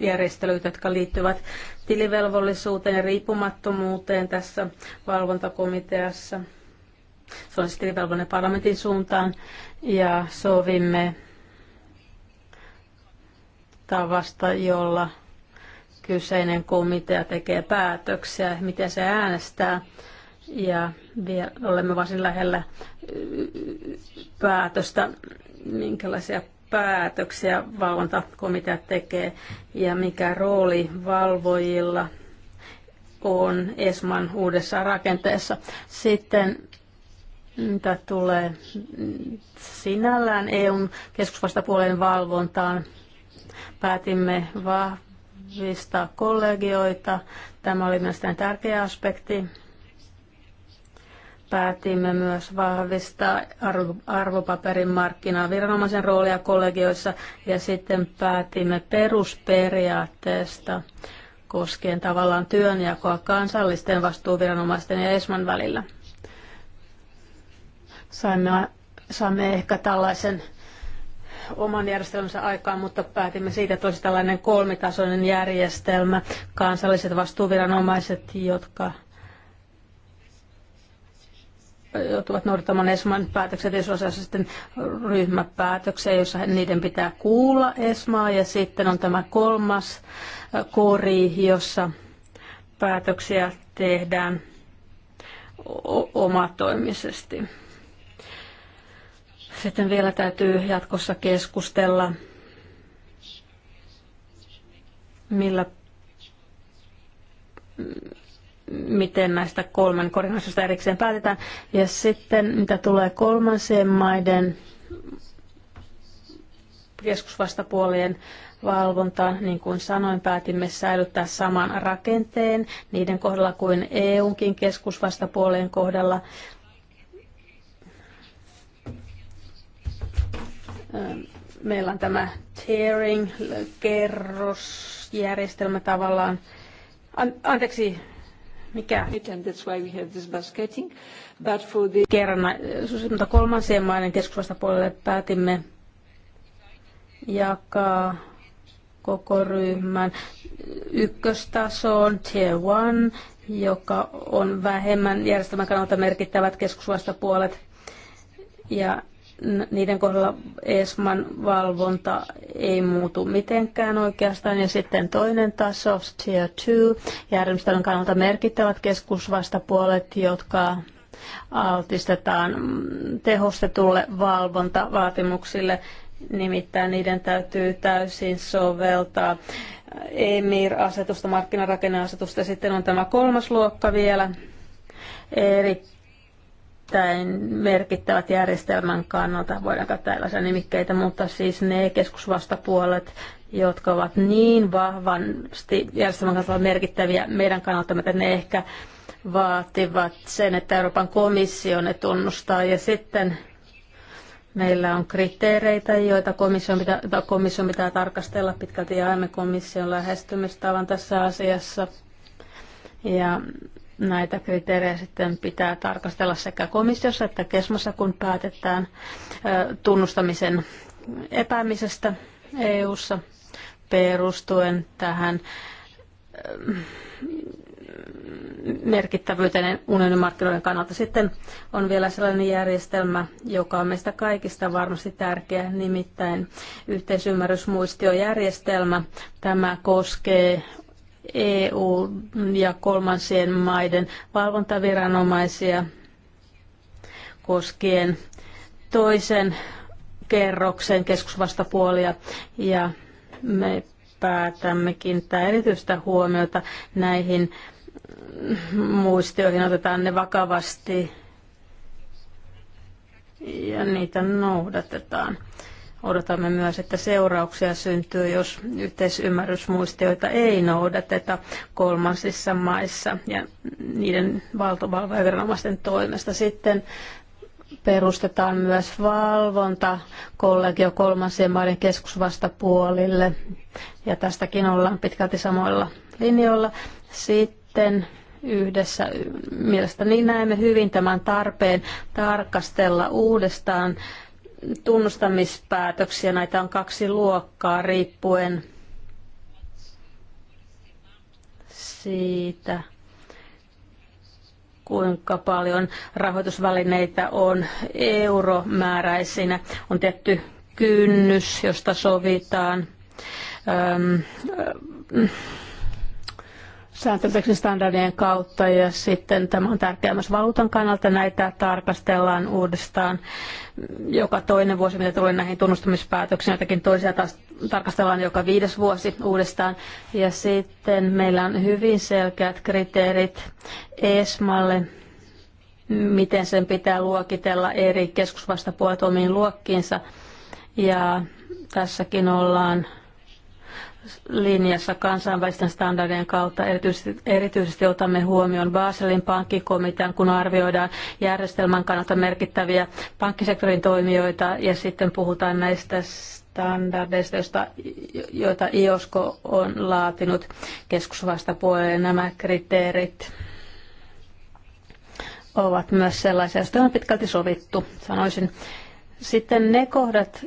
järjestelyitä, jotka, liittyvät tilivelvollisuuteen ja riippumattomuuteen tässä valvontakomiteassa. Se on siis tilivelvollinen parlamentin suuntaan ja sovimme tavasta, jolla kyseinen komitea tekee päätöksiä, miten se äänestää ja vielä olemme varsin lähellä päätöstä, minkälaisia päätöksiä valvontakomitea tekee ja mikä rooli valvojilla on ESMAN uudessa rakenteessa. Sitten mitä tulee sinällään EUn keskusvastapuolen valvontaan, päätimme vahvistaa kollegioita. Tämä oli mielestäni tärkeä aspekti päätimme myös vahvistaa arvopaperimarkkinaa viranomaisen roolia kollegioissa ja sitten päätimme perusperiaatteesta koskien tavallaan työnjakoa kansallisten vastuuviranomaisten ja ESMAn välillä. Saimme, saimme ehkä tällaisen oman järjestelmänsä aikaan, mutta päätimme siitä, että olisi tällainen kolmitasoinen järjestelmä, kansalliset vastuuviranomaiset, jotka joutuvat noudattamaan ESMAn päätökset, jos osa sitten ryhmäpäätöksiä, jossa niiden pitää kuulla ESMAa. Ja sitten on tämä kolmas kori, jossa päätöksiä tehdään omatoimisesti. Sitten vielä täytyy jatkossa keskustella, millä miten näistä kolmen koordinaatiosta erikseen päätetään. Ja sitten mitä tulee kolmansien maiden keskusvastapuolien valvontaan, niin kuin sanoin, päätimme säilyttää saman rakenteen niiden kohdalla kuin EUnkin keskusvastapuolien kohdalla. Ähm, meillä on tämä tearing-kerrosjärjestelmä tavallaan. Anteeksi, mikä and that's why we have this basketing. But for the... kerran, mutta kolmansien maiden keskuudesta puolelle päätimme jakaa koko ryhmän ykköstasoon, tier one, joka on vähemmän järjestelmän kannalta merkittävät keskusvastapuolet. Ja niiden kohdalla ESMAn valvonta ei muutu mitenkään oikeastaan. Ja sitten toinen taso, tier 2, järjestelmän kannalta merkittävät keskusvastapuolet, jotka altistetaan tehostetulle valvontavaatimuksille. Nimittäin niiden täytyy täysin soveltaa EMIR-asetusta, markkinarakenneasetusta. Sitten on tämä kolmas luokka vielä, eri erittäin merkittävät järjestelmän kannalta, voidaan käyttää tällaisia nimikkeitä, mutta siis ne keskusvastapuolet, jotka ovat niin vahvasti järjestelmän kannalta merkittäviä meidän kannalta, että ne ehkä vaativat sen, että Euroopan komissio ne tunnustaa ja sitten Meillä on kriteereitä, joita komission pitää, komission pitää tarkastella pitkälti ja aina komission lähestymistavan tässä asiassa. Ja Näitä kriteerejä sitten pitää tarkastella sekä komissiossa että kesmassa, kun päätetään tunnustamisen epäämisestä EU-ssa perustuen tähän merkittävyyteen unionin markkinoiden kannalta. Sitten on vielä sellainen järjestelmä, joka on meistä kaikista varmasti tärkeä, nimittäin yhteisymmärrysmuistiojärjestelmä. Tämä koskee EU- ja kolmansien maiden valvontaviranomaisia koskien toisen kerroksen keskusvastapuolia ja me päätämme kiinnittää erityistä huomiota näihin muistioihin, otetaan ne vakavasti ja niitä noudatetaan. Odotamme myös, että seurauksia syntyy, jos yhteisymmärrysmuistioita ei noudateta kolmansissa maissa ja niiden valtovalvojaviranomaisten toimesta. Sitten perustetaan myös valvonta kolmansien maiden keskusvastapuolille ja tästäkin ollaan pitkälti samoilla linjoilla. Sitten yhdessä mielestäni näemme hyvin tämän tarpeen tarkastella uudestaan tunnustamispäätöksiä. Näitä on kaksi luokkaa riippuen siitä, kuinka paljon rahoitusvälineitä on euromääräisinä. On tietty kynnys, josta sovitaan. Öm, sääntöpeksi standardien kautta ja sitten tämä on tärkeää myös valuutan kannalta. Näitä tarkastellaan uudestaan joka toinen vuosi, mitä tulee näihin tunnustamispäätöksiin. Jotakin toisia taas tarkastellaan joka viides vuosi uudestaan. Ja sitten meillä on hyvin selkeät kriteerit ESMalle, miten sen pitää luokitella eri keskusvastapuolet omiin luokkiinsa. Ja tässäkin ollaan linjassa kansainvälisten standardien kautta. Erityisesti, erityisesti otamme huomioon Baselin pankkikomitean, kun arvioidaan järjestelmän kannalta merkittäviä pankkisektorin toimijoita ja sitten puhutaan näistä standardeista, joista, joita IOSKO on laatinut keskusvastapuolelle nämä kriteerit ovat myös sellaisia, joista on pitkälti sovittu, sanoisin. Sitten ne kohdat,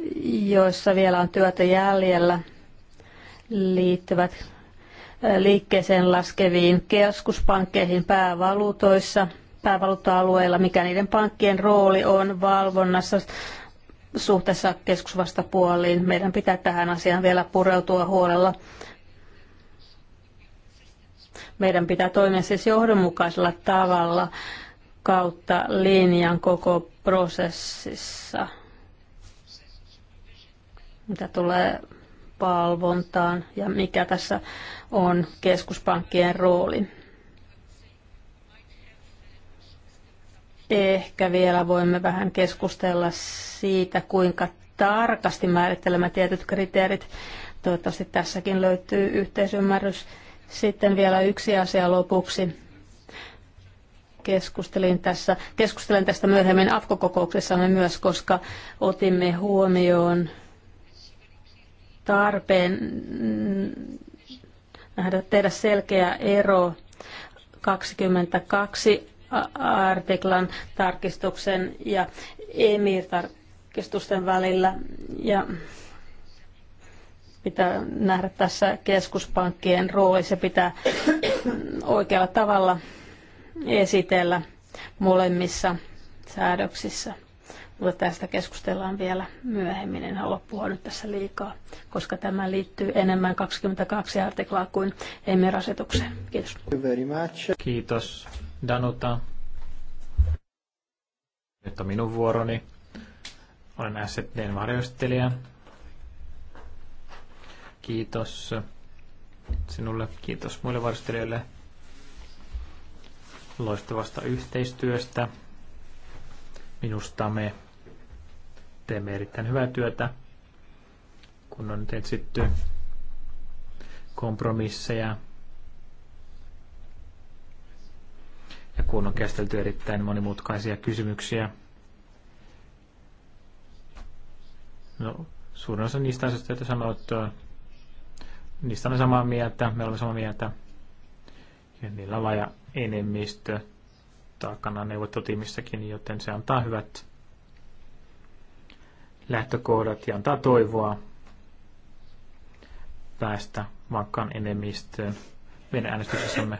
joissa vielä on työtä jäljellä, liittyvät liikkeeseen laskeviin keskuspankkeihin päävaluutoissa, päävaluutta-alueilla, mikä niiden pankkien rooli on valvonnassa suhteessa keskusvastapuoliin. Meidän pitää tähän asiaan vielä pureutua huolella. Meidän pitää toimia siis johdonmukaisella tavalla kautta linjan koko prosessissa. Mitä tulee valvontaan ja mikä tässä on keskuspankkien rooli. Ehkä vielä voimme vähän keskustella siitä, kuinka tarkasti määrittelemme tietyt kriteerit. Toivottavasti tässäkin löytyy yhteisymmärrys. Sitten vielä yksi asia lopuksi keskustelin tässä, keskustelen tästä myöhemmin AFKO-kokouksessamme myös, koska otimme huomioon tarpeen nähdä, tehdä selkeä ero 22 artiklan tarkistuksen ja EMIR-tarkistusten välillä. Ja pitää nähdä tässä keskuspankkien rooli. Se pitää oikealla tavalla esitellä molemmissa säädöksissä mutta tästä keskustellaan vielä myöhemmin. En halua puhua nyt tässä liikaa, koska tämä liittyy enemmän 22 artiklaa kuin EMIR-asetukseen. Kiitos. Kiitos Danuta. Nyt on minun vuoroni. Olen SDn varjostelija. Kiitos sinulle, kiitos muille varjostelijoille loistavasta yhteistyöstä minusta me teemme erittäin hyvää työtä, kun on nyt etsitty kompromisseja ja kun on käsitelty erittäin monimutkaisia kysymyksiä. No, suurin osa niistä asioista, joita sanoit, niistä on samaa mieltä, me olemme samaa mieltä. Ja niillä on laaja enemmistö takana neuvottotiimissäkin, joten se antaa hyvät lähtökohdat ja antaa toivoa päästä vakkaan enemmistöön meidän äänestyksessämme.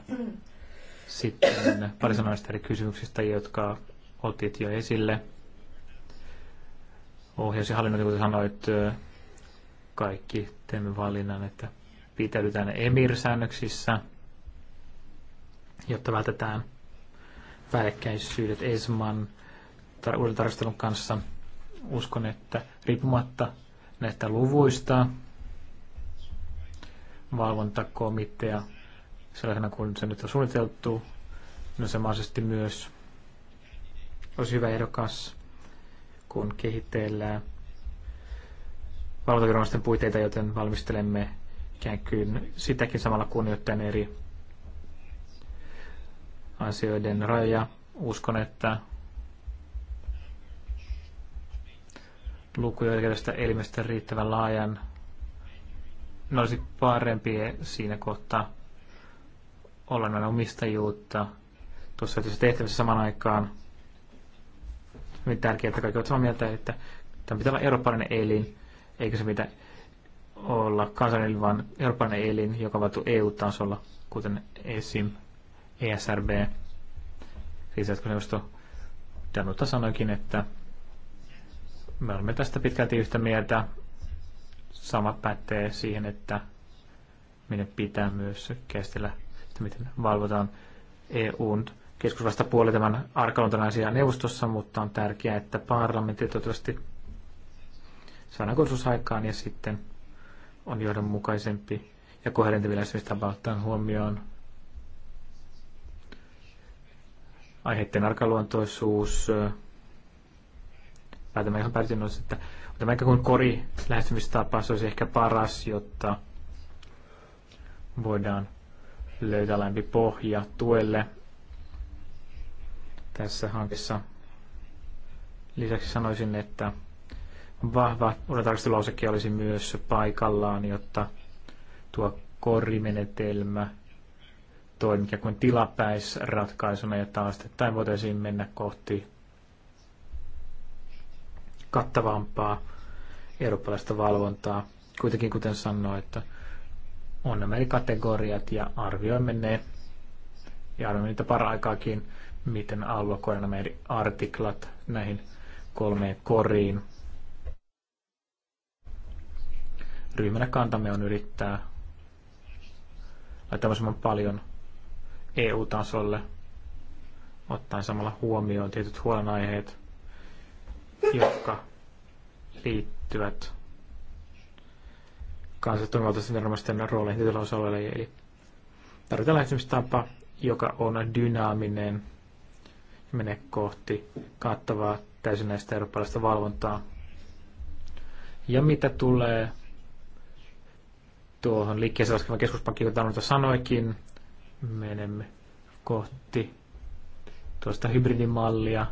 Sitten pari sanoista eri kysymyksistä, jotka otit jo esille. Ohjaus ja hallinnon, kuten sanoit, kaikki teemme valinnan, että pitäydytään EMIR-säännöksissä, jotta vältetään päällekkäisyydet ESMAN tar- uuden tarkastelun kanssa – uskon, että riippumatta näistä luvuista valvontakomitea sellaisena kuin se nyt on suunniteltu, no mahdollisesti myös olisi hyvä ehdokas, kun kehitellään valvontaviranomaisten puitteita, joten valmistelemme ikään kuin sitäkin samalla kunnioittaen eri asioiden rajoja. Uskon, että lukuja oikeudesta elimestä riittävän laajan, ne olisi parempi siinä kohtaa olla noin omistajuutta tuossa tehtävässä saman aikaan. Hyvin tärkeää, että kaikki ovat samaa mieltä, että tämä pitää olla eurooppalainen elin, eikä se mitä olla kansallinen, vaan eurooppalainen elin, joka vaatuu EU-tasolla, kuten esim. ESRB, siis neuvosto Danuta sanoikin, että me olemme tästä pitkälti yhtä mieltä. Sama pätee siihen, että meidän pitää myös käsitellä, että miten valvotaan EUn puoli tämän arkaluontoinen neuvostossa, mutta on tärkeää, että parlamentti toivottavasti saadaan kutsusaikaan ja sitten on johdonmukaisempi ja koherentempi lähestymistapa ottaen huomioon aiheiden arkaluontoisuus, päätämme ihan noissa, että tämä ikään kuin kori lähestymistapa, se olisi ehkä paras, jotta voidaan löytää lämpi pohja tuelle tässä hankissa. Lisäksi sanoisin, että vahva unotarkastelulauseke olisi myös paikallaan, jotta tuo korimenetelmä toimii kuin tilapäisratkaisuna ja taas että voitaisiin mennä kohti kattavampaa eurooppalaista valvontaa. Kuitenkin kuten sanoin, että on nämä eri kategoriat ja arvioimme ne ja arvioimme niitä paraikaakin, miten allokoida nämä eri artiklat näihin kolmeen koriin. Ryhmänä kantamme on yrittää laittaa mahdollisimman paljon EU-tasolle, ottaen samalla huomioon tietyt huolenaiheet, jotka liittyvät kansallistoimivaltaisten viranomaisten rooleihin tietotalousalueelle. Eli tarvitaan lähestymistapa, joka on dynaaminen ja menee kohti kattavaa täysinäistä eurooppalaista valvontaa. Ja mitä tulee tuohon liikkeeseen laskevan keskuspankki, jota Tanulta sanoikin, menemme kohti tuosta hybridimallia,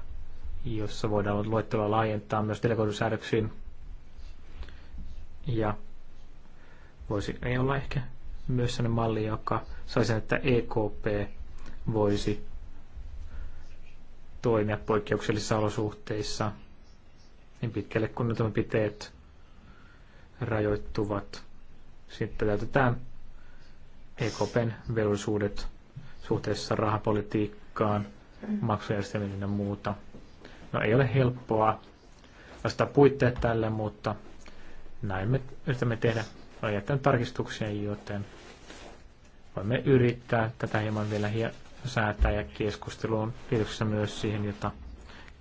jossa voidaan luettelua laajentaa myös delegoidusäädöksiin. Ja voisi ei olla ehkä myös sellainen malli, joka saisi sen, että EKP voisi toimia poikkeuksellisissa olosuhteissa niin pitkälle kuin ne toimenpiteet rajoittuvat. Sitten täytetään EKPn velvollisuudet suhteessa rahapolitiikkaan, maksujärjestelmiin ja muuta. No ei ole helppoa vastata puitteet tälle, mutta näin me yritämme tehdä. Olen jättänyt tarkistuksia, joten voimme yrittää tätä hieman vielä hie- säätää ja keskusteluun liitoksessa myös siihen, jota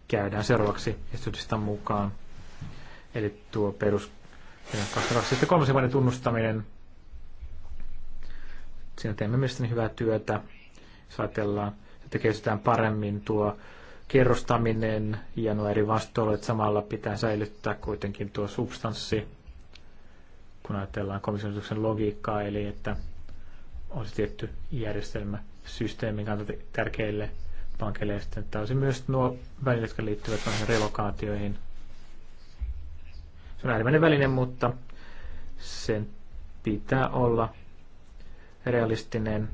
käydään seuraavaksi esitystä mukaan. Eli tuo perus 2023 tunnustaminen. Siinä teemme mielestäni hyvää työtä. Jos ajatellaan, että kehitetään paremmin tuo kerrostaminen ja nuo eri että samalla pitää säilyttää kuitenkin tuo substanssi, kun ajatellaan komission logiikkaa, eli että on se tietty järjestelmä systeemin kannalta tärkeille pankeille, ja sitten täysin myös nuo välineet, jotka liittyvät noihin relokaatioihin. Se on äärimmäinen väline, mutta sen pitää olla realistinen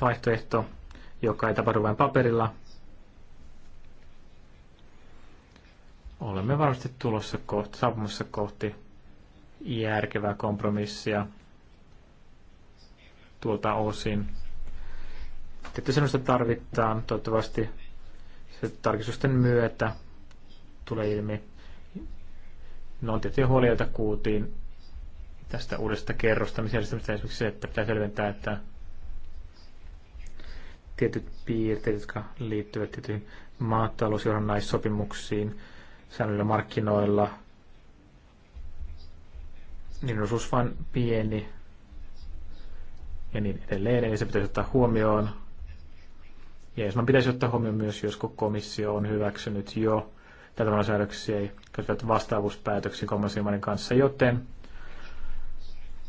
vaihtoehto, joka ei tapahdu vain paperilla, olemme varmasti tulossa kohti, saapumassa kohti järkevää kompromissia tuolta osin. Tietysti sellaista tarvitaan, toivottavasti se tarkistusten myötä tulee ilmi. No on tietysti huolia, joita kuultiin tästä uudesta kerrostamisjärjestelmästä esimerkiksi se, että pitää selventää, että tietyt piirteet, jotka liittyvät tiettyihin maatalousjohdannaissopimuksiin, säännöllä markkinoilla, niin osuus vain pieni ja niin edelleen, eli se pitäisi ottaa huomioon. Ja jos mä pitäisi ottaa huomioon myös, jos komissio on hyväksynyt jo tätä säädöksiä ei käytetä vastaavuuspäätöksiä kolmansien kanssa, joten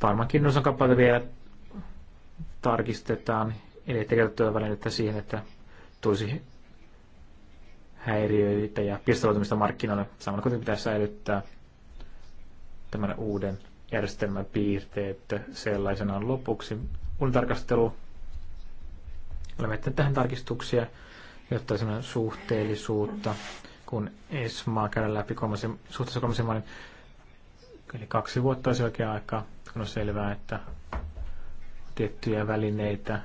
varmaankin osan kappaleita vielä tarkistetaan, eli ettei käytettyä välinettä siihen, että tulisi häiriöitä ja pirstaloitumista markkinoille. Samalla kuitenkin pitäisi säilyttää tämän uuden järjestelmän piirteet sellaisenaan lopuksi. Unitarkastelu. Olemme tähän tarkistuksia, jotta sanon suhteellisuutta, kun ESMA käydään läpi kolmasen, suhteessa kolmasen maalin. Eli kaksi vuotta olisi oikea aika, kun on selvää, että tiettyjä välineitä,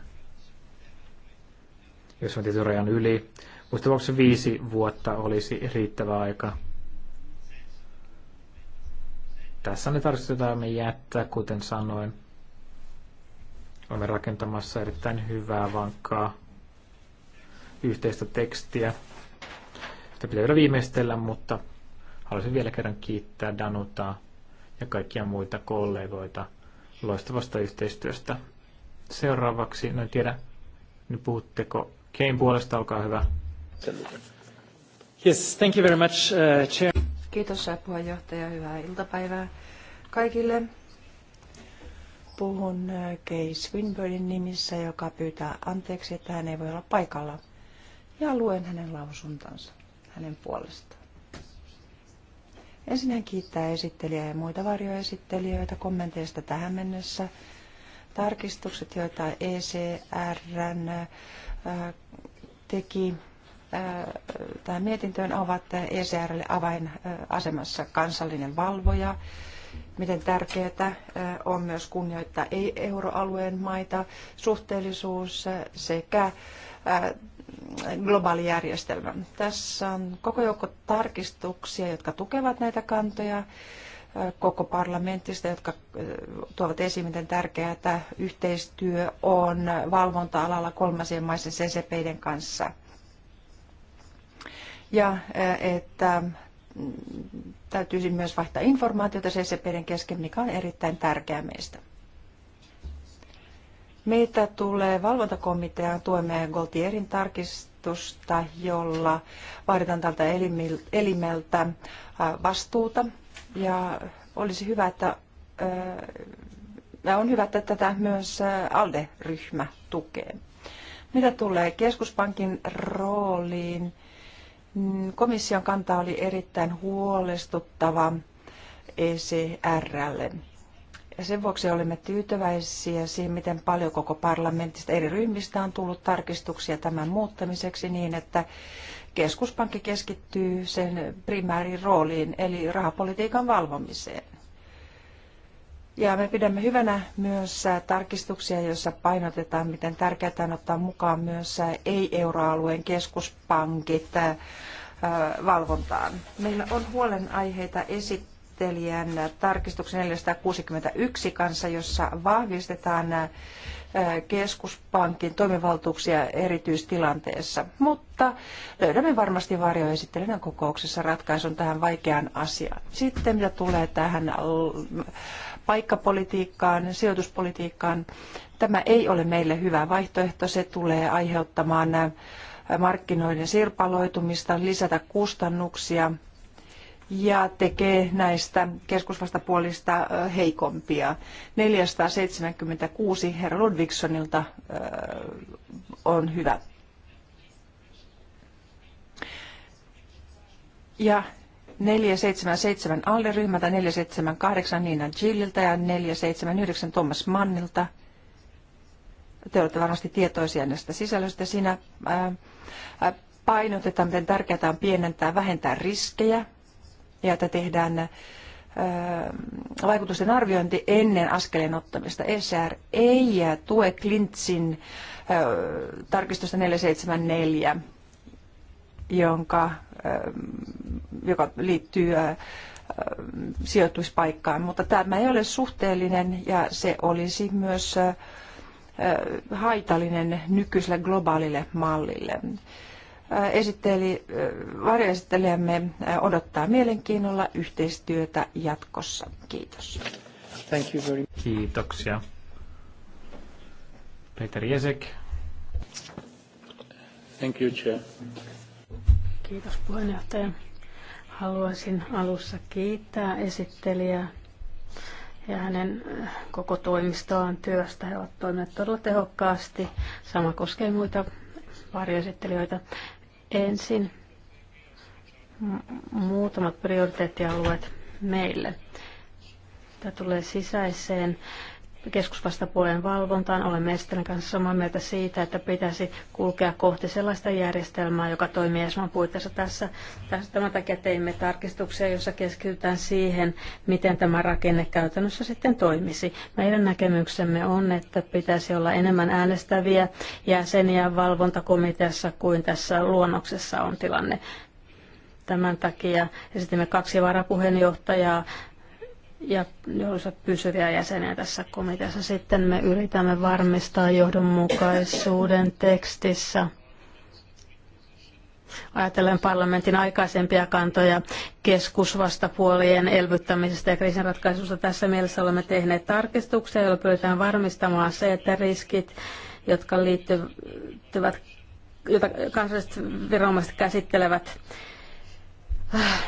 jos on tietyn rajan yli, Muistaakseni viisi vuotta olisi riittävä aika. Tässä ne tarvitsetaan me jättää, kuten sanoin. Olemme rakentamassa erittäin hyvää, vankkaa yhteistä tekstiä. Sitä pitää vielä viimeistellä, mutta haluaisin vielä kerran kiittää Danutaa ja kaikkia muita kollegoita loistavasta yhteistyöstä. Seuraavaksi, no en tiedä, nyt puhutteko Kein puolesta, olkaa hyvä. Yes, thank uh, Kiitos puheenjohtaja. Hyvää iltapäivää kaikille. Puhun Kay uh, Swinburnin nimissä, joka pyytää anteeksi, että hän ei voi olla paikalla. Ja luen hänen lausuntansa hänen puolestaan. Ensin hän kiittää esittelijää ja muita varjoesittelijöitä kommenteista tähän mennessä. Tarkistukset, joita ECRn uh, teki tähän mietintöön ovat ECRlle avainasemassa kansallinen valvoja, miten tärkeää on myös kunnioittaa ei-euroalueen maita, suhteellisuus sekä globaali järjestelmä. Tässä on koko joukko tarkistuksia, jotka tukevat näitä kantoja koko parlamentista, jotka tuovat esiin, miten tärkeää että yhteistyö on valvonta-alalla kolmasien maisen CCPiden kanssa – ja eh, että mm, täytyisi myös vaihtaa informaatiota CCPden kesken, mikä on erittäin tärkeää meistä. Meitä tulee valvontakomiteaan tuemme Goltierin tarkistusta, jolla vaaditaan tältä elimeltä vastuuta. Ja olisi hyvä, että ja on hyvä, että tätä myös ALDE-ryhmä tukee. Mitä tulee keskuspankin rooliin, Mm, komission kanta oli erittäin huolestuttava ECRlle. Ja sen vuoksi olemme tyytyväisiä siihen, miten paljon koko parlamentista eri ryhmistä on tullut tarkistuksia tämän muuttamiseksi niin, että keskuspankki keskittyy sen primäärin rooliin eli rahapolitiikan valvomiseen. Ja me pidämme hyvänä myös tarkistuksia, joissa painotetaan, miten tärkeää on ottaa mukaan myös ei-euroalueen keskuspankit äh, valvontaan. Meillä on huolenaiheita esittelijän tarkistuksen 461 kanssa, jossa vahvistetaan äh, keskuspankin toimivaltuuksia erityistilanteessa. Mutta löydämme varmasti varjoesittelijän kokouksessa ratkaisun tähän vaikeaan asiaan. Sitten mitä tulee tähän paikkapolitiikkaan, sijoituspolitiikkaan. Tämä ei ole meille hyvä vaihtoehto. Se tulee aiheuttamaan äh, markkinoiden sirpaloitumista, lisätä kustannuksia ja tekee näistä keskusvastapuolista äh, heikompia. 476 herra Ludvigsonilta äh, on hyvä. Ja 477 alle Alle-ryhmältä, 478 Nina Gilliltä ja 479 Thomas Mannilta. Te olette varmasti tietoisia näistä sisällöistä. Siinä painotetaan, miten tärkeää on pienentää, vähentää riskejä ja että tehdään vaikutusten arviointi ennen askeleen ottamista. ESR ei tue Klintsin tarkistusta 474 jonka, joka liittyy sijoituspaikkaan, mutta tämä ei ole suhteellinen ja se olisi myös haitallinen nykyiselle globaalille mallille. Esitteli, varjoesittelijämme odottaa mielenkiinnolla yhteistyötä jatkossa. Kiitos. Thank you very much. Kiitoksia. Peter Jesek. Thank you, Chair. Kiitos puheenjohtaja. Haluaisin alussa kiittää esittelijää ja hänen äh, koko toimistoaan työstä. He ovat toimineet todella tehokkaasti. Sama koskee muita varjoesittelijöitä. Ensin muutamat prioriteettialueet meille. Tämä tulee sisäiseen keskusvastapuolen valvontaan. Olemme Esterin kanssa samaa mieltä siitä, että pitäisi kulkea kohti sellaista järjestelmää, joka toimii ESMAn puitteissa tässä. tässä. Tämän takia teimme tarkistuksia, joissa keskitytään siihen, miten tämä rakenne käytännössä sitten toimisi. Meidän näkemyksemme on, että pitäisi olla enemmän äänestäviä jäseniä valvontakomiteassa kuin tässä luonnoksessa on tilanne. Tämän takia esitimme kaksi varapuheenjohtajaa ja joissa pysyviä jäseniä tässä komiteassa. Sitten me yritämme varmistaa johdonmukaisuuden tekstissä. Ajatellen parlamentin aikaisempia kantoja keskusvastapuolien elvyttämisestä ja kriisinratkaisusta. Tässä mielessä olemme tehneet tarkistuksia, joilla pyritään varmistamaan se, että riskit, jotka liittyvät, joita kansalliset viranomaiset käsittelevät, Äh,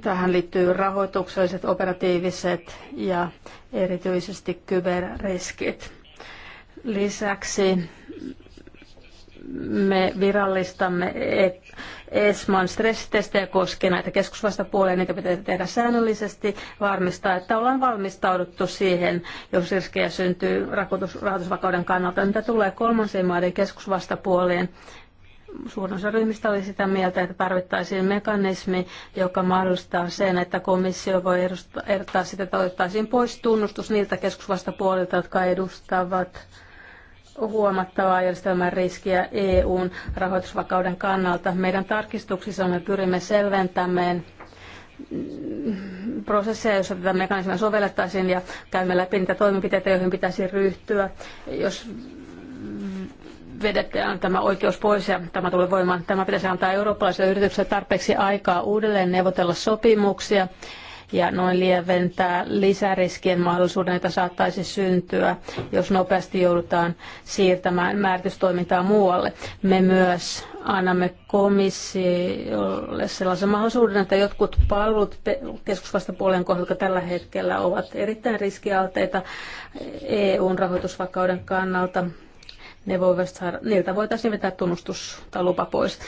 tähän liittyy rahoitukselliset, operatiiviset ja erityisesti kyberriskit. Lisäksi me virallistamme e- ESMAn stressitestejä koskien näitä keskusvastapuolia. Niitä pitää tehdä säännöllisesti, varmistaa, että ollaan valmistauduttu siihen, jos riskejä syntyy rahoitusvakauden kannalta. Mitä tulee kolmansien maiden keskusvastapuolien, suurin osa ryhmistä oli sitä mieltä, että tarvittaisiin mekanismi, joka mahdollistaa sen, että komissio voi erottaa sitä, että otettaisiin pois tunnustus niiltä keskusvastapuolilta, jotka edustavat huomattavaa järjestelmän riskiä EUn rahoitusvakauden kannalta. Meidän tarkistuksissa me pyrimme selventämään prosesseja, joissa tätä mekanismia sovellettaisiin ja käymme läpi niitä toimenpiteitä, joihin pitäisi ryhtyä, jos vedetään tämä oikeus pois ja tämä tulee voimaan. Tämä pitäisi antaa eurooppalaisille yrityksille tarpeeksi aikaa uudelleen neuvotella sopimuksia ja noin lieventää lisäriskien mahdollisuuden, jota saattaisi syntyä, jos nopeasti joudutaan siirtämään määritystoimintaa muualle. Me myös annamme komissiolle sellaisen mahdollisuuden, että jotkut palvelut keskusvastapuolen kohdalla, jotka tällä hetkellä ovat erittäin riskialteita EUn rahoitusvakauden kannalta, ne voivat saada, niiltä voitaisiin vetää tunnustus tai lupa pois.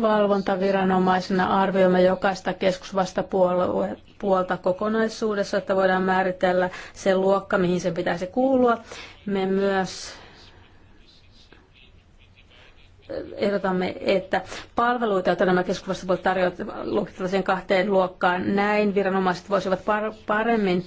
Valvontaviranomaisena arvioimme jokaista puolta kokonaisuudessa, että voidaan määritellä se luokka, mihin sen pitäisi kuulua. Me myös ehdotamme, että palveluita, joita nämä keskusvastapuolet tarjoavat, luokitellaan kahteen luokkaan. Näin viranomaiset voisivat paremmin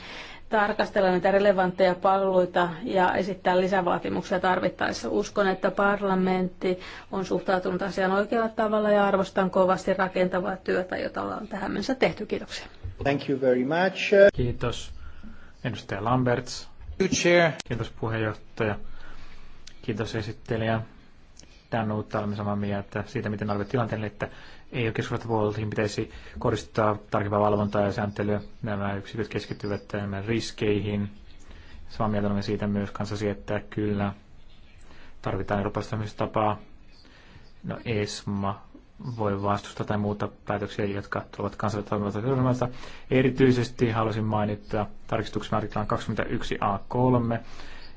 tarkastella näitä relevantteja palveluita ja esittää lisävaatimuksia tarvittaessa. Uskon, että parlamentti on suhtautunut asiaan oikealla tavalla ja arvostan kovasti rakentavaa työtä, jota ollaan tähän mennessä tehty. Kiitoksia. Thank you very much. Kiitos. Edustaja Lamberts. Good chair. Kiitos puheenjohtaja. Kiitos esittelijä. Danuta, olemme samaa mieltä siitä, miten olemme tilanteen, että ei oikeusvaltapuoleltakin pitäisi koristaa tarkempaa valvontaa ja sääntelyä. Nämä yksiköt keskittyvät enemmän riskeihin. Samaa mieltä olemme siitä myös kanssasi, että kyllä tarvitaan tapaa No ESMA voi vastustaa tai muuta päätöksiä, jotka tulevat kansalliselta toimivalta Erityisesti haluaisin mainita tarkistuksen artiklan 21a3,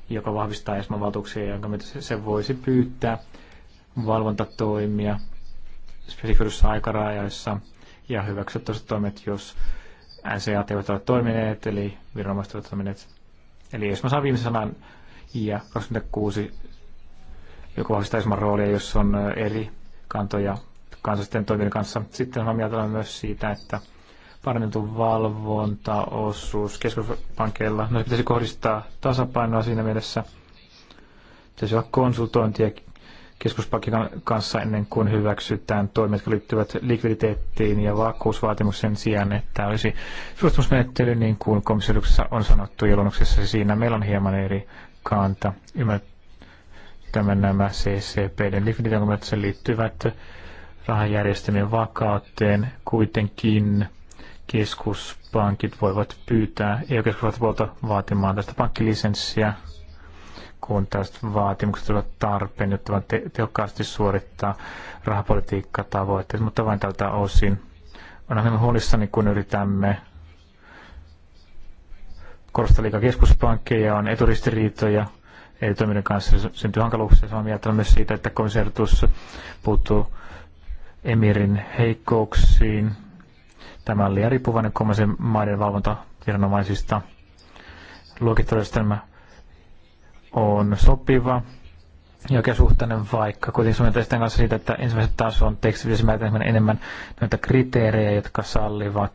joka vahvistaa esma valtuuksia, jonka se voisi pyytää valvontatoimia spesifioidussa aikarajoissa ja hyväksyttävät toimet, jos NCAT eivät ole toimineet, eli viranomaiset ovat toimineet. Eli jos mä saan viimeisen sanan ja 26, joka vahvistaa esimerkiksi roolia, jos on äh, eri kantoja kansallisten toimijoiden kanssa. Sitten mä mieltä myös siitä, että parannettu valvontaosuus keskuspankkeilla. No, pitäisi kohdistaa tasapainoa siinä mielessä. Pitäisi olla konsultointia keskuspankin kanssa ennen kuin hyväksytään toimet, jotka liittyvät likviditeettiin ja vakuusvaatimuksen sijaan, että olisi suostumusmenettely niin kuin komissioduksessa on sanottu ja luonnoksessa siinä meillä on hieman eri kanta. Ymmärtämme nämä CCPden likviditeetin se liittyvät rahajärjestelmien vakauteen kuitenkin keskuspankit voivat pyytää EU-keskusvaltapuolta vaatimaan tästä pankkilisenssiä kun tällaiset vaatimukset ovat tarpeen, jotta voidaan te- tehokkaasti suorittaa rahapolitiikkatavoitteet, mutta vain tältä osin. On hieman huolissani, kun yritämme korostaa liikaa keskuspankkeja, on eturistiriitoja, ei toiminnan kanssa syntyy hankaluuksia. Samaa mieltä on myös siitä, että konsertus puuttuu Emirin heikkouksiin. Tämä on liian riippuvainen kolmansien maiden valvontaviranomaisista. Luokittelujärjestelmä on sopiva ja oikeasuhtainen, vaikka kuitenkin suunnitelmien kanssa siitä, että ensimmäisen tason teksti pitäisi määritellä enemmän noita kriteerejä, jotka sallivat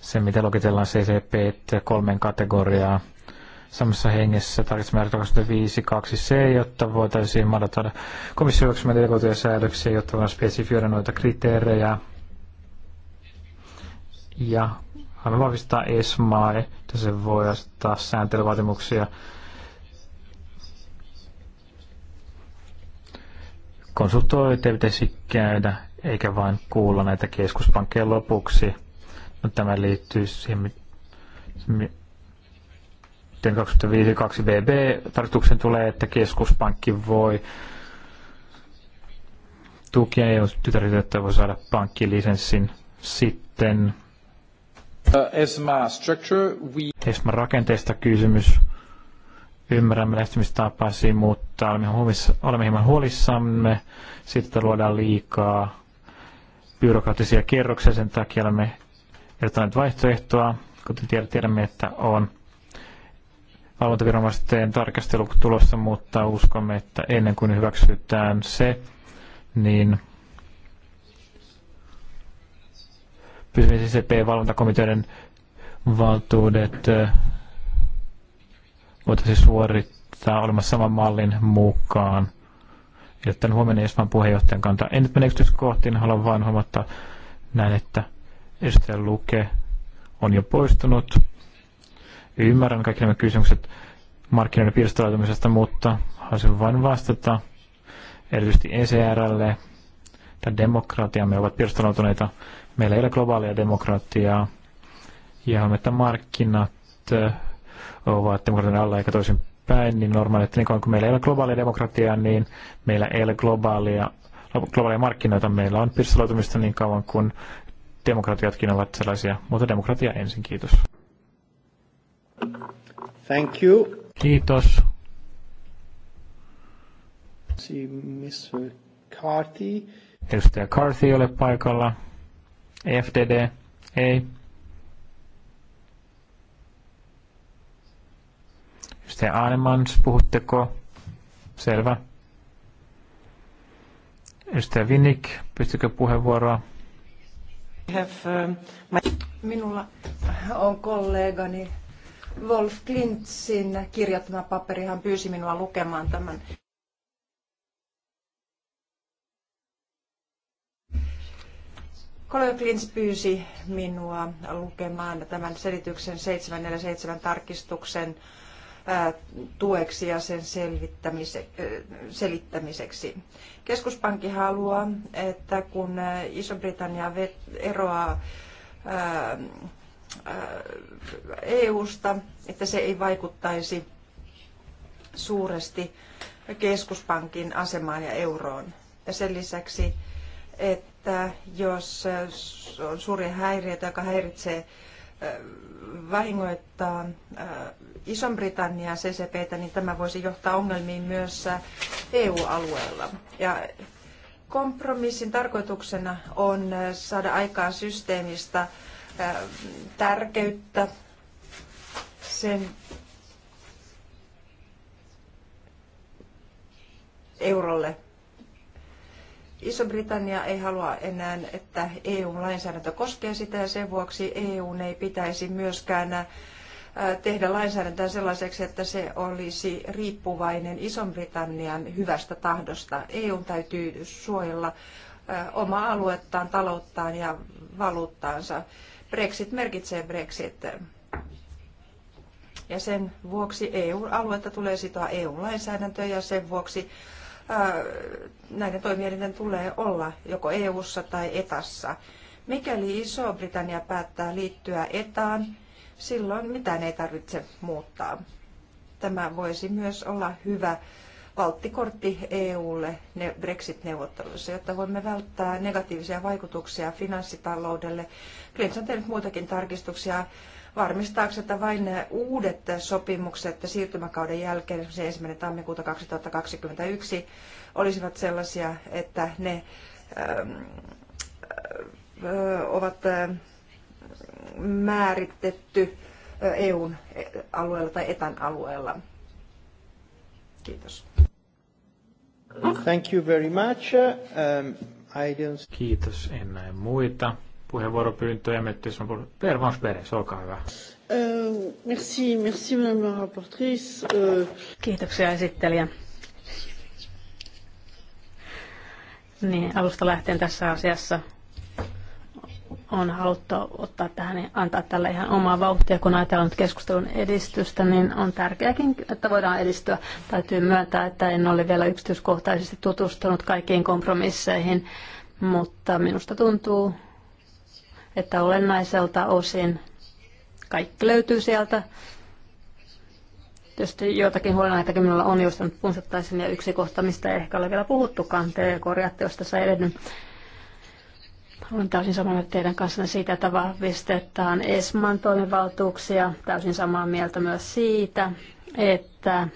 se, miten lokitellaan CCP kolmen kategoriaa samassa hengessä tarvitsemme 25.2c, jotta voitaisiin madatoida komission hyväksymään delegoituja säädöksiä, jotta voidaan spesifioida noita kriteerejä ja Haluamme vahvistaa ESMAa, että se voi asettaa sääntelyvaatimuksia konsultoita pitäisi käydä, eikä vain kuulla näitä keskuspankkeja lopuksi. No, tämä liittyy siihen, miten 2052 BB tarkoituksen tulee, että keskuspankki voi ja EU-tytäryhtiöt voi saada pankkilisenssin sitten Uh, ESMA-rakenteesta kysymys. Ymmärrämme lähestymistapasi, mutta olemme, hieman huolissamme. että luodaan liikaa byrokraattisia kerroksia, sen takia olemme ehdottaneet vaihtoehtoa. Kuten tiedämme, että on valvontaviranomaisten tarkastelu tulossa, mutta uskomme, että ennen kuin hyväksytään se, niin pysyvien CCP-valvontakomiteoiden valtuudet voitaisiin suorittaa olemassa saman mallin mukaan. Eli tämän huomenna Espan puheenjohtajan kanta. En nyt mene yksityiskohtiin, haluan vain huomata näin, että edustaja Luke on jo poistunut. Ymmärrän kaikki nämä kysymykset markkinoiden pirstaloitumisesta, mutta haluaisin vain vastata erityisesti ECRlle. Tämä demokratiamme ovat pirstaloituneita. Meillä ei ole globaalia demokratiaa ja on, että markkinat eh, ovat demokratian alla eikä toisin päin, niin normaali, että niin kun meillä ei ole globaalia demokratiaa, niin meillä ei ole globaalia, globaalia markkinoita. Meillä on pirstaloitumista niin kauan kuin demokratiatkin ovat sellaisia, mutta demokratia ensin, kiitos. Thank you. Kiitos. Mr. Carthy. Edustaja Carthy ei ole paikalla. EFTD, ei. Edustaja Ahnemans, puhutteko? Selvä. Edustaja Vinik, pystykö puheenvuoroa? Um, Minulla on kollegani Wolf Klintsin kirjoittama paperi. Hän pyysi minua lukemaan tämän. Kollega Klins pyysi minua lukemaan tämän selityksen 747 tarkistuksen tueksi ja sen selittämiseksi. Keskuspankki haluaa, että kun Iso-Britannia eroaa EU-sta, että se ei vaikuttaisi suuresti keskuspankin asemaan ja euroon. Ja sen lisäksi että jos äh, on suuri häiriö, joka häiritsee äh, vahingoittaa äh, ison britannia CCPtä, niin tämä voisi johtaa ongelmiin myös EU-alueella. Ja kompromissin tarkoituksena on saada aikaan systeemistä tärkeyttä sen eurolle Iso-Britannia ei halua enää, että EU-lainsäädäntö koskee sitä ja sen vuoksi EU ei pitäisi myöskään tehdä lainsäädäntöä sellaiseksi, että se olisi riippuvainen Iso-Britannian hyvästä tahdosta. EU täytyy suojella omaa aluettaan, talouttaan ja valuuttaansa. Brexit merkitsee Brexit. Ja sen vuoksi EU-aluetta tulee sitoa EU-lainsäädäntöön ja sen vuoksi näiden toimijoiden tulee olla joko EU-ssa tai ETassa. Mikäli Iso-Britannia päättää liittyä ETAan, silloin mitään ei tarvitse muuttaa. Tämä voisi myös olla hyvä valttikortti EUlle ne Brexit-neuvotteluissa, jotta voimme välttää negatiivisia vaikutuksia finanssitaloudelle. Clinton on tehnyt muitakin tarkistuksia varmistaakseen, että vain uudet sopimukset siirtymäkauden jälkeen, esimerkiksi ensimmäinen tammikuuta 2021, olisivat sellaisia, että ne ähm, äh, ovat ähm, äh, määritetty EUn alueella tai etan alueella. Kiitos. Thank you very much. Um, I don't... Kiitos, en näe muita puheenvuoropyyntöjä. Mettys on Per Vansberes, olkaa hyvä. Euh, merci, merci madame la rapportrice. Euh, Kiitoksia esittelijä. Niin, alusta lähtien tässä asiassa on haluttu ottaa tähän, antaa tälle ihan omaa vauhtia, kun ajatellaan keskustelun edistystä, niin on tärkeäkin, että voidaan edistyä. Täytyy myöntää, että en ole vielä yksityiskohtaisesti tutustunut kaikkiin kompromisseihin, mutta minusta tuntuu, että olennaiselta osin kaikki löytyy sieltä. Tietysti joitakin huolenaiheitakin minulla on, joista nyt punsattaisin, ja yksi kohta, mistä ei ehkä ole vielä puhuttukaan, te korjaatte, jos tässä edennyt olen täysin samaa mieltä teidän kanssa siitä, että vahvistetaan ESMAn toimivaltuuksia. Täysin samaa mieltä myös siitä, että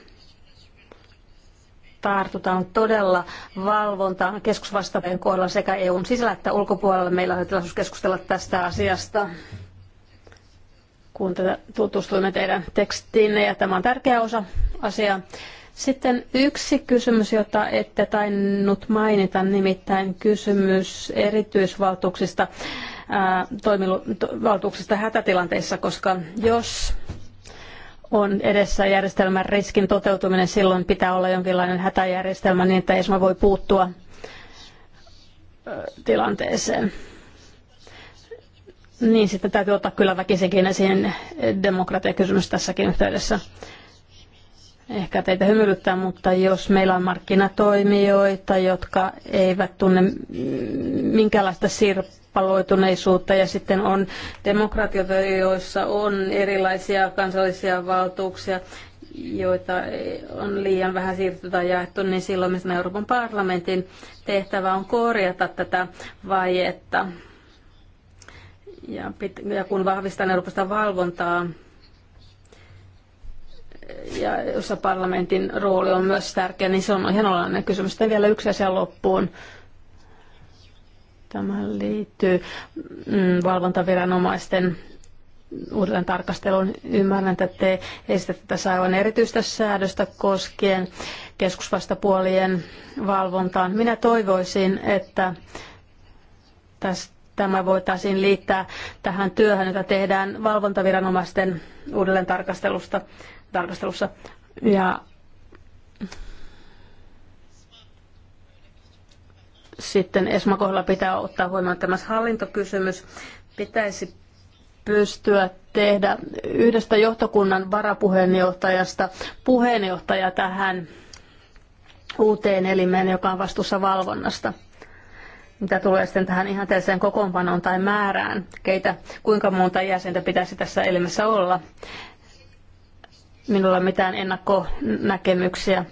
tartutaan todella valvontaan keskusvastaavien kohdalla sekä EUn sisällä että ulkopuolella. Meillä on tilaisuus keskustella tästä asiasta, kun tutustuimme teidän tekstiinne ja tämä on tärkeä osa asiaa. Sitten yksi kysymys, jota ette tainnut mainita, nimittäin kysymys erityisvaltuuksista, ää, toimivaltuuksista hätätilanteissa, koska jos on edessä järjestelmän riskin toteutuminen, silloin pitää olla jonkinlainen hätäjärjestelmä niin, että ESMA voi puuttua tilanteeseen. Niin, sitten täytyy ottaa kyllä väkisinkin esiin demokratiakysymys tässäkin yhteydessä ehkä teitä hymyilyttää, mutta jos meillä on markkinatoimijoita, jotka eivät tunne minkäänlaista sirpaloituneisuutta ja sitten on demokratioita, joissa on erilaisia kansallisia valtuuksia, joita on liian vähän siirtynyt, tai jaettu, niin silloin missä Euroopan parlamentin tehtävä on korjata tätä vajetta. Ja, ja kun vahvistan Euroopasta valvontaa, ja jossa parlamentin rooli on myös tärkeä, niin se on ihan olennainen kysymys. Sitten vielä yksi asia loppuun. Tämä liittyy mm, valvontaviranomaisten uudelleen tarkasteluun. Ymmärrän, että te esitätte tässä aivan erityistä säädöstä koskien keskusvastapuolien valvontaan. Minä toivoisin, että tästä tämä voitaisiin liittää tähän työhön, jota tehdään valvontaviranomaisten uudelleen tarkastelusta tarkastelussa. Ja sitten esmakohdalla pitää ottaa huomioon tämä hallintokysymys. Pitäisi pystyä tehdä yhdestä johtokunnan varapuheenjohtajasta puheenjohtaja tähän uuteen elimeen, joka on vastuussa valvonnasta. Mitä tulee sitten tähän ihanteeseen kokoonpanoon tai määrään, keitä, kuinka monta jäsentä pitäisi tässä elimessä olla, Minulla on mitään ennakkonäkemyksiä,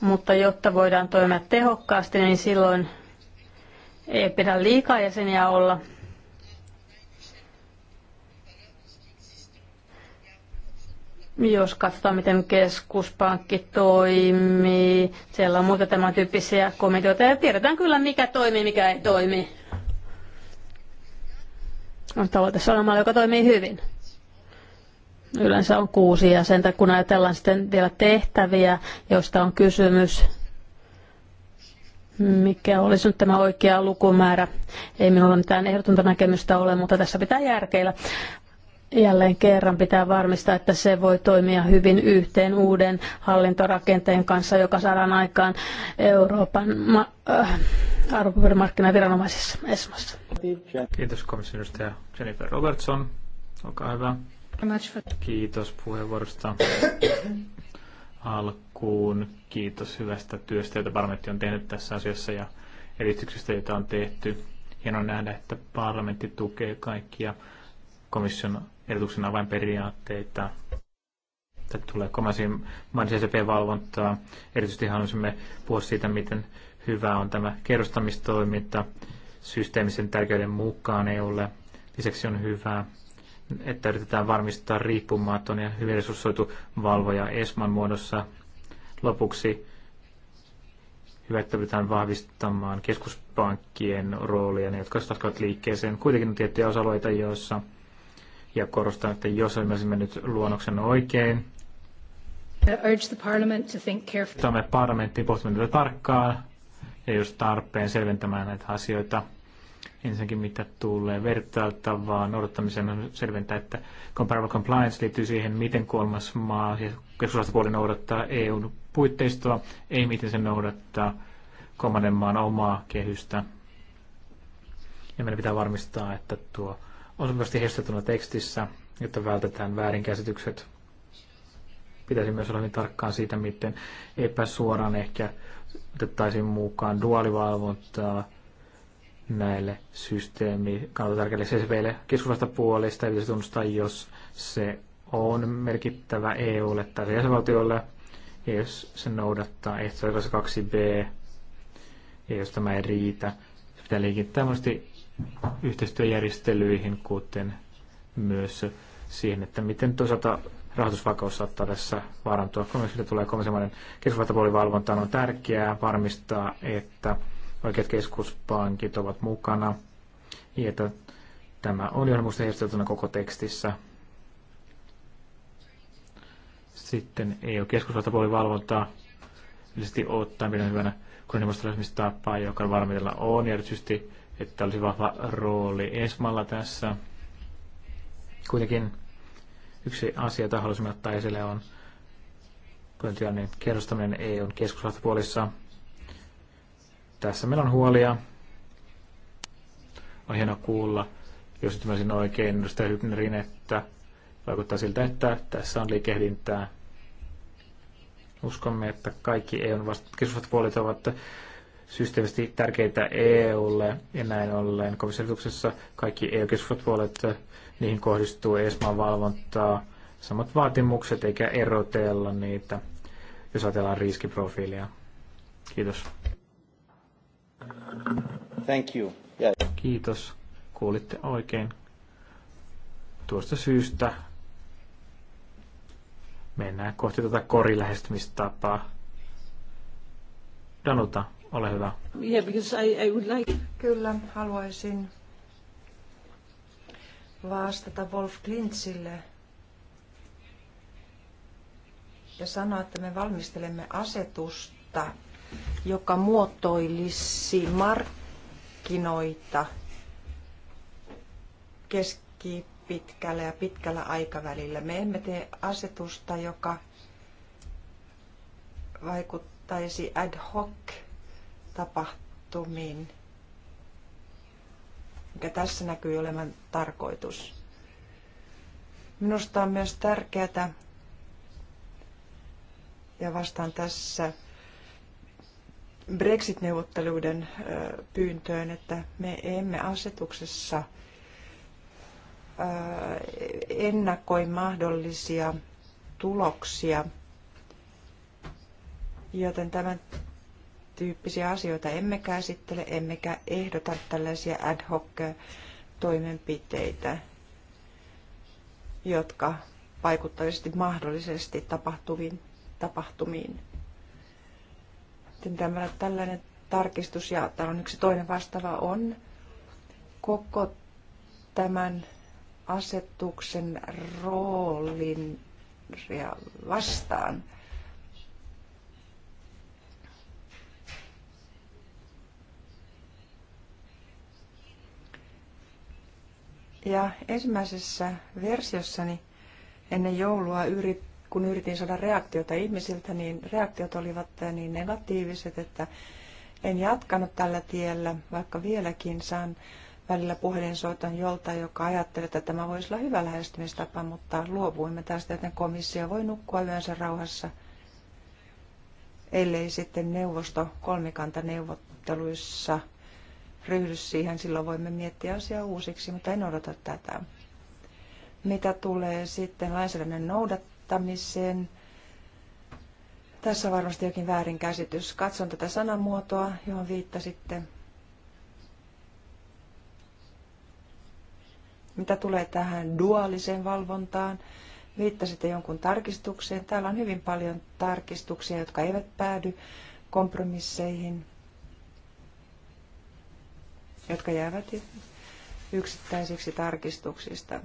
mutta jotta voidaan toimia tehokkaasti, niin silloin ei pidä liikaa jäseniä olla. Jos katsotaan, miten keskuspankki toimii, siellä on muuta tämän tyyppisiä komiteoita ja tiedetään kyllä, mikä toimii, mikä ei toimi. On tavoite sanomalla, joka toimii hyvin yleensä on kuusi ja sen kun ajatellaan sitten vielä tehtäviä, joista on kysymys, mikä olisi nyt tämä oikea lukumäärä. Ei minulla mitään ehdotonta näkemystä ole, mutta tässä pitää järkeillä. Jälleen kerran pitää varmistaa, että se voi toimia hyvin yhteen uuden hallintorakenteen kanssa, joka saadaan aikaan Euroopan ma- äh, arvopaperimarkkinaviranomaisessa ESMassa. Kiitos komission Jennifer Robertson. Olkaa hyvä. Kiitos puheenvuorosta alkuun. Kiitos hyvästä työstä, jota parlamentti on tehnyt tässä asiassa ja edistyksestä, jota on tehty. Hienoa nähdä, että parlamentti tukee kaikkia komission ehdotuksen avainperiaatteita. Tätä tulee komission valvontaa. Erityisesti haluaisimme puhua siitä, miten hyvä on tämä kerrostamistoiminta systeemisen tärkeyden mukaan EUlle. Lisäksi on hyvää, että yritetään varmistaa riippumaton ja hyvin resurssoitu valvoja ESMAn muodossa. Lopuksi hyvättävyyttään vahvistamaan keskuspankkien roolia, ne, jotka laskevat liikkeeseen. Kuitenkin on tiettyjä osaloita joissa, ja korostan, että jos ymmärsimme nyt luonnoksen oikein, Tämä parlamentti pohtimaan tätä tarkkaan ja jos tarpeen selventämään näitä asioita Ensinnäkin mitä tulee vertailtavaan odottamiseen on selventää, että comparable compliance liittyy siihen, miten kolmas maa ja keskusvastapuoli noudattaa EUn puitteistoa, ei miten se noudattaa kolmannen maan omaa kehystä. Ja meidän pitää varmistaa, että tuo on sopivasti heistettuna tekstissä, jotta vältetään väärinkäsitykset. Pitäisi myös olla niin tarkkaan siitä, miten epäsuoraan ehkä otettaisiin mukaan duaalivalvontaa, näille systeemi kannaltatarkalle CCPlle puolesta, eli se tunnustaa, jos se on merkittävä EUlle tai jäsenvaltiolle, ja jos se noudattaa ehtoja 2b, ja jos tämä ei riitä, se pitää liikittää yhteistyöjärjestelyihin, kuten myös siihen, että miten toisaalta rahoitusvakaus saattaa tässä vaarantua. Kun tulee komissiomainen keskusvaltapuolivalvontaan, on tärkeää varmistaa, että oikeat keskuspankit ovat mukana. Ja että tämä on johdonmusta heijasteltuna koko tekstissä. Sitten eu voi valvontaa yleisesti ottaen pidän hyvänä kunnianhimoista joka varmitella on, ja erityisesti, että olisi vahva rooli Esmalla tässä. Kuitenkin yksi asia, jota haluaisimme ottaa esille, on kuten tilanne kerrostaminen EUn puolissa. Tässä meillä on huolia. On hienoa kuulla, jos nyt olisin oikein edustaja Hybnerin, että vaikuttaa siltä, että tässä on liikehdintää. Uskomme, että kaikki EUn keskustat puolet ovat systeemisesti tärkeitä EUlle ja näin ollen komissiotuksessa kaikki EU-keskustat puolet, niihin kohdistuu ESMAan valvontaa, samat vaatimukset eikä erotella niitä, jos ajatellaan riskiprofiilia. Kiitos. Thank you. Yeah. Kiitos. Kuulitte oikein. Tuosta syystä mennään kohti tätä korilähestymistapaa. Danuta, ole hyvä. Yeah, because I, I would like... Kyllä, haluaisin vastata Wolf Klintsille ja sanoa, että me valmistelemme asetusta joka muotoilisi markkinoita keskipitkällä ja pitkällä aikavälillä. Me emme tee asetusta, joka vaikuttaisi ad hoc tapahtumiin, mikä tässä näkyy olevan tarkoitus. Minusta on myös tärkeää, ja vastaan tässä Brexit-neuvotteluiden pyyntöön, että me emme asetuksessa ennakoi mahdollisia tuloksia, joten tämän tyyppisiä asioita emme käsittele, emmekä ehdota tällaisia ad hoc toimenpiteitä, jotka vaikuttaisivat mahdollisesti tapahtuviin tapahtumiin. Sitten tämä tällainen tarkistus ja täällä on yksi toinen vastaava on koko tämän asetuksen roolin vastaan. Ja ensimmäisessä versiossani ennen joulua yritin kun yritin saada reaktiota ihmisiltä, niin reaktiot olivat eh, niin negatiiviset, että en jatkanut tällä tiellä, vaikka vieläkin saan välillä puhelinsoiton joltain, joka ajattelee, että tämä voisi olla hyvä lähestymistapa, mutta luovuimme tästä, että komissio voi nukkua yönsä rauhassa, ellei sitten neuvosto kolmikantaneuvotteluissa ryhdy siihen, silloin voimme miettiä asiaa uusiksi, mutta en odota tätä. Mitä tulee sitten lainsäädännön noudattamiseen? toteuttamiseen. Tässä on varmasti jokin väärinkäsitys. Katson tätä sanamuotoa, johon viittasitte. Mitä tulee tähän duaaliseen valvontaan, viittasitte jonkun tarkistukseen. Täällä on hyvin paljon tarkistuksia, jotka eivät päädy kompromisseihin, jotka jäävät yksittäisiksi tarkistuksista.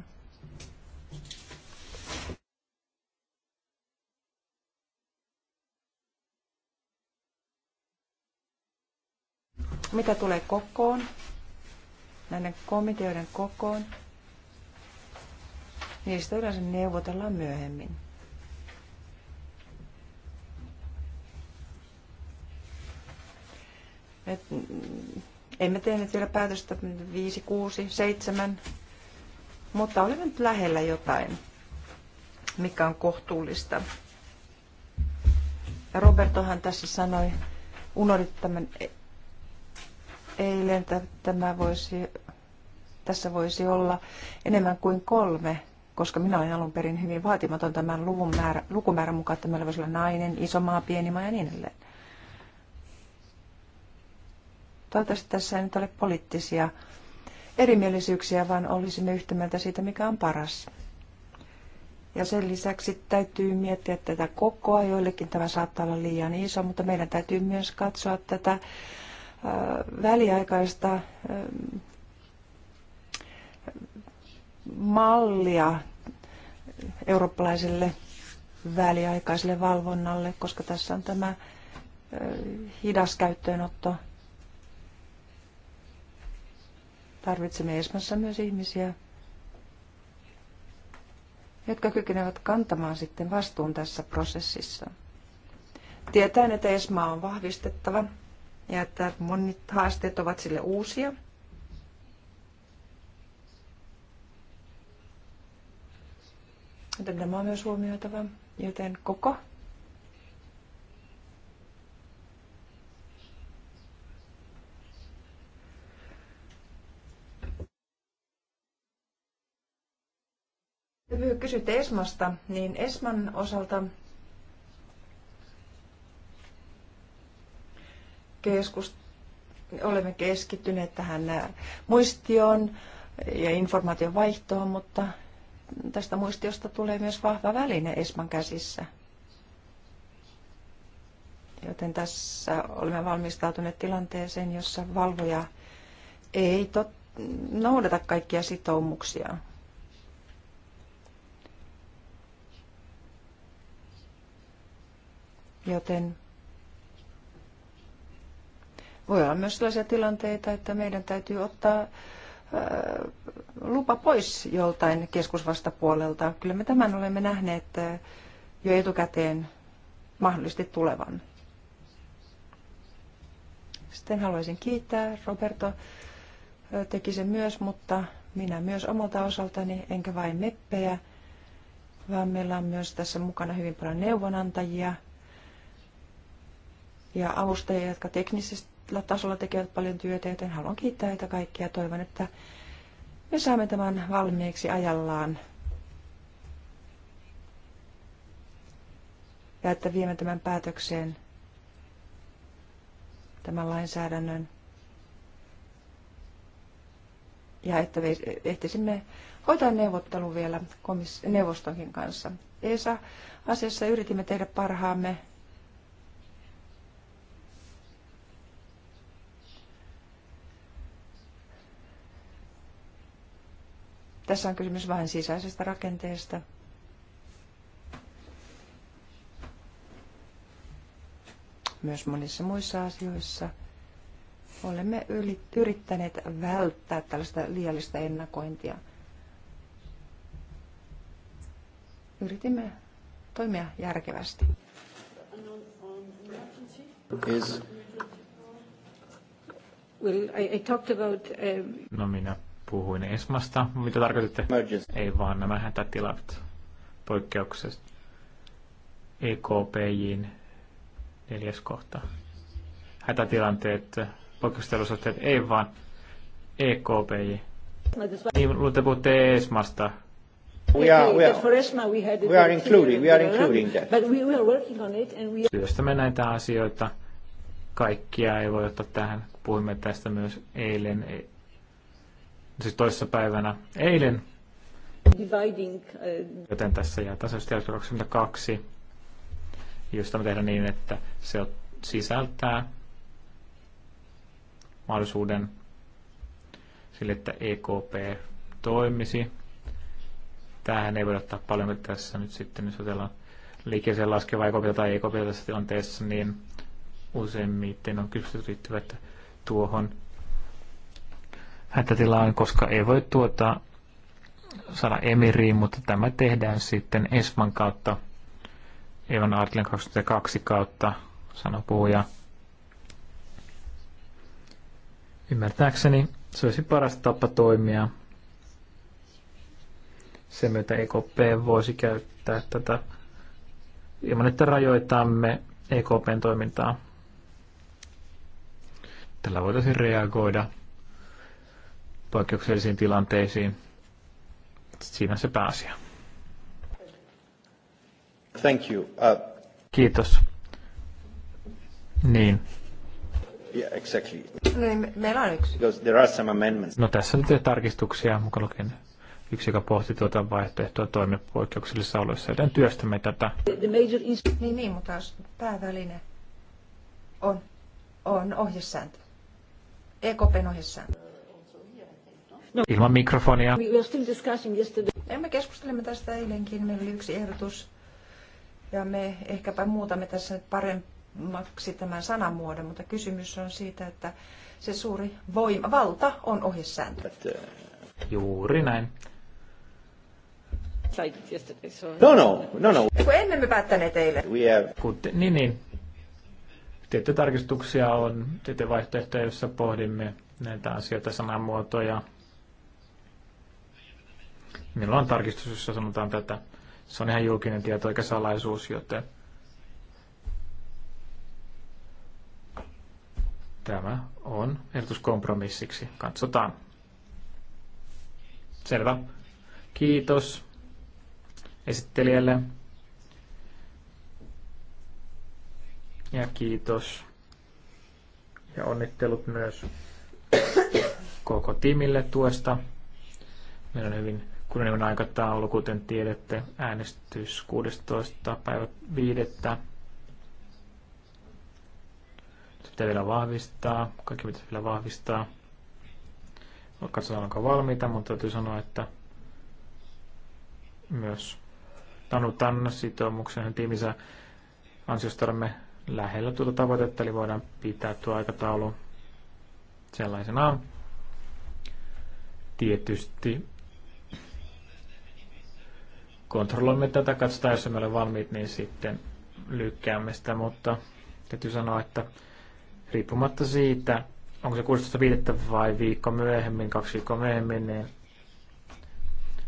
Mitä tulee kokoon, näiden komiteoiden kokoon, niistä yleensä neuvotellaan myöhemmin. Et, mm, emme tehneet vielä päätöstä 5, 6, 7, mutta olemme nyt lähellä jotain, mikä on kohtuullista. Robertohan tässä sanoi, unohdit tämän eilen, tämä voisi, tässä voisi olla enemmän kuin kolme, koska minä olin alun perin hyvin vaatimaton tämän luvun määrä, lukumäärän mukaan, että meillä voisi olla nainen, iso maa, pieni maa ja niin edelleen. Toivottavasti tässä ei nyt ole poliittisia erimielisyyksiä, vaan olisimme yhtä mieltä siitä, mikä on paras. Ja sen lisäksi täytyy miettiä tätä kokoa. Joillekin tämä saattaa olla liian iso, mutta meidän täytyy myös katsoa tätä väliaikaista mallia eurooppalaiselle väliaikaiselle valvonnalle, koska tässä on tämä hidas käyttöönotto. Tarvitsemme Esmassa myös ihmisiä, jotka kykenevät kantamaan sitten vastuun tässä prosessissa. Tietäen, että Esmaa on vahvistettava ja että monet haasteet ovat sille uusia. Joten tämä on myös huomioitava, joten koko Kysytte Esmasta, niin Esman osalta keskust, olemme keskittyneet tähän äh, muistioon ja informaation vaihtoon, mutta tästä muistiosta tulee myös vahva väline Esman käsissä. Joten tässä olemme valmistautuneet tilanteeseen, jossa valvoja ei tot, noudata kaikkia sitoumuksia. Joten voi olla myös sellaisia tilanteita, että meidän täytyy ottaa äh, lupa pois joltain keskusvastapuolelta. Kyllä me tämän olemme nähneet äh, jo etukäteen mahdollisesti tulevan. Sitten haluaisin kiittää. Roberto äh, teki sen myös, mutta minä myös omalta osaltani, enkä vain meppejä, vaan meillä on myös tässä mukana hyvin paljon neuvonantajia ja avustajia, jotka teknisesti tasolla tekevät paljon työtä, joten haluan kiittää heitä kaikkia ja toivon, että me saamme tämän valmiiksi ajallaan. Ja että viemme tämän päätökseen, tämän lainsäädännön. Ja että me ehtisimme hoitaa neuvottelun vielä neuvostonkin kanssa. ESA-asiassa yritimme tehdä parhaamme Tässä on kysymys vähän sisäisestä rakenteesta. Myös monissa muissa asioissa olemme yrittäneet välttää tällaista liiallista ennakointia. Yritimme toimia järkevästi. Is. Well, I, I talked about, um... No minä Puhuin Esmasta. Mitä tarkoititte? Emergency. Ei vaan nämä hätätilat poikkeuksesta. EKPJin neljäs kohta. Hätätilanteet, poikkeustelusuhteet, ei vaan EKPJ. Niin, luulta puhutte Esmasta. We are, we are, we are including, we are including that. But we are working on it and we are... Työstämme näitä asioita. Kaikkia ei voi ottaa tähän. Puhuimme tästä myös eilen siis toisessa päivänä eilen. Dividing, uh... Joten tässä jää tasaisesti 22, josta me tehdään niin, että se sisältää mahdollisuuden sille, että EKP toimisi. Tähän ei voida ottaa paljon tässä nyt sitten, jos otellaan liikkeeseen laskeva EKP tai EKP tässä tilanteessa, niin useimmiten on kysymykset että tuohon hätätilaan, koska ei voi tuota saada emiriin, mutta tämä tehdään sitten Esman kautta, Evan Artlen 22 kautta, sanoi puhuja. Ymmärtääkseni se olisi paras tapa toimia. Se, myötä EKP voisi käyttää tätä ilman, että rajoitamme EKPn toimintaa. Tällä voitaisiin reagoida poikkeuksellisiin tilanteisiin. Siinä se pääasia. Thank you. Uh... Kiitos. Niin. Yeah, exactly. Niin, meillä on yksi. Because there are some amendments. No tässä nyt tarkistuksia mukaan lukien yksi, joka pohti tuota vaihtoehtoa toimia poikkeuksellisissa oloissa, joten työstämme tätä. The major is... Niin, niin, mutta pääväline on, on ohjesääntö. EKPn ohjesääntö. No. Ilman mikrofonia. Emme keskustelemme tästä eilenkin. Meillä oli yksi ehdotus ja me ehkäpä muutamme tässä nyt paremmaksi tämän sanamuodon, mutta kysymys on siitä, että se suuri voima, valta on ohjesääntö. Uh, Juuri näin. No, no, no, no. Kun ennen me päättäneet eilen. have... niin, niin. Tiettyjä tarkistuksia on, tiettyjä vaihtoehtoja, joissa pohdimme näitä asioita, sanamuotoja, Minulla on tarkistus, jossa sanotaan tätä. Se on ihan julkinen tieto eikä salaisuus, joten tämä on ehdotus kompromissiksi. Katsotaan. Selvä. Kiitos esittelijälle. Ja kiitos. Ja onnittelut myös koko tiimille tuesta. Meillä on hyvin kun on aikataulu, kuten tiedätte, äänestys 16. päivä 5. Se pitää vielä vahvistaa, kaikki pitää vielä vahvistaa. Katsotaan, onko valmiita, mutta täytyy sanoa, että myös Tanu Tanna sitoumuksen tiimissä ansiosta olemme lähellä tuota tavoitetta, eli voidaan pitää tuo aikataulu sellaisenaan. Tietysti kontrolloimme tätä, katsotaan, jos emme ole valmiit, niin sitten lykkäämme sitä, mutta täytyy sanoa, että riippumatta siitä, onko se 16.5. vai viikko myöhemmin, kaksi viikkoa myöhemmin, niin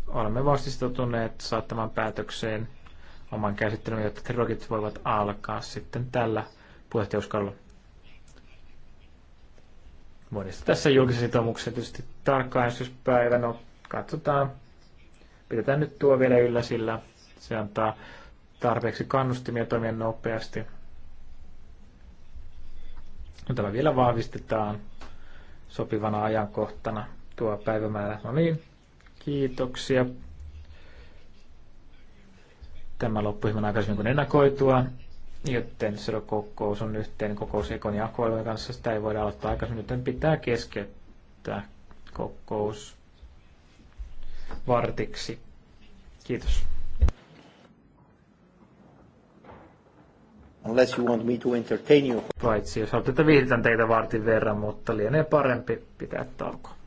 olemme vastistutuneet saattamaan päätökseen oman käsittelyn, jotta trilogit voivat alkaa sitten tällä puheenjohtajuuskaudella. Muodista tässä julkisen sitoumuksen tietysti tarkkaan, jos no, katsotaan, Pidetään nyt tuo vielä yllä, sillä se antaa tarpeeksi kannustimia toimia nopeasti. Tämä vielä vahvistetaan sopivana ajankohtana tuo päivämäärä. No niin, kiitoksia. Tämä loppui hieman aikaisemmin kuin ennakoitua, joten se kokous on yhteen kokousekon Ekon ja kanssa. Sitä ei voida aloittaa aikaisemmin, joten pitää keskeyttää kokous vartiksi. Kiitos. Unless you want me to entertain you. Paitsi jos haluatte, että viihdytän teitä vartin verran, mutta lienee parempi pitää taukoa.